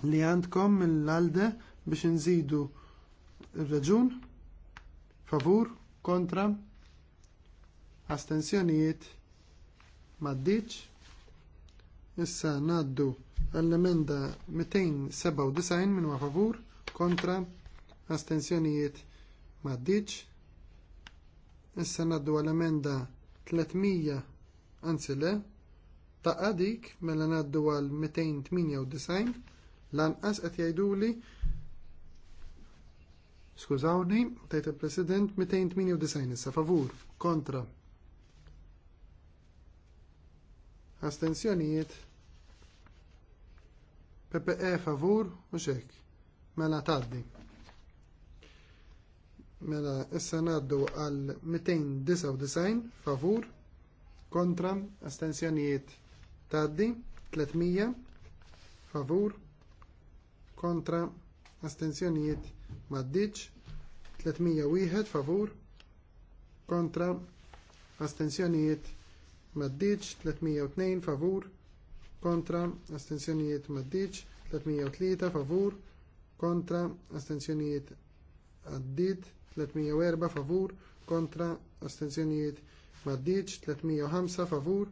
li għandkom mill-alde biex nżidu il-raġun. Favur. Kontra. Astenzjonijiet. Maddiċ. Issa naddu għall-emenda 297 minu a favur. Kontra astensjonijiet maddiċ. Issa naddu għal-emenda 300, anzi le, taqqa dik mela naddu għal 298, lanqas qed jgħiduli Skużawni, tajt il-President 298 issa favur, kontra. Astenzjonijiet. PPE favur u xek. Mela taddi. Mela, issa ngħaddu għal 299 favur kontra astensjonijiet tgħaddi 300 favur kontra astensjonijiet maddiċ 301 favur kontra astensjonijiet maddiċ 302 favur kontra astensjonijiet maddiċ 303 favur kontra astensjonijiet għaddit 304 favur kontra astenzjonijiet maddiċ 305 favur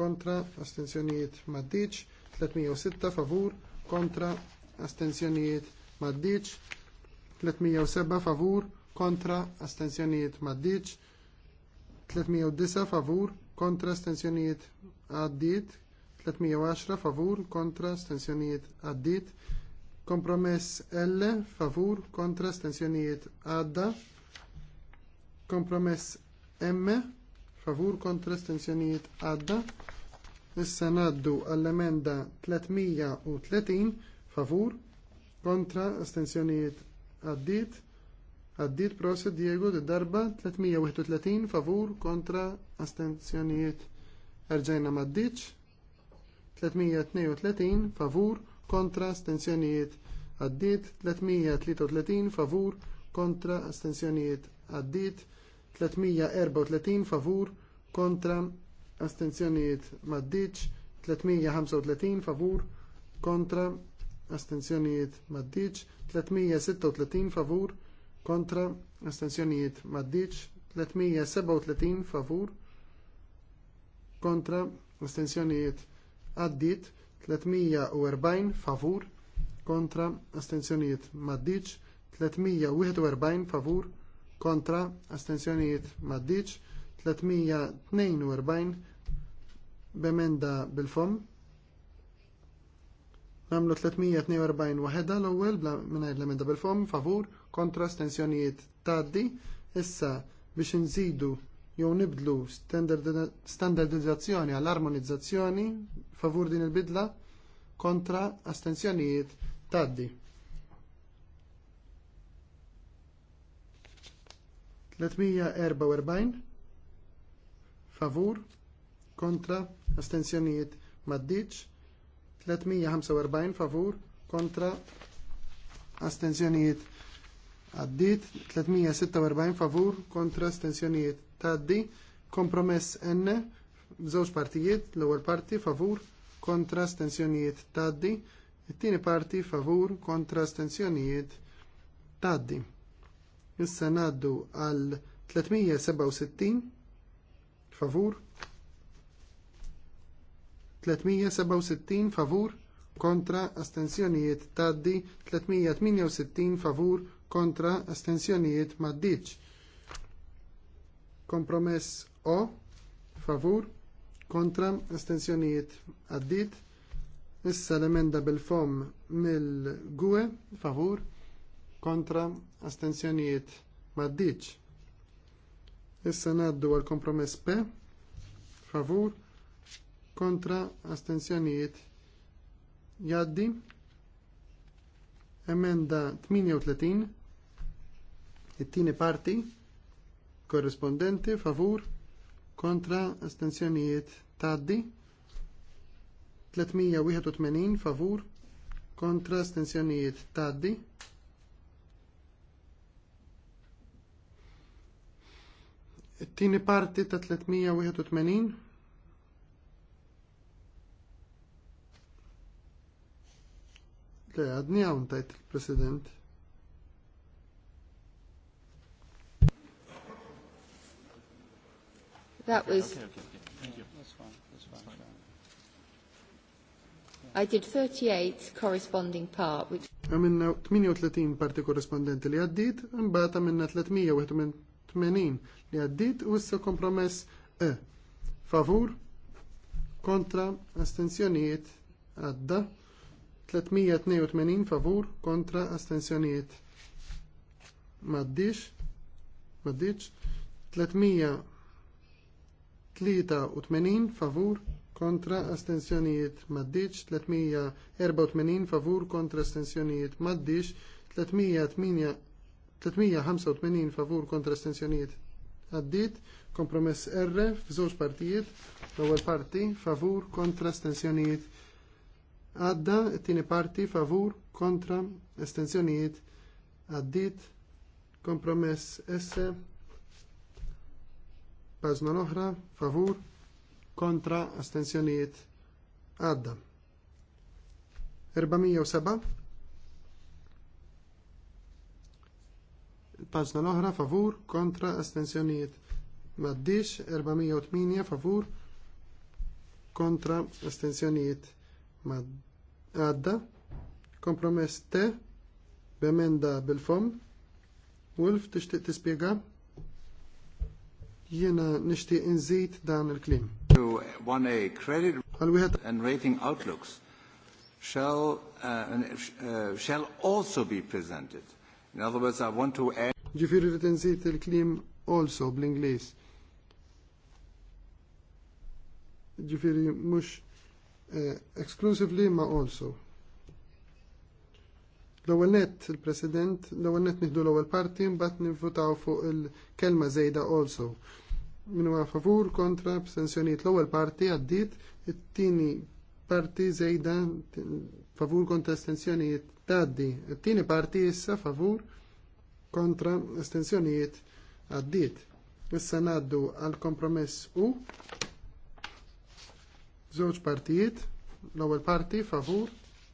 kontra astenzjonijiet maddiċ 306 favur kontra astenzjonijiet maddiċ 307 favur kontra astenzjonijiet maddiċ 309 favur kontra astenzjonijiet għaddit 310 favur kontra astenzjonijiet għaddit Kompromess L, favur, kontra, stenzjonijiet għadda. Kompromess M, favur, kontra, stenzjonijiet għadda. Issa naddu għall-emenda 330, favur, kontra, stenzjonijiet għaddit. Għaddit proset Diego di darba 331 favur kontra astenzjonijiet. Erġajna maddiċ 332 favur kontra astensjonijiet għaddit 333 favur kontra astensjonijiet għaddit 334 favur kontra astensjonijiet maddiċ 335 favur kontra astensjonijiet maddiċ 336 favur kontra astensjonijiet maddiċ 337 favur kontra astensjonijiet għaddit 340 favur kontra astensjonijiet maddiċ 341 favur kontra astensjonijiet maddiċ 342 b'emenda bil-fom Namlu 342 waħedha l-ewwel mingħajr l-emenda bil-fom favur kontra astensjonijiet tgħaddi issa biex inżidu jew nibdlu standardizzazzjoni għall armonizzazzjoni favur din il-bidla kontra astensjonijiet taddi. 344 favur kontra astensjonijiet maddiċ 345 favur kontra astensjonijiet għaddit 346 favur kontra astensjonijiet taddi, kompromess N, żewġ partijiet, l-ewwel parti favur kontra stensjonijiet taddi, it-tieni parti favur kontra stensjonijiet taddi. Issa ngħaddu għal 367 favur 367 favur kontra astensjonijiet taddi 368 favur kontra astensjonijiet maddiċ Kompromess O, favur, kontra, astenzjonijiet għaddit. Issa l-emenda bil-fom mill gwe, favur, kontra, astensjonijiet maddiċ. Issa naddu għal kompromess P, favur, kontra, astensjonijiet jaddi. Emenda 38, it-tini parti, korrispondenti favur kontra astensjonijiet taddi 381 favur kontra astensjonijiet taddi it-tieni parti ta' 381 Le, għadni għawn tajt il-President. That was... I did 38 corresponding part, which... Għamilna 38 parti korrespondenti li għaddit, mbagħad għamilna 388 li għaddit u issa kompromess E. Favur, kontra, astensjonijiet għadda, 382 favur, kontra, astensjonijiet maddix, maddix, 300 83 favur kontra astensjonijiet maddiċ, 384 favur kontra astensjonijiet maddiċ, 385 favur kontra astensjonijiet għaddit, kompromess R f'żewġ partijiet, l-ewwel parti favur kontra astensjonijiet għadda, t-tieni parti favur kontra astensjonijiet għaddit, kompromess S Pażna l-oħra, favur, kontra, astensjonijiet, għadda. 407. Pażna l-oħra, favur, kontra, astensjonijiet, maddix, 408, favur, kontra, astensjonijiet, għadda. Kompromess te, bemenda bil-fom. Wolf, tixtieq tispjega? Jiena nixtieq inżid dan il-klim. To 1A credit and rating outlooks shall, uh, uh, shall also be presented. In other words, I want to add... Ġifiri li inżid il-klim also bl-Inglis. Ġifiri mux uh, exclusively ma also. L-ewwel il-President, l-ewwel nett nieħdu l-ewwel parti mbagħad nivvutaw fuq il-kelma żejda also. Min huwa favur kontra b'sensjonijiet l-ewwel parti għaddiet, it-tieni parti żejda favur kontra estensjonijiet tgħaddi. It-tieni parti issa favur kontra estensjonijiet għaddiet. Issa ngħaddu għall kompromess u żewġ partijiet, l-ewwel parti favur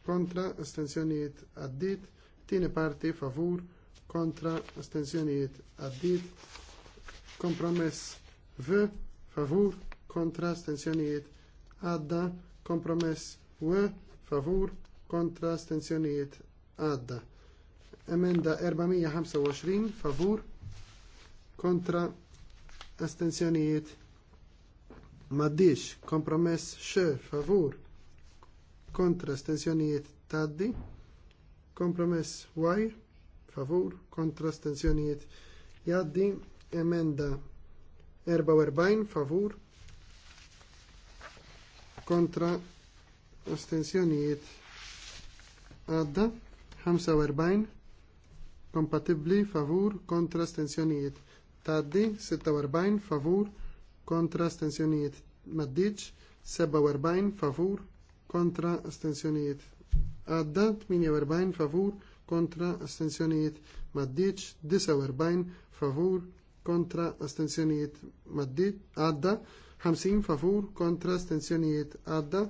kontra astensjonijiet għaddit, tieni parti favur kontra astensjonijiet għaddit, kompromess V favur kontra astensjonijiet għadda, kompromess W favur kontra astensjonijiet għadda. Emenda 425 favur kontra astensjonijiet maddix kompromess x favur kontra stenzjonijiet taddi, kompromess Y, favur, kontra stenzjonijiet jaddi, emenda 44, favur, kontra astensjonijiet għadda, 45, kompatibli, favur, kontra astensjonijiet taddi, 46, favur, kontra astensjonijiet maddiċ, 47, favur, kontra astensjonijiet għadda 48 favur kontra astensjonijiet maddiċ 49 favur kontra astensjonijiet maddiċ għadda 50 favur kontra astensjonijiet għadda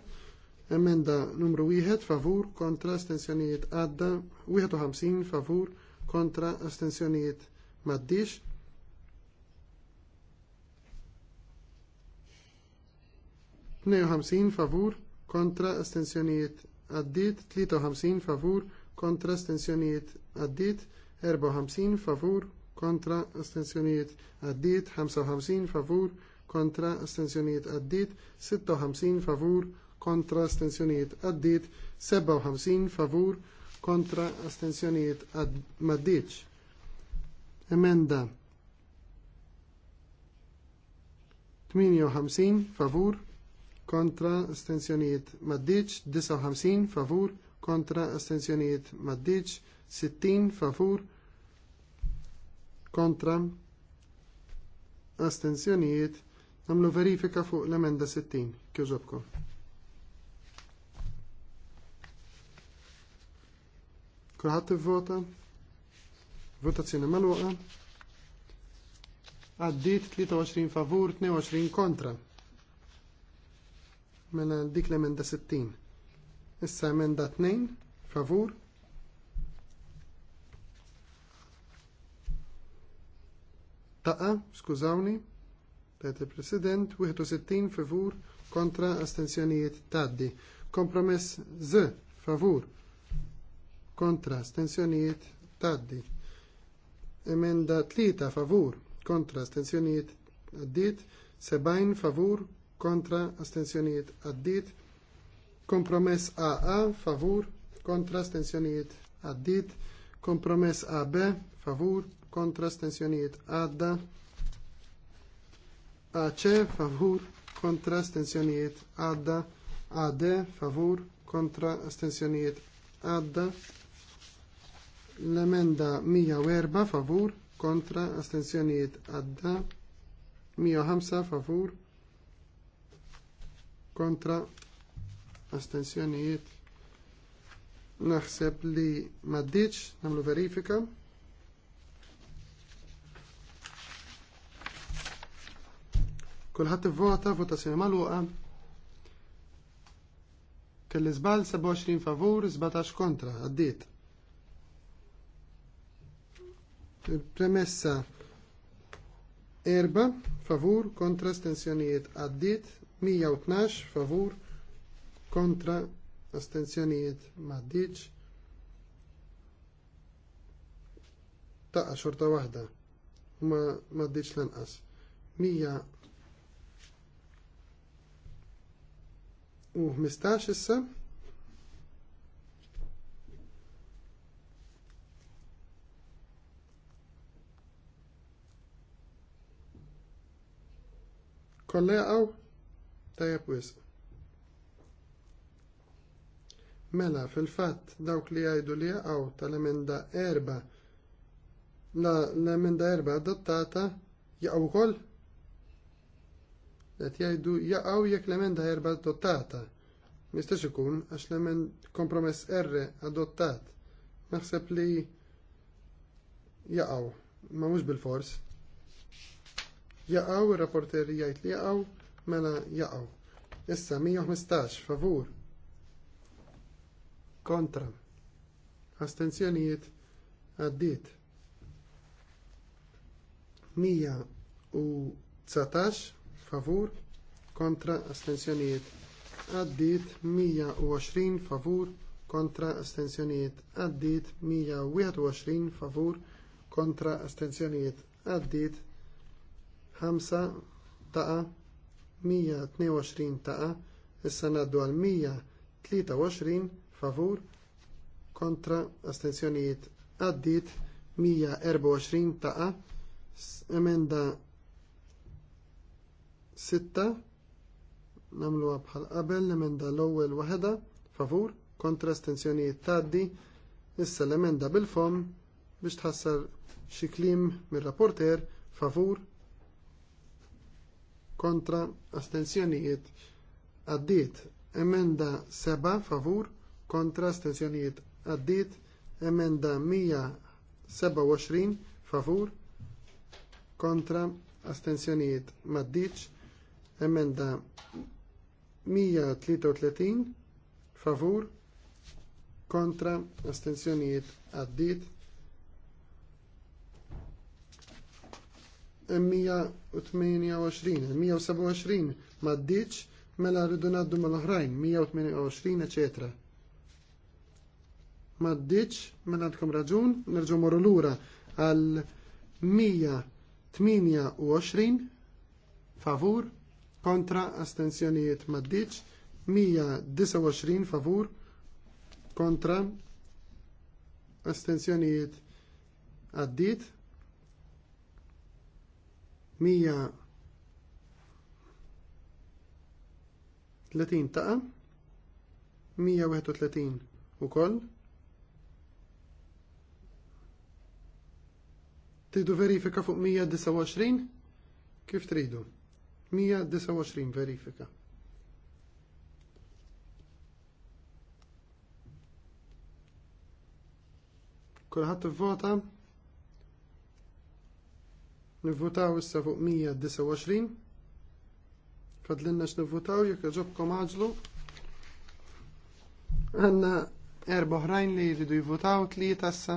emenda numru 1 favur kontra astensjonijiet għadda 51 favur kontra astensjonijiet maddiċ ħamsin favur kontra astensjonijiet għaddit 53 favur kontra astensjonijiet għaddit 54 favur kontra astensjonijiet għaddit 55 favur kontra astensjonijiet għaddit 56 favur kontra astensjonijiet għaddit 57 favur kontra astensjonijiet għaddit. Emenda 58 favur kontra astenzjonijiet maddiċ, 59 favur kontra astenzjonijiet maddiċ, 60 favur kontra astensjonijiet, namlu verifika fuq l-emenda 60 kjużobko. Kulħadd ivvota. Votazzjoni magħluqa. Għaddiet 23 favur, 22 kontra mela dik l-emenda 60. Issa emenda 2, favur. Taqa, skużawni, tajt il-President, 61 favur kontra astensjonijiet taddi. Kompromess z, favur, kontra astensjonijiet taddi. Emenda 3, favur, kontra astensjonijiet għaddit, 70 favur, kontra astenzjonijiet għaddit. Kompromess AA favur kontra astenzjonijiet għaddit. Kompromess AB favur kontra astenzjonijiet għadda. AC favur kontra astenzjonijiet għadda. AD favur kontra astenzjonijiet għadda. L-emenda 104 favur kontra astenzjonijiet għadda. 105 favur kontra astensjonijiet naħseb li maddiċ namlu verifika kulħadd ivvota votazzjoni magħluqa kelli żball 27 favur 17 kontra għaddiet premessa erba' favur kontra stensjonijiet għaddiet 112 favur kontra astenzjonijiet maddiċ ta' xorta wahda u ma maddiċ lanqas 115 issa kolleqaw tajjeb wisq. Mela, fil-fatt, dawk li jgħidu li jaqgħu tal-emenda erba la l-emenda erba adottata jaqgħu wkoll? Qed jgħidu jaqgħu jekk l-emenda erba adottata. Mistax ikun għax l-emend kompromess R adottat. Naħseb li jaqgħu, ma mhux bil-fors. Jaqgħu ir-rapporter jgħid li jaqgħu mela jaqgħu. Issa 115 favur kontra astenzjonijiet għaddit. 119 favur kontra astenzjonijiet għaddit. 120 favur kontra astenzjonijiet għaddit. 121 favur kontra astenzjonijiet għaddit. 5 taqa' 122 taqa, issa ngħaddu għal 123 favur kontra astenzjonijiet għaddit 124 taqa, emenda 6 nagħmluha bħal qabel emenda l-ewwel waħda favur kontra astenzjonijiet tgħaddi issa l-emenda bil-fom biex tħassar xi kliem mir-rapporter favur kontra astensjonijiet għaddiet emenda 7 favur kontra astensjonijiet għaddiet emenda 127 favur kontra astensjonijiet maddiċ emenda 133 favur kontra astensjonijiet għaddiet 128, 127 ma ddiċ mela rridu naddu mal-oħrajn, 128, eċetera. Ma mela għandkom raġun, nerġu morru lura għal 128 favur kontra astensjonijiet ma ddiċ, 129 favur kontra astensjonijiet għaddit Mija 30 taqa 131 u koll Tiddu verifika fuq 129? Kif tridu? 129 verifika. Kulħadd vota Nivvutaw issa fuq 129. Fadlinna x-nivvutaw, jekk ġobkom għaġlu. Għanna erba oħrajn li jridu jivvutaw tlieta issa.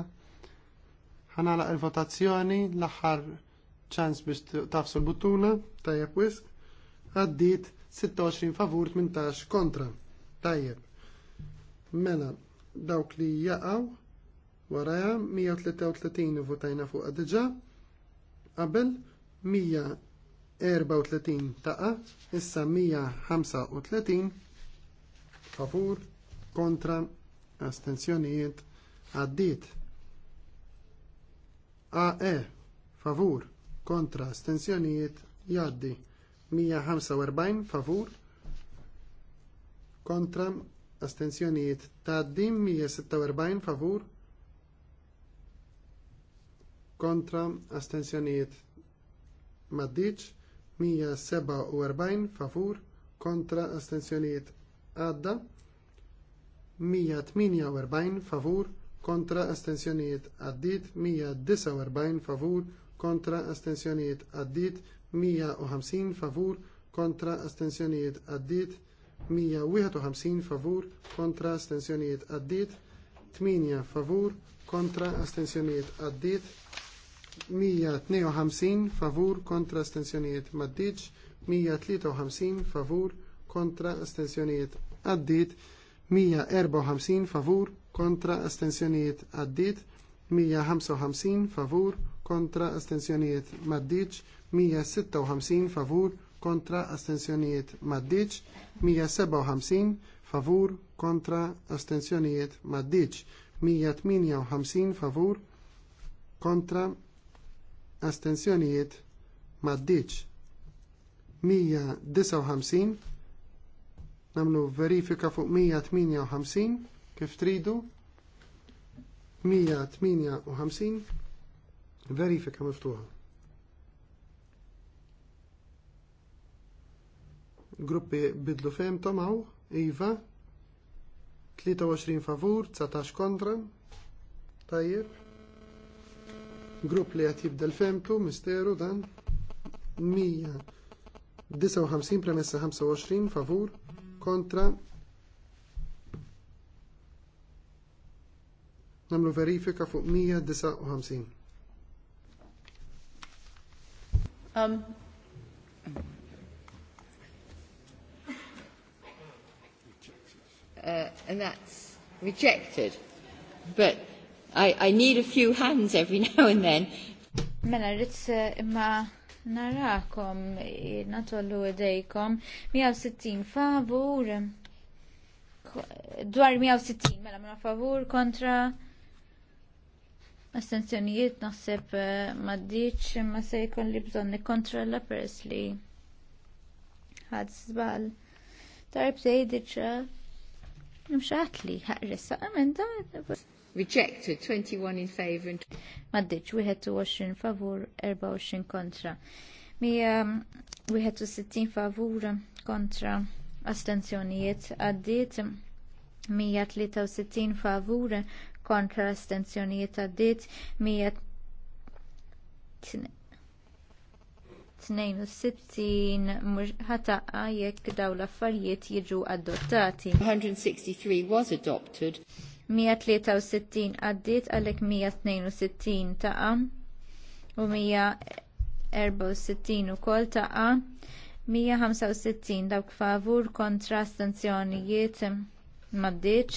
Ħanalaq il-votazzjoni l-aħħar ċans biex tafsu l-buttuna tajjeb wisq. Għaddit 26 favur 18 kontra. Tajjeb. Mela, dawk li jaqaw waraja 133 votajna fuq għadġa qabel 134 taqa, issa 135 favur kontra astenzjonijiet għaddit. AE favur kontra astenzjonijiet jaddi 145 favur kontra astenzjonijiet taddi 146 favur kontra astensjonijiet maddiċ 147 favur kontra astensjonijiet għadda 148 favur kontra astensjonijiet għaddit 149 favur kontra astensjonijiet għaddit 150 favur kontra astensjonijiet għaddit 151 favur kontra astensjonijiet għaddit 8 favur kontra astensjonijiet għaddit 152 favur kontra astensjonijiet maddiċ, 153 favur kontra astensjonijiet għaddit, 154 favur kontra astensjonijiet għaddit, 155 favur kontra astensjonijiet maddiċ, 156 favur kontra astensjonijiet maddiċ, 157 favur kontra astensjonijiet maddiċ, 158 favur kontra astensjonijiet maddiċ. 159 namlu verifika fuq 158 kif tridu 158 verifika miftuħa. Gruppi bidlu fem tomaw, Iva, 23 favur, 19 kontra, tajjeb grupp li qed jibdel femtu misteru dan 159 premessa 25 favur kontra namlu verifika fuq 159. Um. Uh, and that's rejected. But I, I need a few hands every [laughs] now and then. Mela, rritz eh, imma narakom, natollu idejkom, 160 favur, dwar 160, mela, mela favur kontra astenzjonijiet naħseb maddiċ eh, ma se jkun li bżon nikkontrolla la li ħad żball. Tarib sejdiċa eh, imxaħt li ħaqres Rejected, 21 in favor and... Maddiċ, 21 favur, 24 kontra. Mi um, in favur kontra astenzjonijiet għaddiet 163 favur kontra astenzjonijiet għaddiet 162 ħataqa jekk dawn l-affarijiet jiġu adottati. 163 was adopted. 163 għaddiet għalhekk 162 taqa u 164 ukoll taqa 165 dawk favur kontra stanzjonijiet maddiċ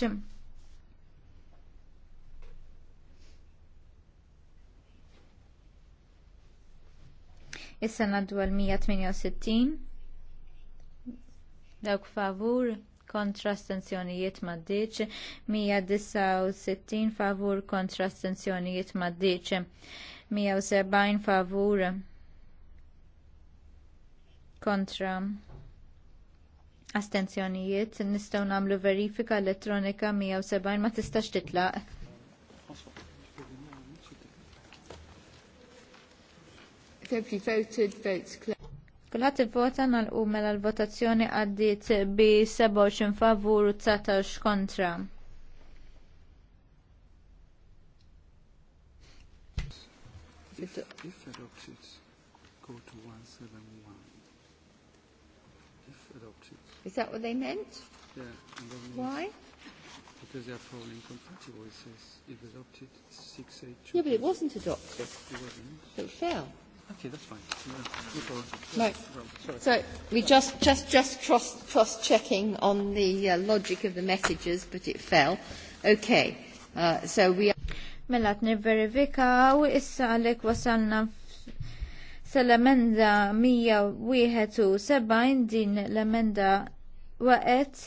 Issa naddu dwar 168 dawk favur kontra stenzjonijiet maddiċ, 169 favur kontra stenzjonijiet maddiċ, 170 favur kontra astenzjonijiet. Nistgħu nagħmlu verifika elettronika 170 ma tistax titlaq. you voted, votes il-vota nal-u mela l-votazzjoni għaddiet bi 27 favur u 19 kontra. Uh, if, adopted, go to 171. If adopted. Is that what they meant? Yeah. And then Why? Because they are probably incompatible. It says if adopted, 682. Yeah, but it wasn't adopted. It wasn't. It fell. Okay, that's fine. No, no So we just just just cross cross checking on the uh, logic of the messages, but it fell. Okay, uh, so we. Mela t u issa għalek wasalna sal-emenda 171 din l-emenda waqet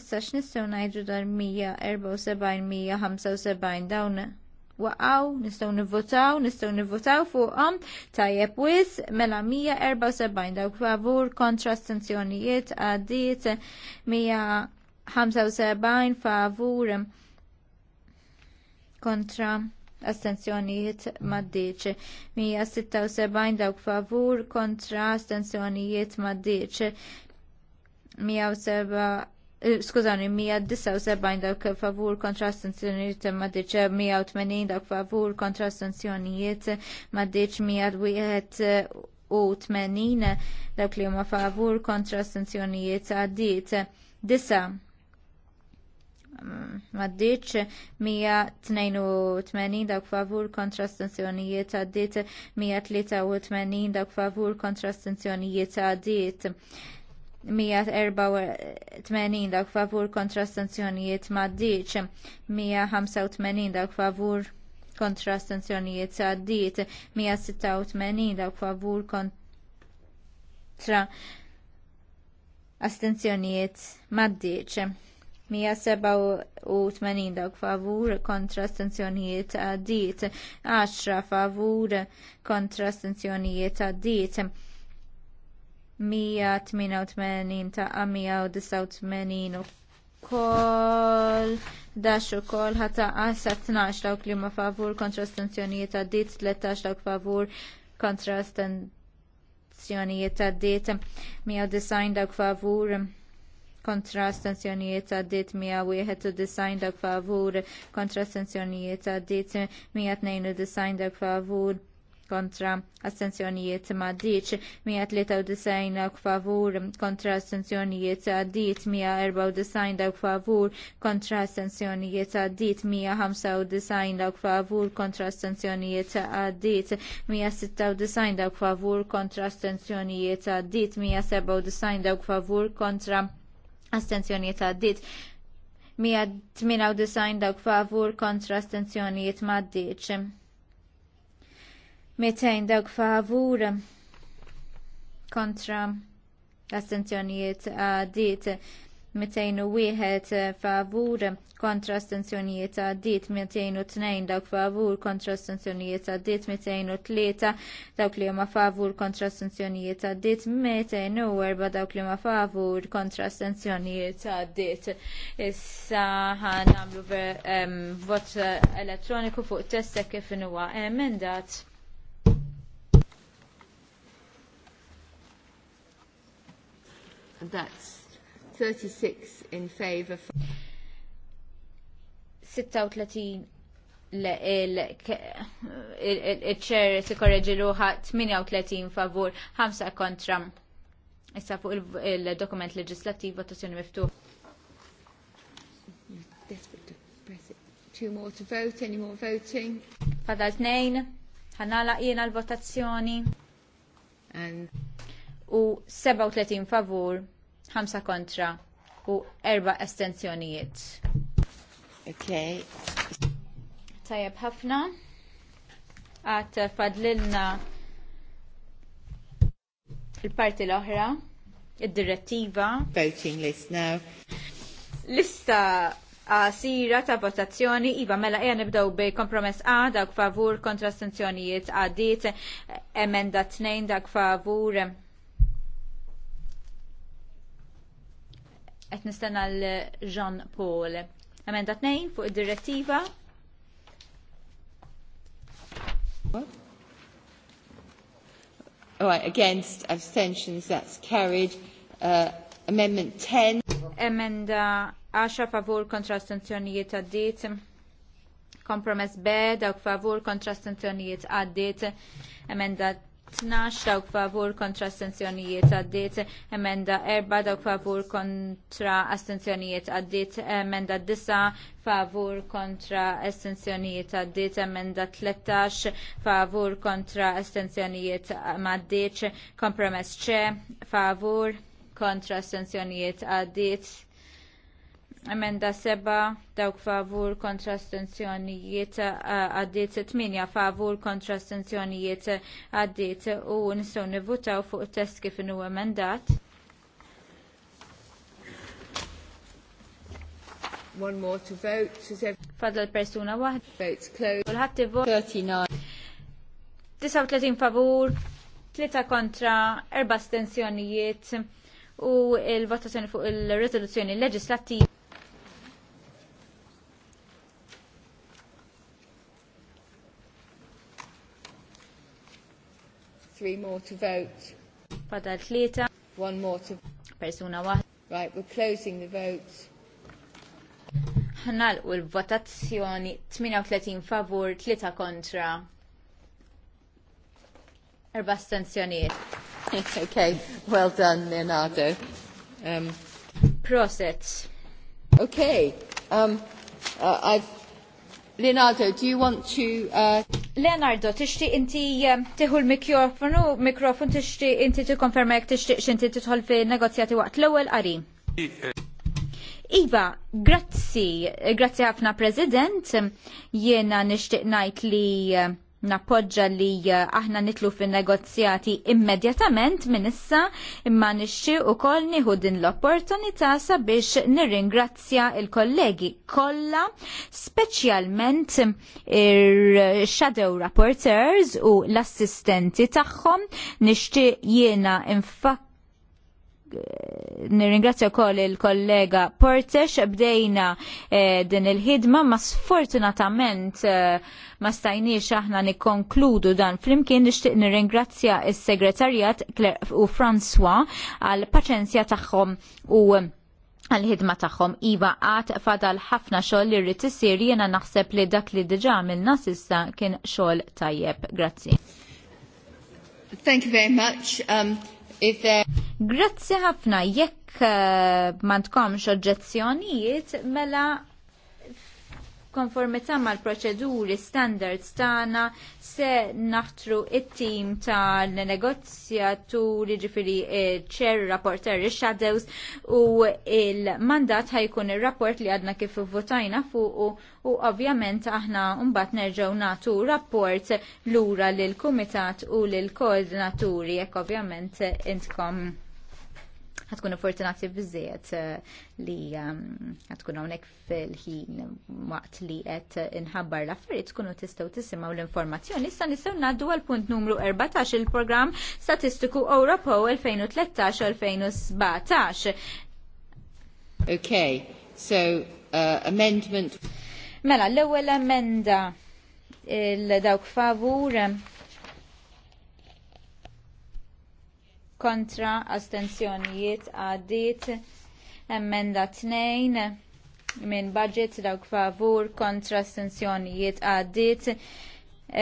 issa x'nistgħu ngħidu dar 174 175 dawna waqaw, nistgħu nivvotaw, nistgħu nivvotaw fuqom, tajjeb wis mela 174 dawk favur kontra astenzjonijiet għaddiet 175 favur kontra astenzjonijiet maddiċ. 176 dawk favur kontra astenzjonijiet maddiċ. Eh, skużani, 179 dawk favur kontra sanzjonijiet ma diċ 180 eh, dawk favur kontra sanzjonijiet ma diċ 181 dawk li huma favur kontra sanzjonijiet għaddiet. Disa mm, ma diċ 182 dawk favur kontra sanzjonijiet għaddiet 183 dawk favur kontra sanzjonijiet għaddiet. 184 dak favur kontra stanzjonijiet maddiċ, 185 dak favur kontra stanzjonijiet saddit, 186 dak favur kontra astenzjonijiet maddiċ. 187 dawk favur kontra astenzjonijiet għaddit, 10 favur kontra astenzjonijiet għaddit. 188 ta' 189 u kol dax u kol ħata għasa 12 dawk li ma favur kontra stanzjonijiet ta' dit 13 dawk favur kontra stanzjonijiet ta' dit 190 dawk favur kontra stanzjonijiet ta' dit 191 dawk favur kontra stanzjonijiet ta' dit 192 dawk favur kontra astenzjonijiet maddiċ 193 dawk favur kontra astenzjonijiet għaddit 194 dawk favur kontra astenzjonijiet għaddit 195 dawk favur kontra astenzjonijiet għaddit 196 dawk favur kontra astenzjonijiet għaddit 197 dawk favur kontra astenzjonijiet għaddit 198 dawk favur kontra astenzjonijiet maddiċ 200 dawk favur kontra astenzjonijiet u wieħed favur kontra astenzjonijiet u tnejn dawk favur kontra astenzjonijiet u tlieta, dawk li huma favur kontra astenzjonijiet u erba dawk li huma favur kontra astenzjonijiet għadit Issa ħan nagħmlu vot eh, elettroniku fuq testa kif huwa emendat. That's 36 in for 36 il-ċer si korreġi ruħa 38 favur, 5 kontra. Issa fuq il-dokument leġislattiv votazzjoni miftuħ. Two more to vote, any more voting? Fada tnejn, ħanala jiena l-votazzjoni. U 37 favur, 5 kontra u 4 estenzjonijiet. Ok. Tajab ħafna. Għat fadlilna il-parti l-oħra, id-direttiva. Voting list now. Lista għasira ta' votazzjoni, iva mela eja nibdaw bi kompromess A, dak favur kontra astenzjonijiet għaddiet, emenda 2 dak favur għet nistenna l-Jean Paul. Emenda nejn fuq id-direttiva. All right, against abstentions, that's carried. Uh, amendment 10. Emenda 10 favor kontra astenzjonijiet għaddit. Kompromess B, dawk favor kontra astenzjonijiet għaddit. Emenda 12 dawk favur kontra astenzjonijiet għaddiet, emenda 4 dawk favur kontra astenzjonijiet għaddiet, emenda 9 favur kontra astenzjonijiet għaddiet, emenda 13 favur kontra astenzjonijiet maddiċ, kompromess ċe favur kontra astenzjonijiet għaddiet Emenda seba dawk favur kontra stenzjonijiet għaddiet tminja favur kontra stenzjonijiet għaddiet u nistgħu nivutaw fuq test kif inhu emendat. One more to vote. Fadla l-persuna waħda. Votes closed. Ulħatti vot. 39. 39 favur, 3 kontra, 4 stenzjonijiet u l votazzjoni fuq il-rezoluzzjoni leġislattiva. three more to vote. Fadal tlieta. One more to persuna waħda. Right, we're closing the vote. Ħnalqu l-votazzjoni 38 favur, 3 kontra. Erba' astensjonijiet. [laughs] okay, well done Leonardo. Um, Proset. Okay. Um, uh, I've Leonardo, do you want to... Uh... Leonardo, tixti inti eh, tiħu l-mikrofonu, mikrofon tixti inti tikkonferma jekk tixtieq x'inti tidħol fi negozjati waqt l-ewwel qari. Iva, grazzi, eh, grazzi ħafna President, jiena nixtieq ngħid li eh, nappoġġa li eh, aħna nitlu fin negozjati immedjatament minn issa imma nixxi u koll nieħu din l-opportunità sabiex nirringrazzja il-kollegi kollha speċjalment ir-shadow rapporteurs u l-assistenti tagħhom nixtieq jiena infakk nirringrazzja wkoll il-kollega Portex bdejna eh, din il-ħidma ma sfortunatament eh, ma stajniex aħna nikkonkludu dan flimkien nixtieq nirringrazzja is-segretarjat u François għal paċenzja tagħhom u għal-ħidma tagħhom iva għad fadal ħafna xogħol li rrid isir jiena naħseb li dak li diġà għamilna s'issa kien xogħol tajjeb. Grazzi. Thank you very much. Um, Grazzi ħafna, jekk eh, ma tkomx oġġezzjonijiet, mela konformità mal-proċeduri standards tagħna se naħtru it-tim tal-negozjaturi ġifiri ċer rapporter shadows u il-mandat ħajkun il-rapport li għadna kif votajna fuq u ovvjament aħna mbagħad nerġgħu nagħtu rapport lura l kumitat u l koordinaturi ek ovvjament intkom ħatkun fortunati bizziet eh, li ehm, ħatkun hawnhekk fil-ħin waqt li qed inħabbar l-affarijiet tkunu tistgħu tisimgħu l-informazzjoni. Issa nistgħu ngħaddu għal punt numru 14 il-programm Statistiku Europo 2013-2017. Ok, so uh, amendment. Mela, l-ewwel emenda il-dawk favur kontra astenzjonijiet għaddiet emenda 2 minn budget dawk favur kontra astenzjonijiet għaddiet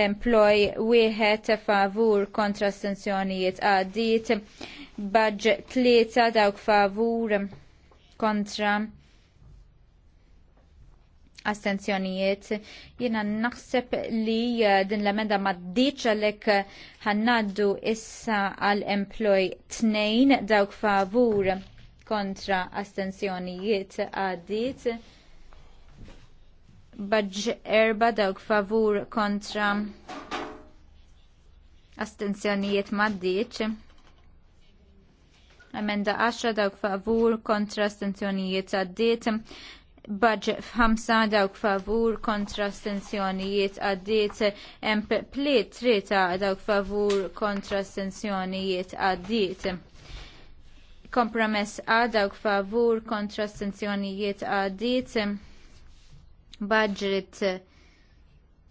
employ wieħed favur kontra astenzjonijiet għaddiet budget tlieta dawk favur kontra astenzjonijiet. Jina naħseb li eh, din l-emenda maddiċ għalek eh, ħannaddu issa għal-employ tnejn dawk favur kontra astenzjonijiet għaddit. Baġġ erba dawk favur kontra astenzjonijiet maddiċ. Emenda 10 dawk favur kontra astenzjonijiet għaddit. Budget f'ħamsa dawk favur kontra stenzjonijiet għaddiet hemm pliet trita dawk favur kontra stenzjonijiet għaddiet. Kompromess għal dawk favur kontra stenzjonijiet għaddiet. Budget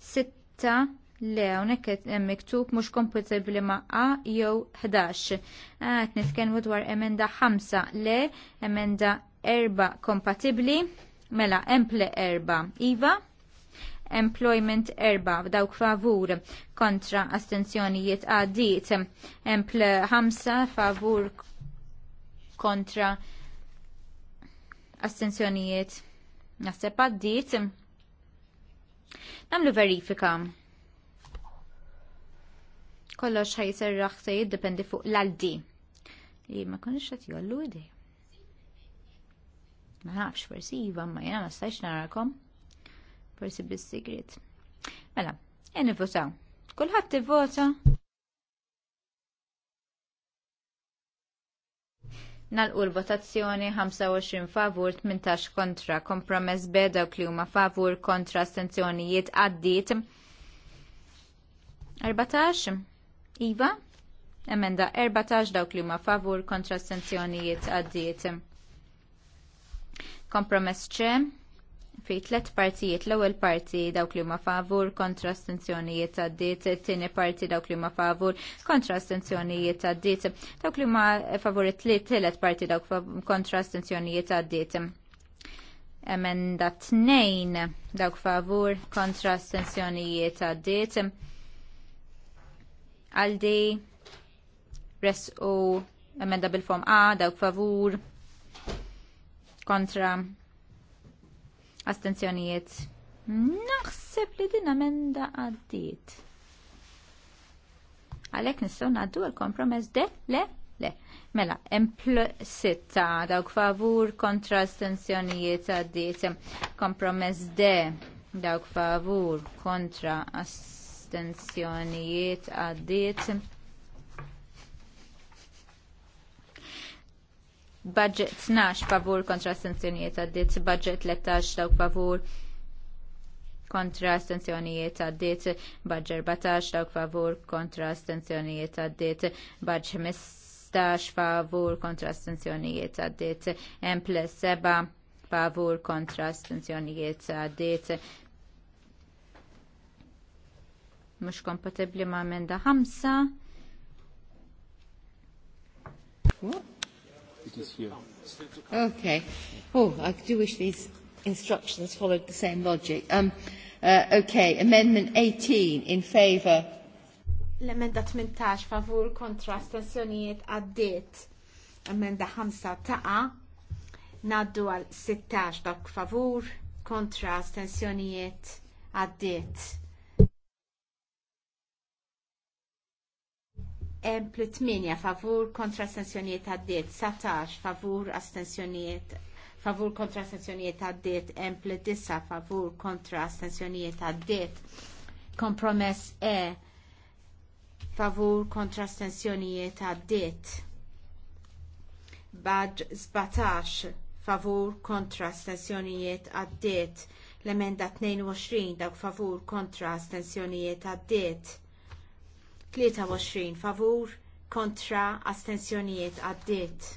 sitta le hawnhekk hemm miktub mhux kompatibbli ma' A jew 11. Ah, qed nitkellmu dwar emenda 5 le emenda erba kompatibbli Mela, emple erba. Iva? Employment erba, dawk favur kontra astenzjonijiet għaddit. Emple ħamsa favur kontra astenzjonijiet. nasib għaddit. Namlu verifika. Kollox ħajserraħ se jiddependi fuq l-aldi. Li ma konix għat jollu idej. Ma nafx forsi iva, ma jena ma stax narakom. Forsi bis-sigrit. Mela, jen votaw. Kulħadd ivvota. Nalqu l-votazzjoni 25 favur 18 kontra kompromess beda u kliuma favur kontra astenzjonijiet għaddit 14 Iva emenda 14 dawk li huma favur kontra astenzjonijiet għaddiet Kompromess ċe fi tliet partijiet l-ewwel parti dawk li huma favur kontra astenzjonijiet għaddiet, it-tieni parti dawk li huma favur kontra astenzjonijiet għaddiet, dawk li huma favur it tielet parti dawk kontra astenzjonijiet għaddiet. Emenda tnejn dawk favur kontra astenzjonijiet għaddiet. Aldi, res u emenda bil-fom A, dawk favur, kontra astenzjonijiet. Naħseb li din amenda għaddit. Għalek nistaw naddu għal-kompromess de? Le? Le. Mela, empl sitta dawk favur kontra astenzjonijiet għaddit. Kompromess de dawk favur kontra astenzjonijiet għaddit budget 12 favur kontra astenzjonijiet għaddit, budget 13 dawk favur kontra astenzjonijiet għaddit, budget 14 dawk favur kontra astenzjonijiet għaddit, budget 15 favur kontra astenzjonijiet għaddit, M plus 7 favur kontra astenzjonijiet għaddit, mux kompatibli ma' menda 5. It is here. Okay. Oh, I do wish these instructions followed the same logic. Um, uh, okay, Amendment 18 in favour. L-emenda 18 favur kontra astensjonijiet għaddit. Emenda 5 taqa. Naddu għal 16 dak favur kontra astensjonijiet għaddit. Empl 8 favur kontra astensjonijiet għaddiet, 17 favur astensjonijiet favur kontra astensjonijiet għaddiet, Empl 9 favur kontra astensjonijiet għaddiet, kompromess E favur kontra astensjonijiet għaddiet, Bad 17 favur kontra astensjonijiet għaddiet, l-emenda 22 dak favur kontra astensjonijiet għaddiet 23 favur kontra astensjonijiet għaddiet.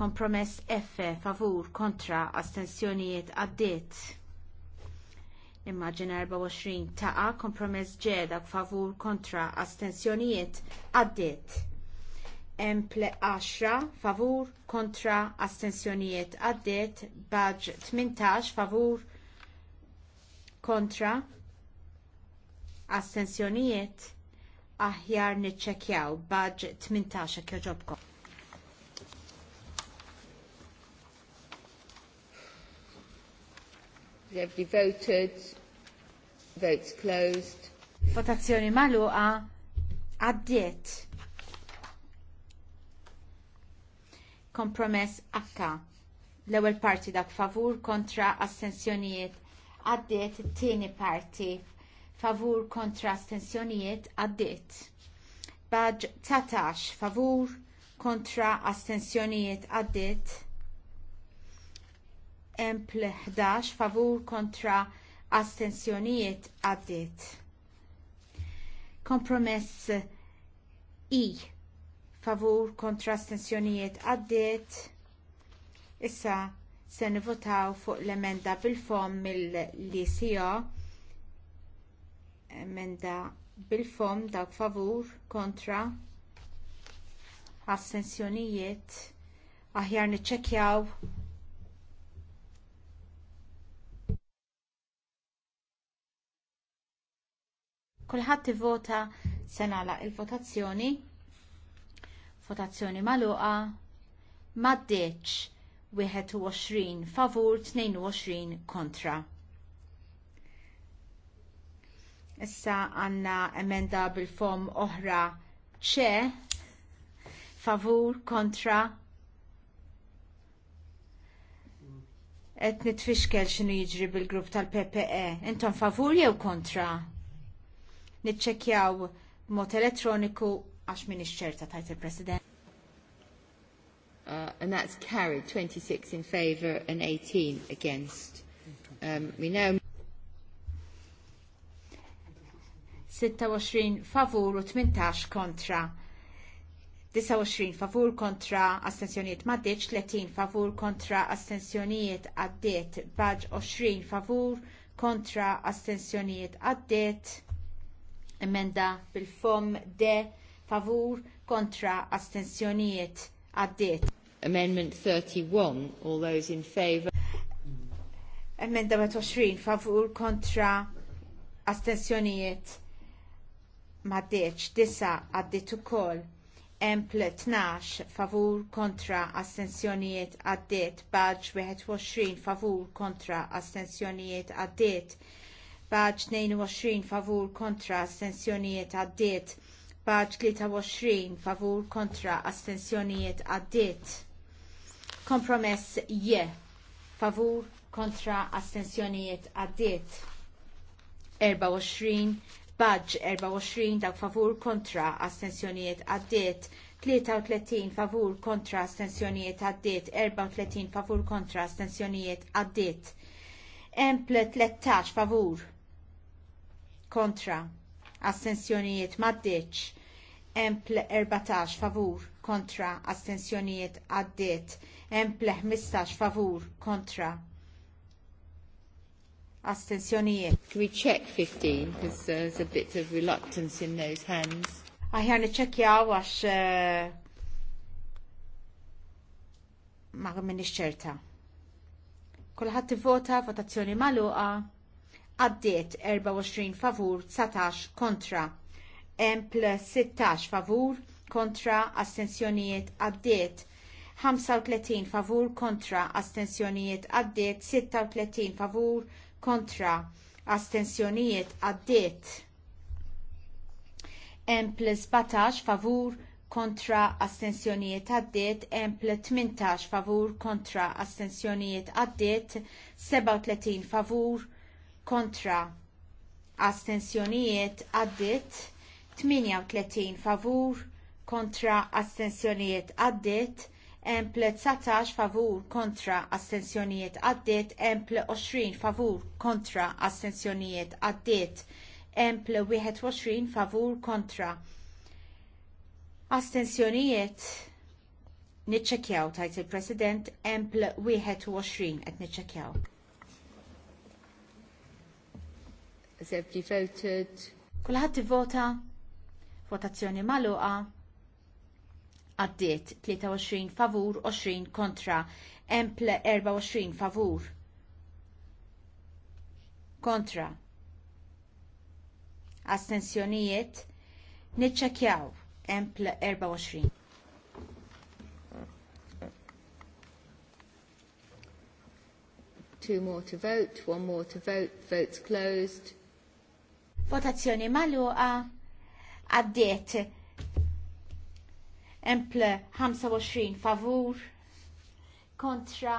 Kompromess F favur kontra astensjonijiet għaddiet. Immaġin 24 taqa kompromess ġeda favur kontra astensjonijiet għaddiet. Emple 10 favur kontra astensjonijiet għaddiet. Baġ 18 favur kontra astensjonijiet aħjar niċċekjaw baġ 18 kjoġobkom. Every voted, votes closed. Votazzjoni magħluqa għaddiet. Kompromess akka l-ewwel parti dak favur kontra astensjonijiet għaddiet it-tieni parti favur kontra astensjonijiet għaddiet. Baġ 19 favur kontra astensjonijiet għaddiet. Empl 11 favur kontra astensjonijiet għaddiet. Kompromess I favur kontra astensjonijiet għaddiet. Issa se nivotaw fuq l-emenda bil-fom mill lisija emenda bil-fom dawk favur kontra assenzjonijiet aħjar niċċekkjaw kulħadd ivvota se nagħlaq il-votazzjoni votazzjoni magħluqa m'għaddiex 21 favur 22 kontra. Issa għandna emenda bil-fom oħra ċe favur kontra qed nitfixkel xinu jiġri bil-grupp tal-PPE. Intom favur jew kontra? Niċċekkjaw mod elettroniku għax min ċerta tajt il-President. Uh, and that's carried 26 in favour and 18 against. Um, we know 26 favur u 18 kontra. 29 favur kontra astensjonijiet maddiċ, 30 favur kontra astensjonijiet għaddiet, baġ 20 favur kontra astensjonijiet għaddiet, emenda bil-fom de favur kontra astensjonijiet għaddiet. Amendment 31, all those in favor. Emenda 20 favur kontra astensjonijiet maddeċ disa għaddit ukoll empl 12 favur kontra astensjonijiet għaddiet baġ 21 favur kontra astensjonijiet għaddiet baġ 22 favur kontra astensjonijiet għaddiet baġ 23 favur kontra astensjonijiet għaddiet kompromess je favur kontra astensjonijiet għaddiet 24 Badge 24 dak favur kontra astensjonijiet għaddiet 33 favur kontra astensjonijiet għaddiet 34 favur kontra astensjonijiet għaddiet. Emple 13 favur kontra astensjonijiet maddiċ. Emple 14 favur kontra astensjonijiet għaddiet. Emple 15 favur kontra Astensjonijiet. Can we check 15? Because there's a bit of reluctance in those hands. Aħjar niċċekjaw għax eh, ma minix ċerta. Kulħadd tivvota votazzjoni magħluqa għaddiet 24 favur 19 kontra. plus 16 favur kontra astensjonijiet għaddiet 35 favur kontra astensjonijiet għaddiet 36 favur kontra astensjonijiet għaddiet emple 17 favur kontra astensjonijiet għaddiet, emple 18 favur kontra astensjonijiet għaddiet, 37 favur kontra astensjonijiet għaddiet, 38 favur kontra astensjonijiet għaddiet, Emple 19 favur kontra astensjonijiet għaddiet, empl 20 favur kontra astensjonijiet għaddiet, empl 21 favur kontra astensjonijiet niċċekkjaw, tajt il-President empl 21 qed niċċekjaw. Kulħadd ivvota votazzjoni magħluqa għaddiet 23 favur 20 kontra emple 24 favur kontra astensjonijiet niċċekjaw emple 24 Two more to vote, one more to vote, votes closed. Votazzjoni maluqa għaddiet Emple 25 favur kontra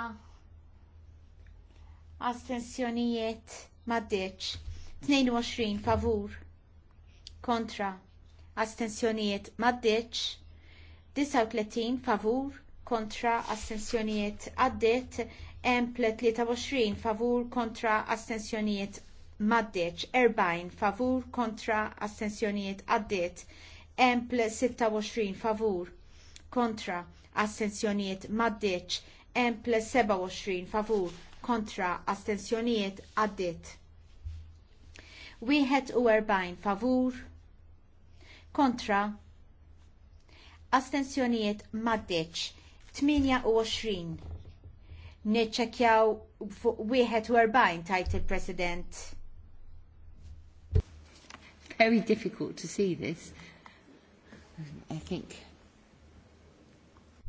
astensjonijiet maddeċ 22 favur kontra astensjonijiet maddeċ 39 favur kontra astensjonijiet għaddiet Emple 23 favur kontra astensjonijiet maddeċ 40 favur kontra astensjonijiet għaddiet Empl 26 favur kontra astensjonijiet maddeċ. Empl 27 favur kontra astensjonijiet għaddit. erbajn favur kontra astensjonijiet maddeċ. 28 Niċċekkjaw u erbajn tajt il-President. Very difficult to see this. I think.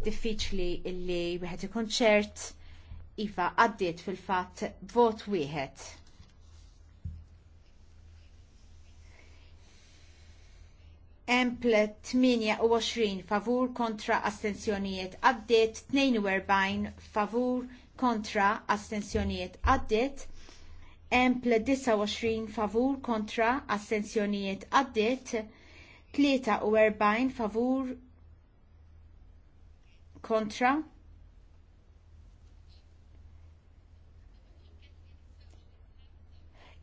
Diffiċli illi wieħed ikun ċert iva għaddiet fil-fatt vot wieħed. Emple 28 favur kontra astensjonijiet għaddiet 42 favur kontra astensjonijiet għaddiet Emple 29 favur kontra astensjonijiet għaddiet 43 favur kontra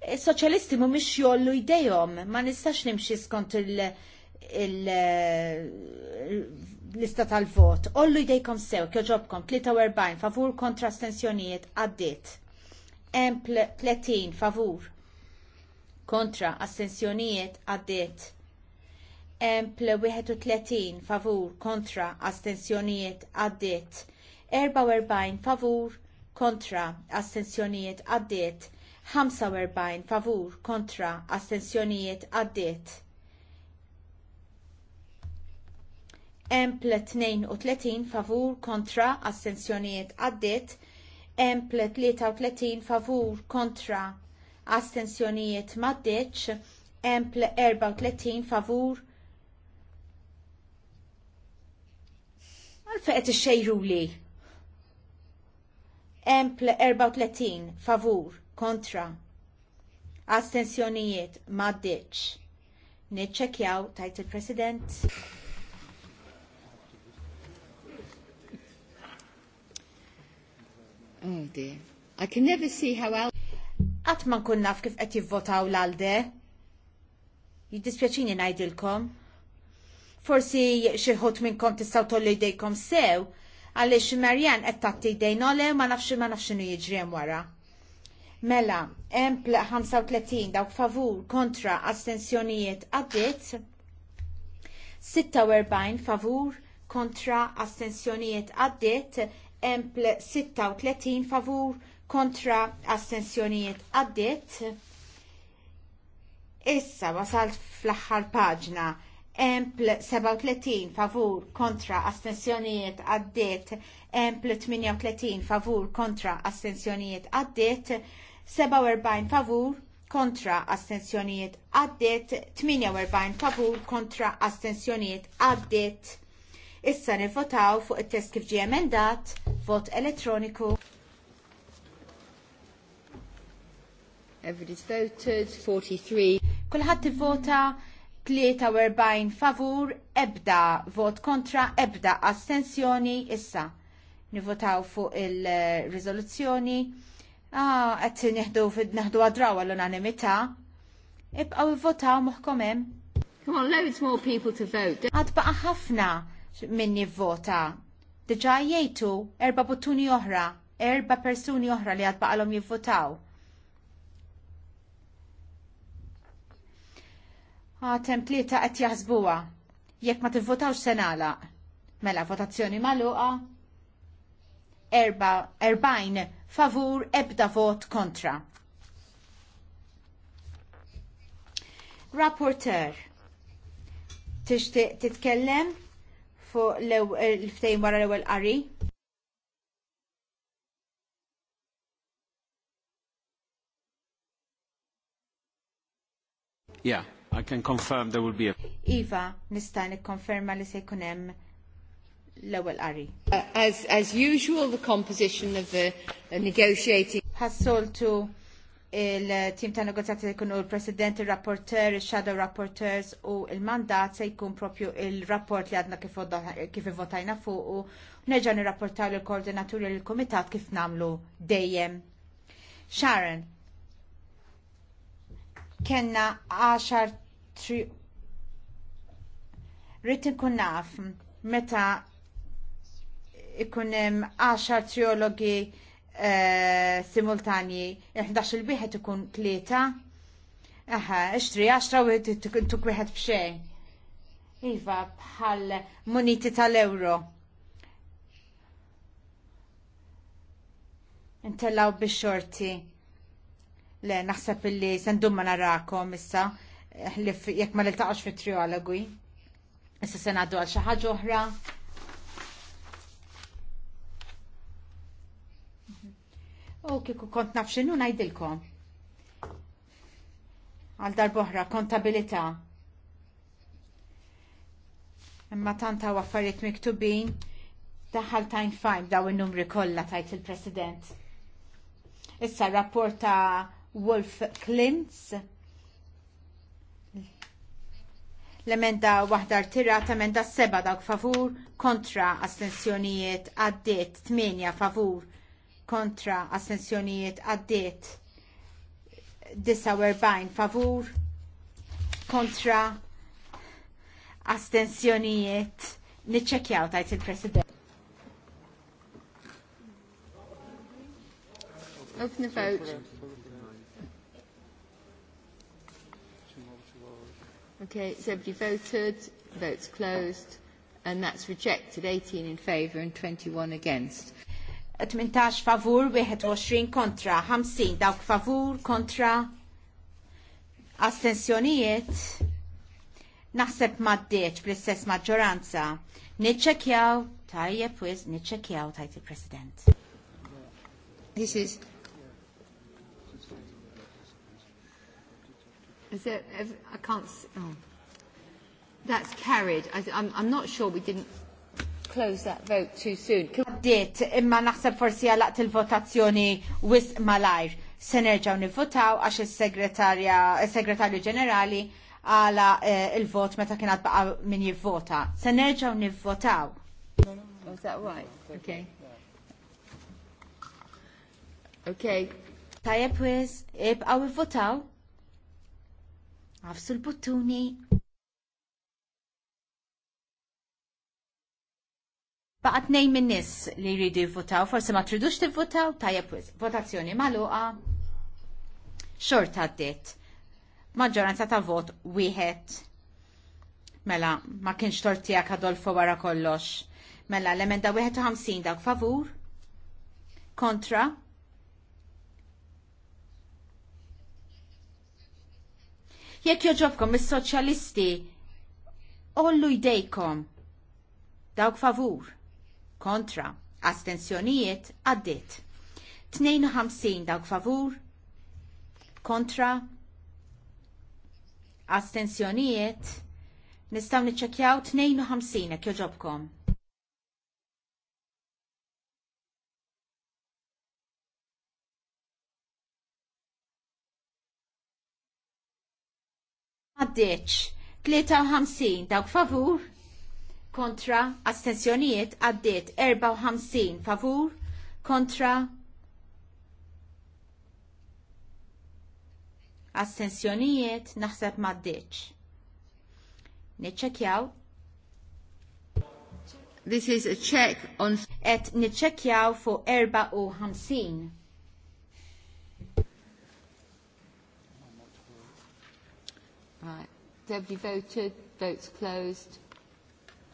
e, Soċjalisti mhumiex jollu jdejhom, ma nistax nimxi skont il-lista tal-vot. Ollu jdejkom sew, ġobkom, 43 favur kontra astensjonijiet għaddit. Empl 30 favur kontra astensjonijiet għaddit. Emple 31 favur kontra astensjonijiet għaddiet. 44 favur kontra astensjonijiet għaddiet. 45 favur kontra astensjonijiet għaddiet. Emple 32 favur kontra astensjonijiet għaddiet. Emple 33 favur kontra astensjonijiet maddeċ. Emple 34 favur Għalfeqet iċxejru li. Empl 34 favur kontra. Astensjonijiet maddiċ. Niċċekjaw tajt il-President. Oh dear. I can never see how else. Għat kunnaf naf kif qed jivvotaw l-alde. Jiddispjaċini ngħidilkom. Forsi xieħut minnkom tistaw tollu jdejkom sew, għalix Marjan qed tatti jdejnole ma nafx ma nafx nu jiġrem wara. Mela, empl 35 dawk favur kontra astensjonijiet għaddit, 46 favur kontra astensjonijiet għaddit, empl 36 favur kontra astensjonijiet għaddit. Issa wasalt fl-aħħar paġna Empl 37 favur kontra astensjonijiet għaddiet. Empl 38 favur kontra astensjonijiet għaddiet. 47 favur kontra astensjonijiet għaddiet. 48 favur kontra astensjonijiet għaddiet. Issa nivvotaw fuq it-test kif ġie emendat, vot elettroniku. Everybody's voted, 43. Kulħadd ivvota 43 favur, ebda vot kontra, ebda astensjoni issa. Nivotaw fuq il-rizoluzzjoni. Ah, għed neħdu neħdu għadraw għall-unanimità. Ibqaw votaw muħkomem. hemm. Come on, loads more people to vote. Għad baqa ħafna minni vota. Diġa jgħidu erba buttuni oħra, erba persuni oħra li għad jivvotaw. Għatem tlieta qed jaħsbuha. Jekk ma t se nagħlaq. Mela votazzjoni magħluqa. Erba, erbajn favur ebda vot kontra. Rapporteur, tixtieq titkellem fuq l-ftejn wara l-ewwel qari? Yeah. I can confirm there will be a... Iva, nista' nikkonferma li se jkun hemm l-ewwel qari. Uh, as, as usual, the composition of the negotiating... Passoltu il-tim ta' negozjati se jkunu l-President, il-Rapporteur, il-Shadow Rapporteurs u il-mandat se jkun propju il-rapport li għadna kif votajna fuq u neġan il-rapportaw l-koordinaturi l-Komitat kif namlu dejjem. Sharon, Kenna 10 tri... Rrit ikun naf meta ikun hemm 10 triologi uh, eh, simultanji, 11 il-wieħed ikun tlieta. Aha, ixtri għaxra u tuk wieħed b'xej. Iva, bħal muniti tal-euro. Intellaw bix-xorti. Le, naħseb illi sendum ma narakom issa, eh, jekk ma niltaqax fit triologi. Issa se ngħaddu għal xi ħaġa oħra. U kieku kont naf x'inhu ngħidilkom. Għal darb'oħra kontabilità. Imma tant hawn affarijiet miktubin daħal tajn fajn daw in-numri kollha tajt il-President. Issa rapport ta' Wolf Klintz. L-emenda waħda r-tira ta' emenda seba dawk favur kontra astensjonijiet għaddiet 8 favur kontra astensjonijiet għaddiet 49 favur kontra astensjonijiet niċċekjaw tajt il-President. Open the vote. Okay, has everybody voted? Votes closed. And that's rejected. 18 in favour and 21 against. 18 favur, 21 kontra, 50 dawk favur, kontra, astensjonijiet, naħseb maddeċ bl-istess maġġoranza. Niċċekjaw, tajjeb wiz, niċċekjaw tajt il-President. This is Is there, I can't see. Oh. That's carried. I, I'm, I'm not sure we didn't close that vote too soon. Għaddiet, imma naħseb forsi għalaqt il-votazzjoni wis malajr. Se nerġaw nivvotaw għax il-segretarju ġenerali għala eh, il-vot meta kien għad baqa min jivvota. Se nerġaw nivvotaw. Oh, is that right? Okay. Okay. Tajab wis, ibqaw jivvotaw? Għafsu l-buttuni. Baqat nej minnis li jridu jivvotaw, forse ma tridux tivvotaw, tajja votazzjoni maluqa. Xorta għaddit. Maġġoranza ta' vot wieħed. Mela, ma kienx tortija Adolfo wara kollox. Mela, l-emenda 51 dak favur. Kontra. Jekk joġobkom is-soċjalisti, ollu jdejkom. Dawk favur, kontra, astensjonijiet għaddit. 52 dawk favur, kontra, astensjonijiet, nistaw niċċekjaw 52 jekk joġobkom. Għaddeċ, 53 dawk favur, kontra astensjonijiet għaddiet 54 favur, kontra astensjonijiet naħseb maddeċ. Niċċekjaw. This is a check on... Et niċċekjaw fuq 54. Has voted? Votes closed.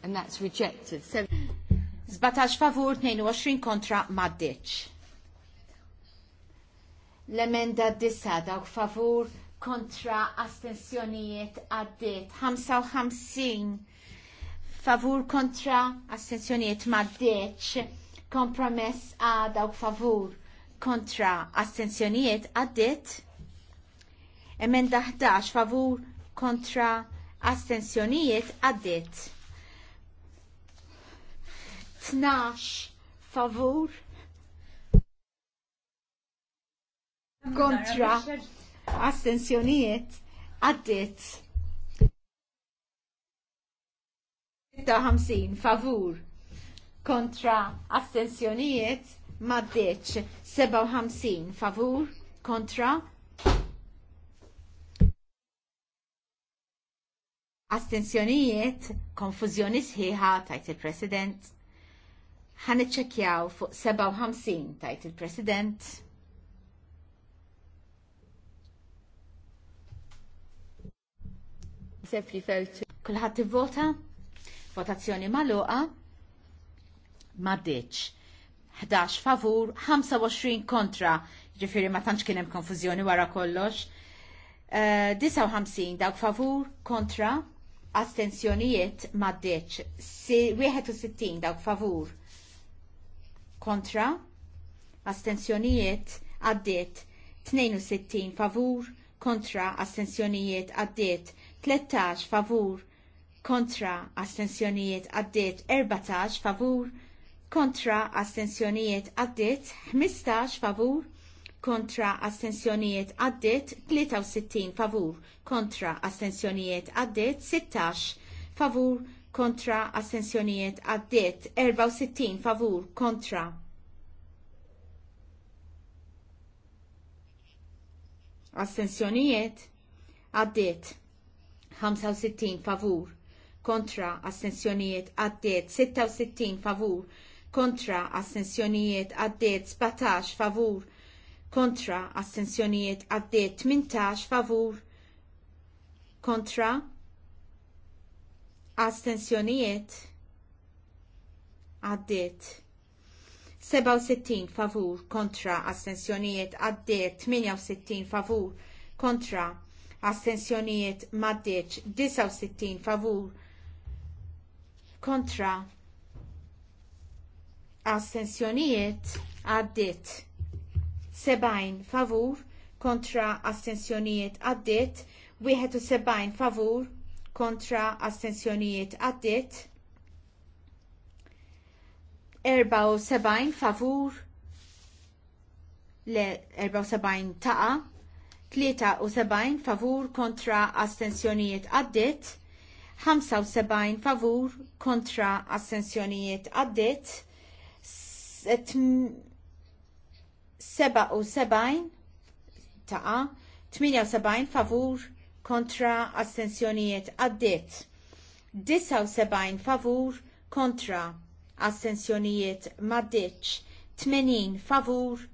And that's rejected. So 17 favur, 22 kontra maddiċ. L-emenda disa dawk favur kontra astensjonijiet għaddiet. 55 favur kontra astensjonijiet maddiċ. Kompromess għad favur kontra astensjonijiet għaddiet emenda 11 favur kontra astensjonijiet għaddit. 12 favur kontra astensjonijiet għaddit. 56 favur kontra astensjonijiet maddeċ 57 favur kontra Astenzjonijiet, konfużjoni sħiħa tajt il-President. iċċekjaw fuq 57 tajt il-President. Sefri felċi. Kulħadd vota Votazzjoni magħluqa? M'għaddiċ. 11 favur, 25 kontra. ġifiri ma tantx kien hemm konfużjoni wara kollox. Uh, eh, 59 dawk favur kontra astenzjonijiet maddeċ. 61 dawk favur kontra astenzjonijiet għaddiet 62 favur kontra astenzjonijiet għaddiet 13 favur kontra astenzjonijiet għaddiet 14 favur kontra astenzjonijiet għaddiet 15 favur kontra astensjonijiet għaddit 63 favur kontra astensjonijiet għaddit 16 favur kontra astensjonijiet għaddit 64 favur kontra astensjonijiet għaddit 65 favur kontra astensjonijiet għaddiet 66 favur kontra astensjonijiet għaddiet 17 favur kontra astensjonijiet għaddiet 18 favur kontra astensjonijiet għaddiet 67 favur kontra astensjonijiet għaddiet 68 favur kontra astensjonijiet maddeċ 69 favur kontra astensjonijiet għaddiet 70 favur kontra astensjonijiet għaddit, 71 favur kontra astensjonijiet għaddit, 74 favur le 74 taqa, 73 favur kontra astensjonijiet għaddit, 75 favur kontra astensjonijiet għaddit, 77 taqa 78 favur kontra astensjonijiet għaddiet 79 favur kontra astensjonijiet maddiċ 80 favur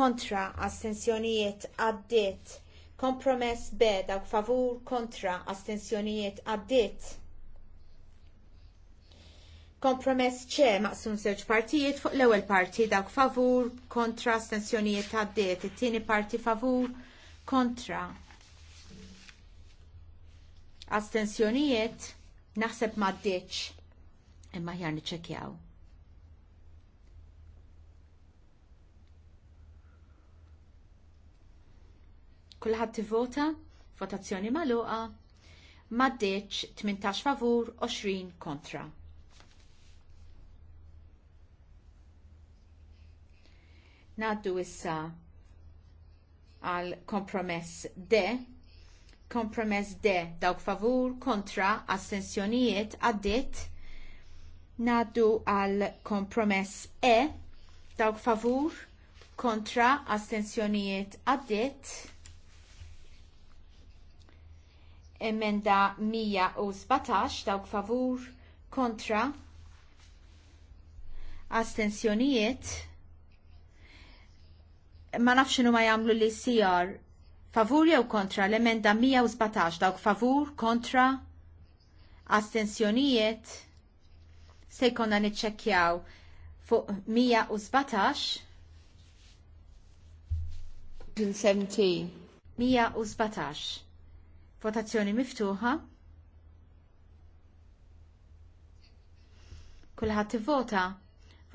kontra astensjonijiet għaddiet kompromess dawk favur kontra astensjonijiet għaddiet Kompromess ċe maqsum żewġ partijiet fuq l-ewwel parti dawk favur kontra astensjonijiet diet it-tieni parti favur kontra astensjonijiet naħseb d-dieċ imma ħjar niċċekjaw. Kulħadd tivvota, votazzjoni magħluqa, dieċ 18 favur, 20 kontra. Naddu issa għal kompromess D. Kompromess D dawk favur kontra assenzjonijiet għaddit. Naddu għal kompromess E dawk favur kontra astensjonijiet għaddit. emenda 117 dawk favur kontra astensjonijiet ma nafx xinu ma jagħmlu li CR favur jew kontra l-emenda 117 dawk favur kontra astensjonijiet se jkollna niċċekkjaw fuq 117 17 117 Votazzjoni miftuħa Kulħadd tivvota?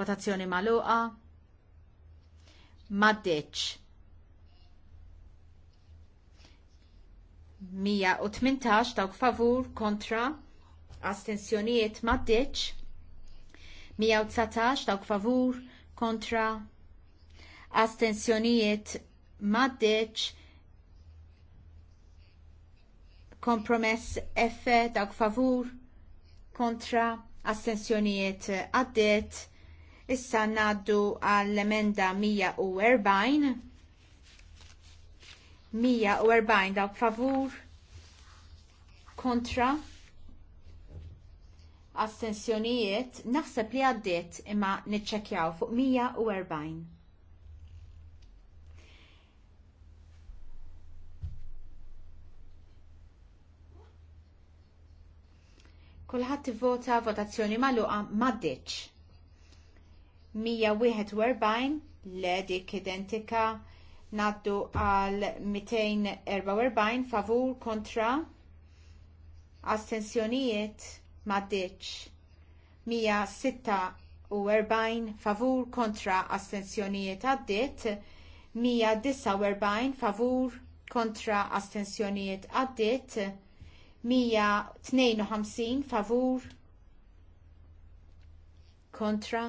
Votazzjoni magħluqa maddeċ. 118 dawk favur kontra astensjonijiet maddeċ 119 dawk favur kontra astensjonijiet maddeċ kompromess F dawk favur kontra astensjonijiet għaddet Issa naddu għall-emenda 140. 140 dawk favur kontra astensjonijiet naħseb li għaddiet imma niċċekjaw fuq 140. Kulħadd ivvota votazzjoni magħluqa m'għaddietx. 141 le dik identika naddu għal 244 favur kontra astensjonijiet maddeċ 146 favur kontra astensjonijiet għaddit 149 favur kontra astensjonijiet għaddit 152 favur kontra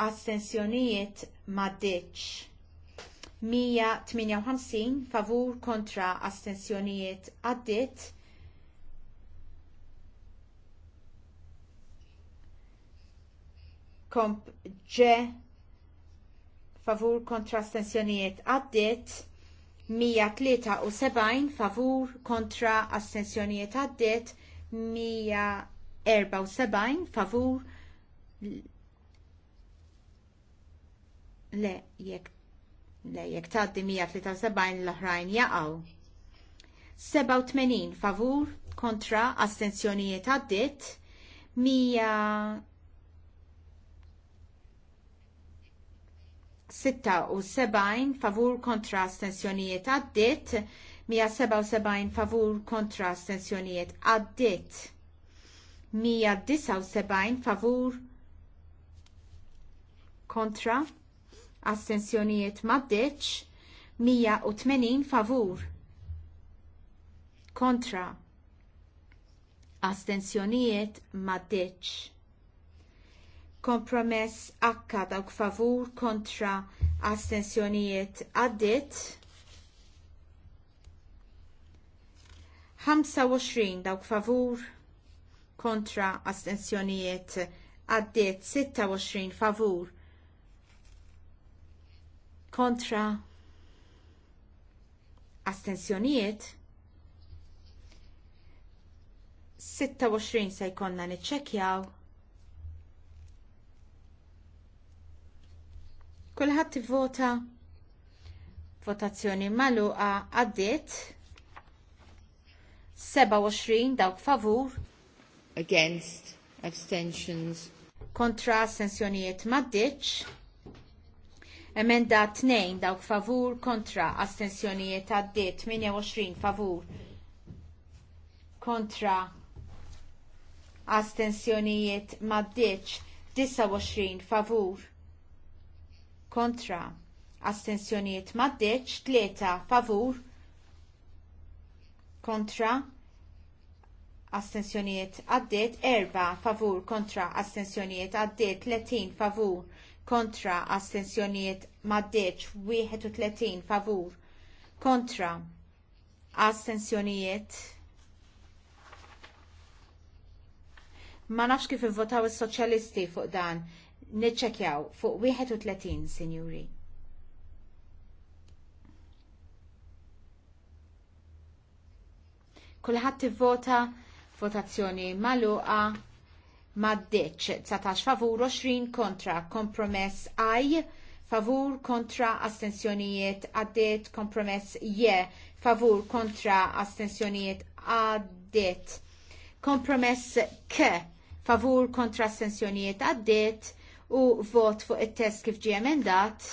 astensjonijiet maddiċ. 158 favur kontra astensjonijiet għaddit. Komp ġe favur kontra astensjonijiet għaddit. 173 favur kontra astensjonijiet għaddit. 174 favur Le, jekk le jekk tgħaddi 173 l-oħrajn jaqgħu. 87 favur kontra astensjonijiet għaddit, 176 favur kontra astensjonijiet għaddit, 177 favur kontra astensjonijiet għaddit, 179 favur kontra astensjonijiet maddeċ, 180 favur kontra astensjonijiet maddeċ. Kompromess akka dawk favur kontra astensjonijiet għaddit. 25 dawk favur kontra astensjonijiet għaddit 26 favur kontra astensjonijiet 26 se jkollna niċċekkjaw kulħadd tivvota votazzjoni magħluqa għaddiet 27 dawk favur against abstentions kontra astensjonijiet m'għaddietx Emenda 2 dawk favur kontra astensjonijiet għaddiet 28 favur kontra astensjonijiet maddiċ 29 favur kontra astensjonijiet maddiċ 3 favur kontra astensjonijiet għaddiet 4 favur kontra astensjonijiet għaddiet 30 favur kontra astensjonijiet maddeċ 31 favur kontra astensjonijiet ma nafx kif ivvotaw is-soċjalisti fuq dan niċċekjaw fuq 31 sinjuri. Kulħadd ivvota votazzjoni magħluqa maddeċ 19 favur 20 kontra kompromess aj, favur kontra astensjonijiet għaddiet kompromess je favur kontra astensjonijiet għaddiet kompromess k favur kontra astensjonijiet għaddiet u vot fuq it-test kif ġie emendat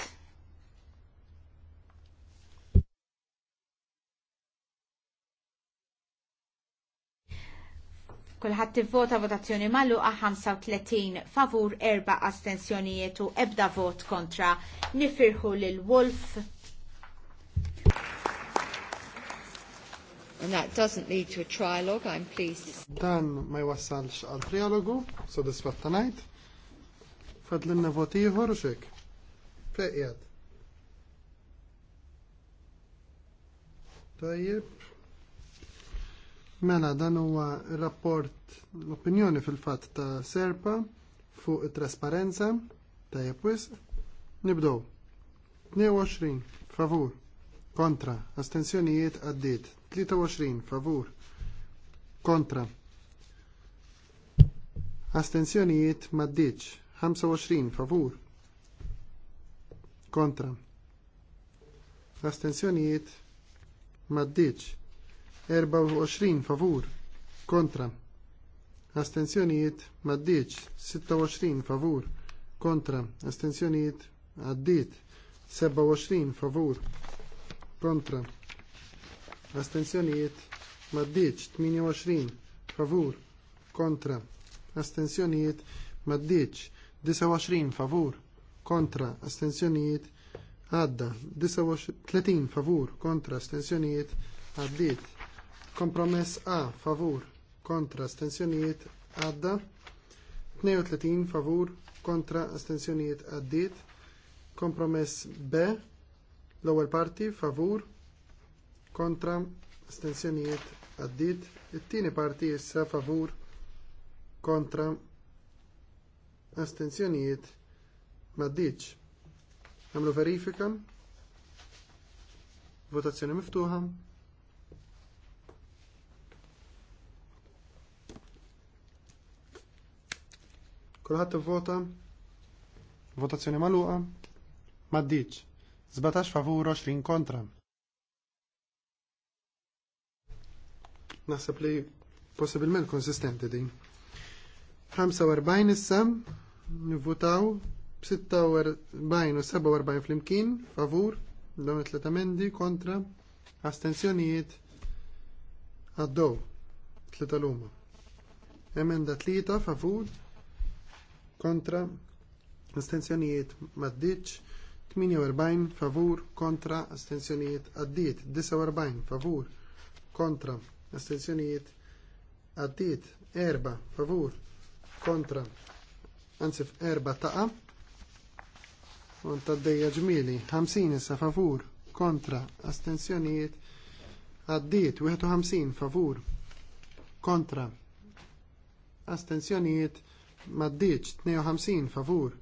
Kulħadd tivvota votazzjoni magħluqa 35 favur erba' astensjonijiet u ebda vot kontra. Nifirħu lil Wolf. And that doesn't lead to a trialogue, I'm pleased. Dan ma jwassalx għal trialogu, sodisfatta tonight. Fadlinna voti ieħor u xek. Fejjad. Tajib. Mela dan huwa rapport l-opinjoni fil-fatt ta' Serpa fuq it-trasparenza ta' jepwis. Nibdow. 22 favur kontra Astenzjonijiet għaddit. 23 favur kontra Astenzjonijiet maddiċ 25 favur kontra Astenzjonijiet maddiċ 24 favur kontra astenzjonijiet maddiċ 26 favur kontra astenzjonijiet għaddiet 27 favur kontra astenzjonijiet maddiċ 28 favur kontra astenzjonijiet maddiċ 29 favur kontra astenzjonijiet għadda 30 favur kontra astenzjonijiet għaddiet Kompromess A favur kontra astensjonijiet għadda. 32 favur kontra astensjonijiet għaddiet. Kompromess B l-ewwel parti favur kontra astensjonijiet għaddiet. It-tieni parti issa favur kontra astensjonijiet maddiċ. Għamlu verifika. Votazzjoni miftuħa. Kulħat vota Votazzjoni magħluqa. Maddiċ. 17 favur 20 kontra. Nasab li possibilment konsistenti din. 45 issa nivvutaw 46 u 47 flimkien favur dawn it-tlet emendi kontra astensjonijiet għaddew tleta l-umma. Emenda tlieta favur kontra, astenzjonijiet maddiċ, 48 favur kontra astenzjonijiet għaddiet, 49 favur kontra astenzjonijiet għaddiet, 4 favur kontra, anzi 4 taqa, Monta d-dejja ġmili, 50 issa favur kontra astenzjonijiet għaddiet, 51 favur kontra astenzjonijiet maddiċ 52 favur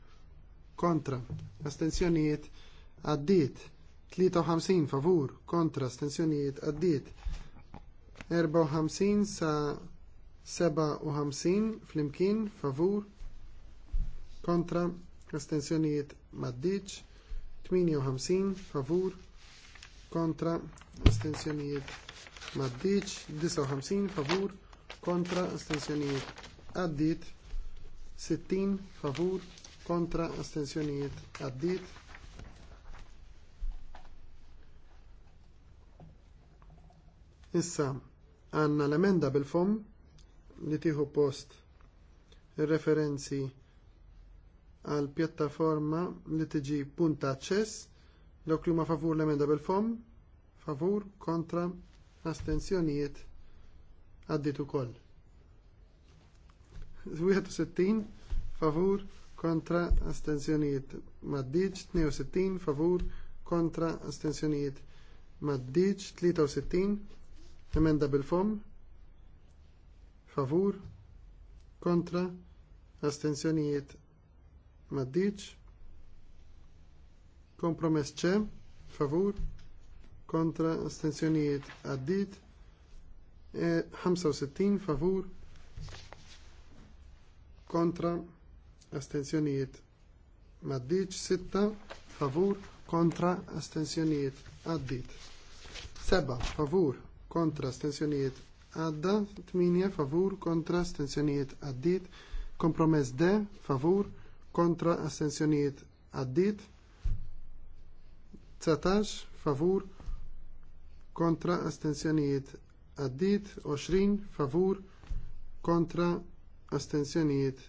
kontra astensjonijiet għaddiet 53 favur kontra astensjonijiet għaddiet 54 sa 57 flimkien favur kontra astensjonijiet maddiċ 58 favur kontra astensjonijiet maddiċ 59 favur kontra astensjonijiet għaddiet 60 favur kontra astensjonijiet għaddiet. Issa għandna l-emenda bil-fom li tieħu post ir referenzi għal pjattaforma li tiġi punta aċċess dawk li huma favur l-emenda bil-fom favur kontra astensjonijiet għaddiet ukoll. 61 favur kontra astensjonijiet maddiċ 62 favur kontra astensjonijiet maddiċ 63 emenda bil-fom favur kontra astensjonijiet maddiċ kompromess ċe favur kontra astensjonijiet addit 65 e, favur kontra astenzjonijiet maddiċ sitta favur kontra astenzjonijiet għaddit seba favur kontra astenzjonijiet għadda 8 favur kontra astenzjonijiet għaddit kompromess D favur kontra astenzjonijiet għaddit 19 favur kontra astenzjonijiet għaddit 20 favur kontra astenzjonijiet astensjonijiet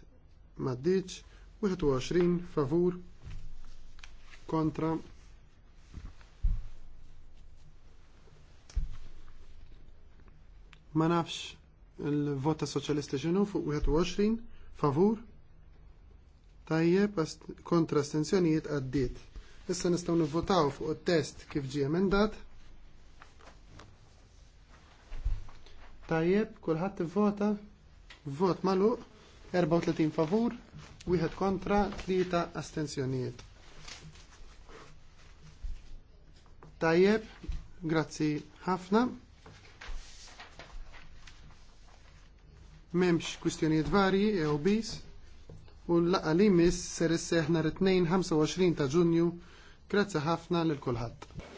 maddiċ, 21 favur kontra ma nafx il-vota soċjalista x'inhu fuq 21 favur tajjeb kontra astensjonijiet għaddiet. Issa nistgħu nivvotaw fuq it-test kif ġie emendat. Tajjeb, kulħadd ivvota Vot malu, 34 favur, wieħed kontra, 3 astensjonijiet. Tajjeb, grazzi ħafna. Memx kwistjonijiet varji e bis. u l-laqa li mis ser isseħna r-2 25 ta' ġunju. Grazzi ħafna lil kulħadd.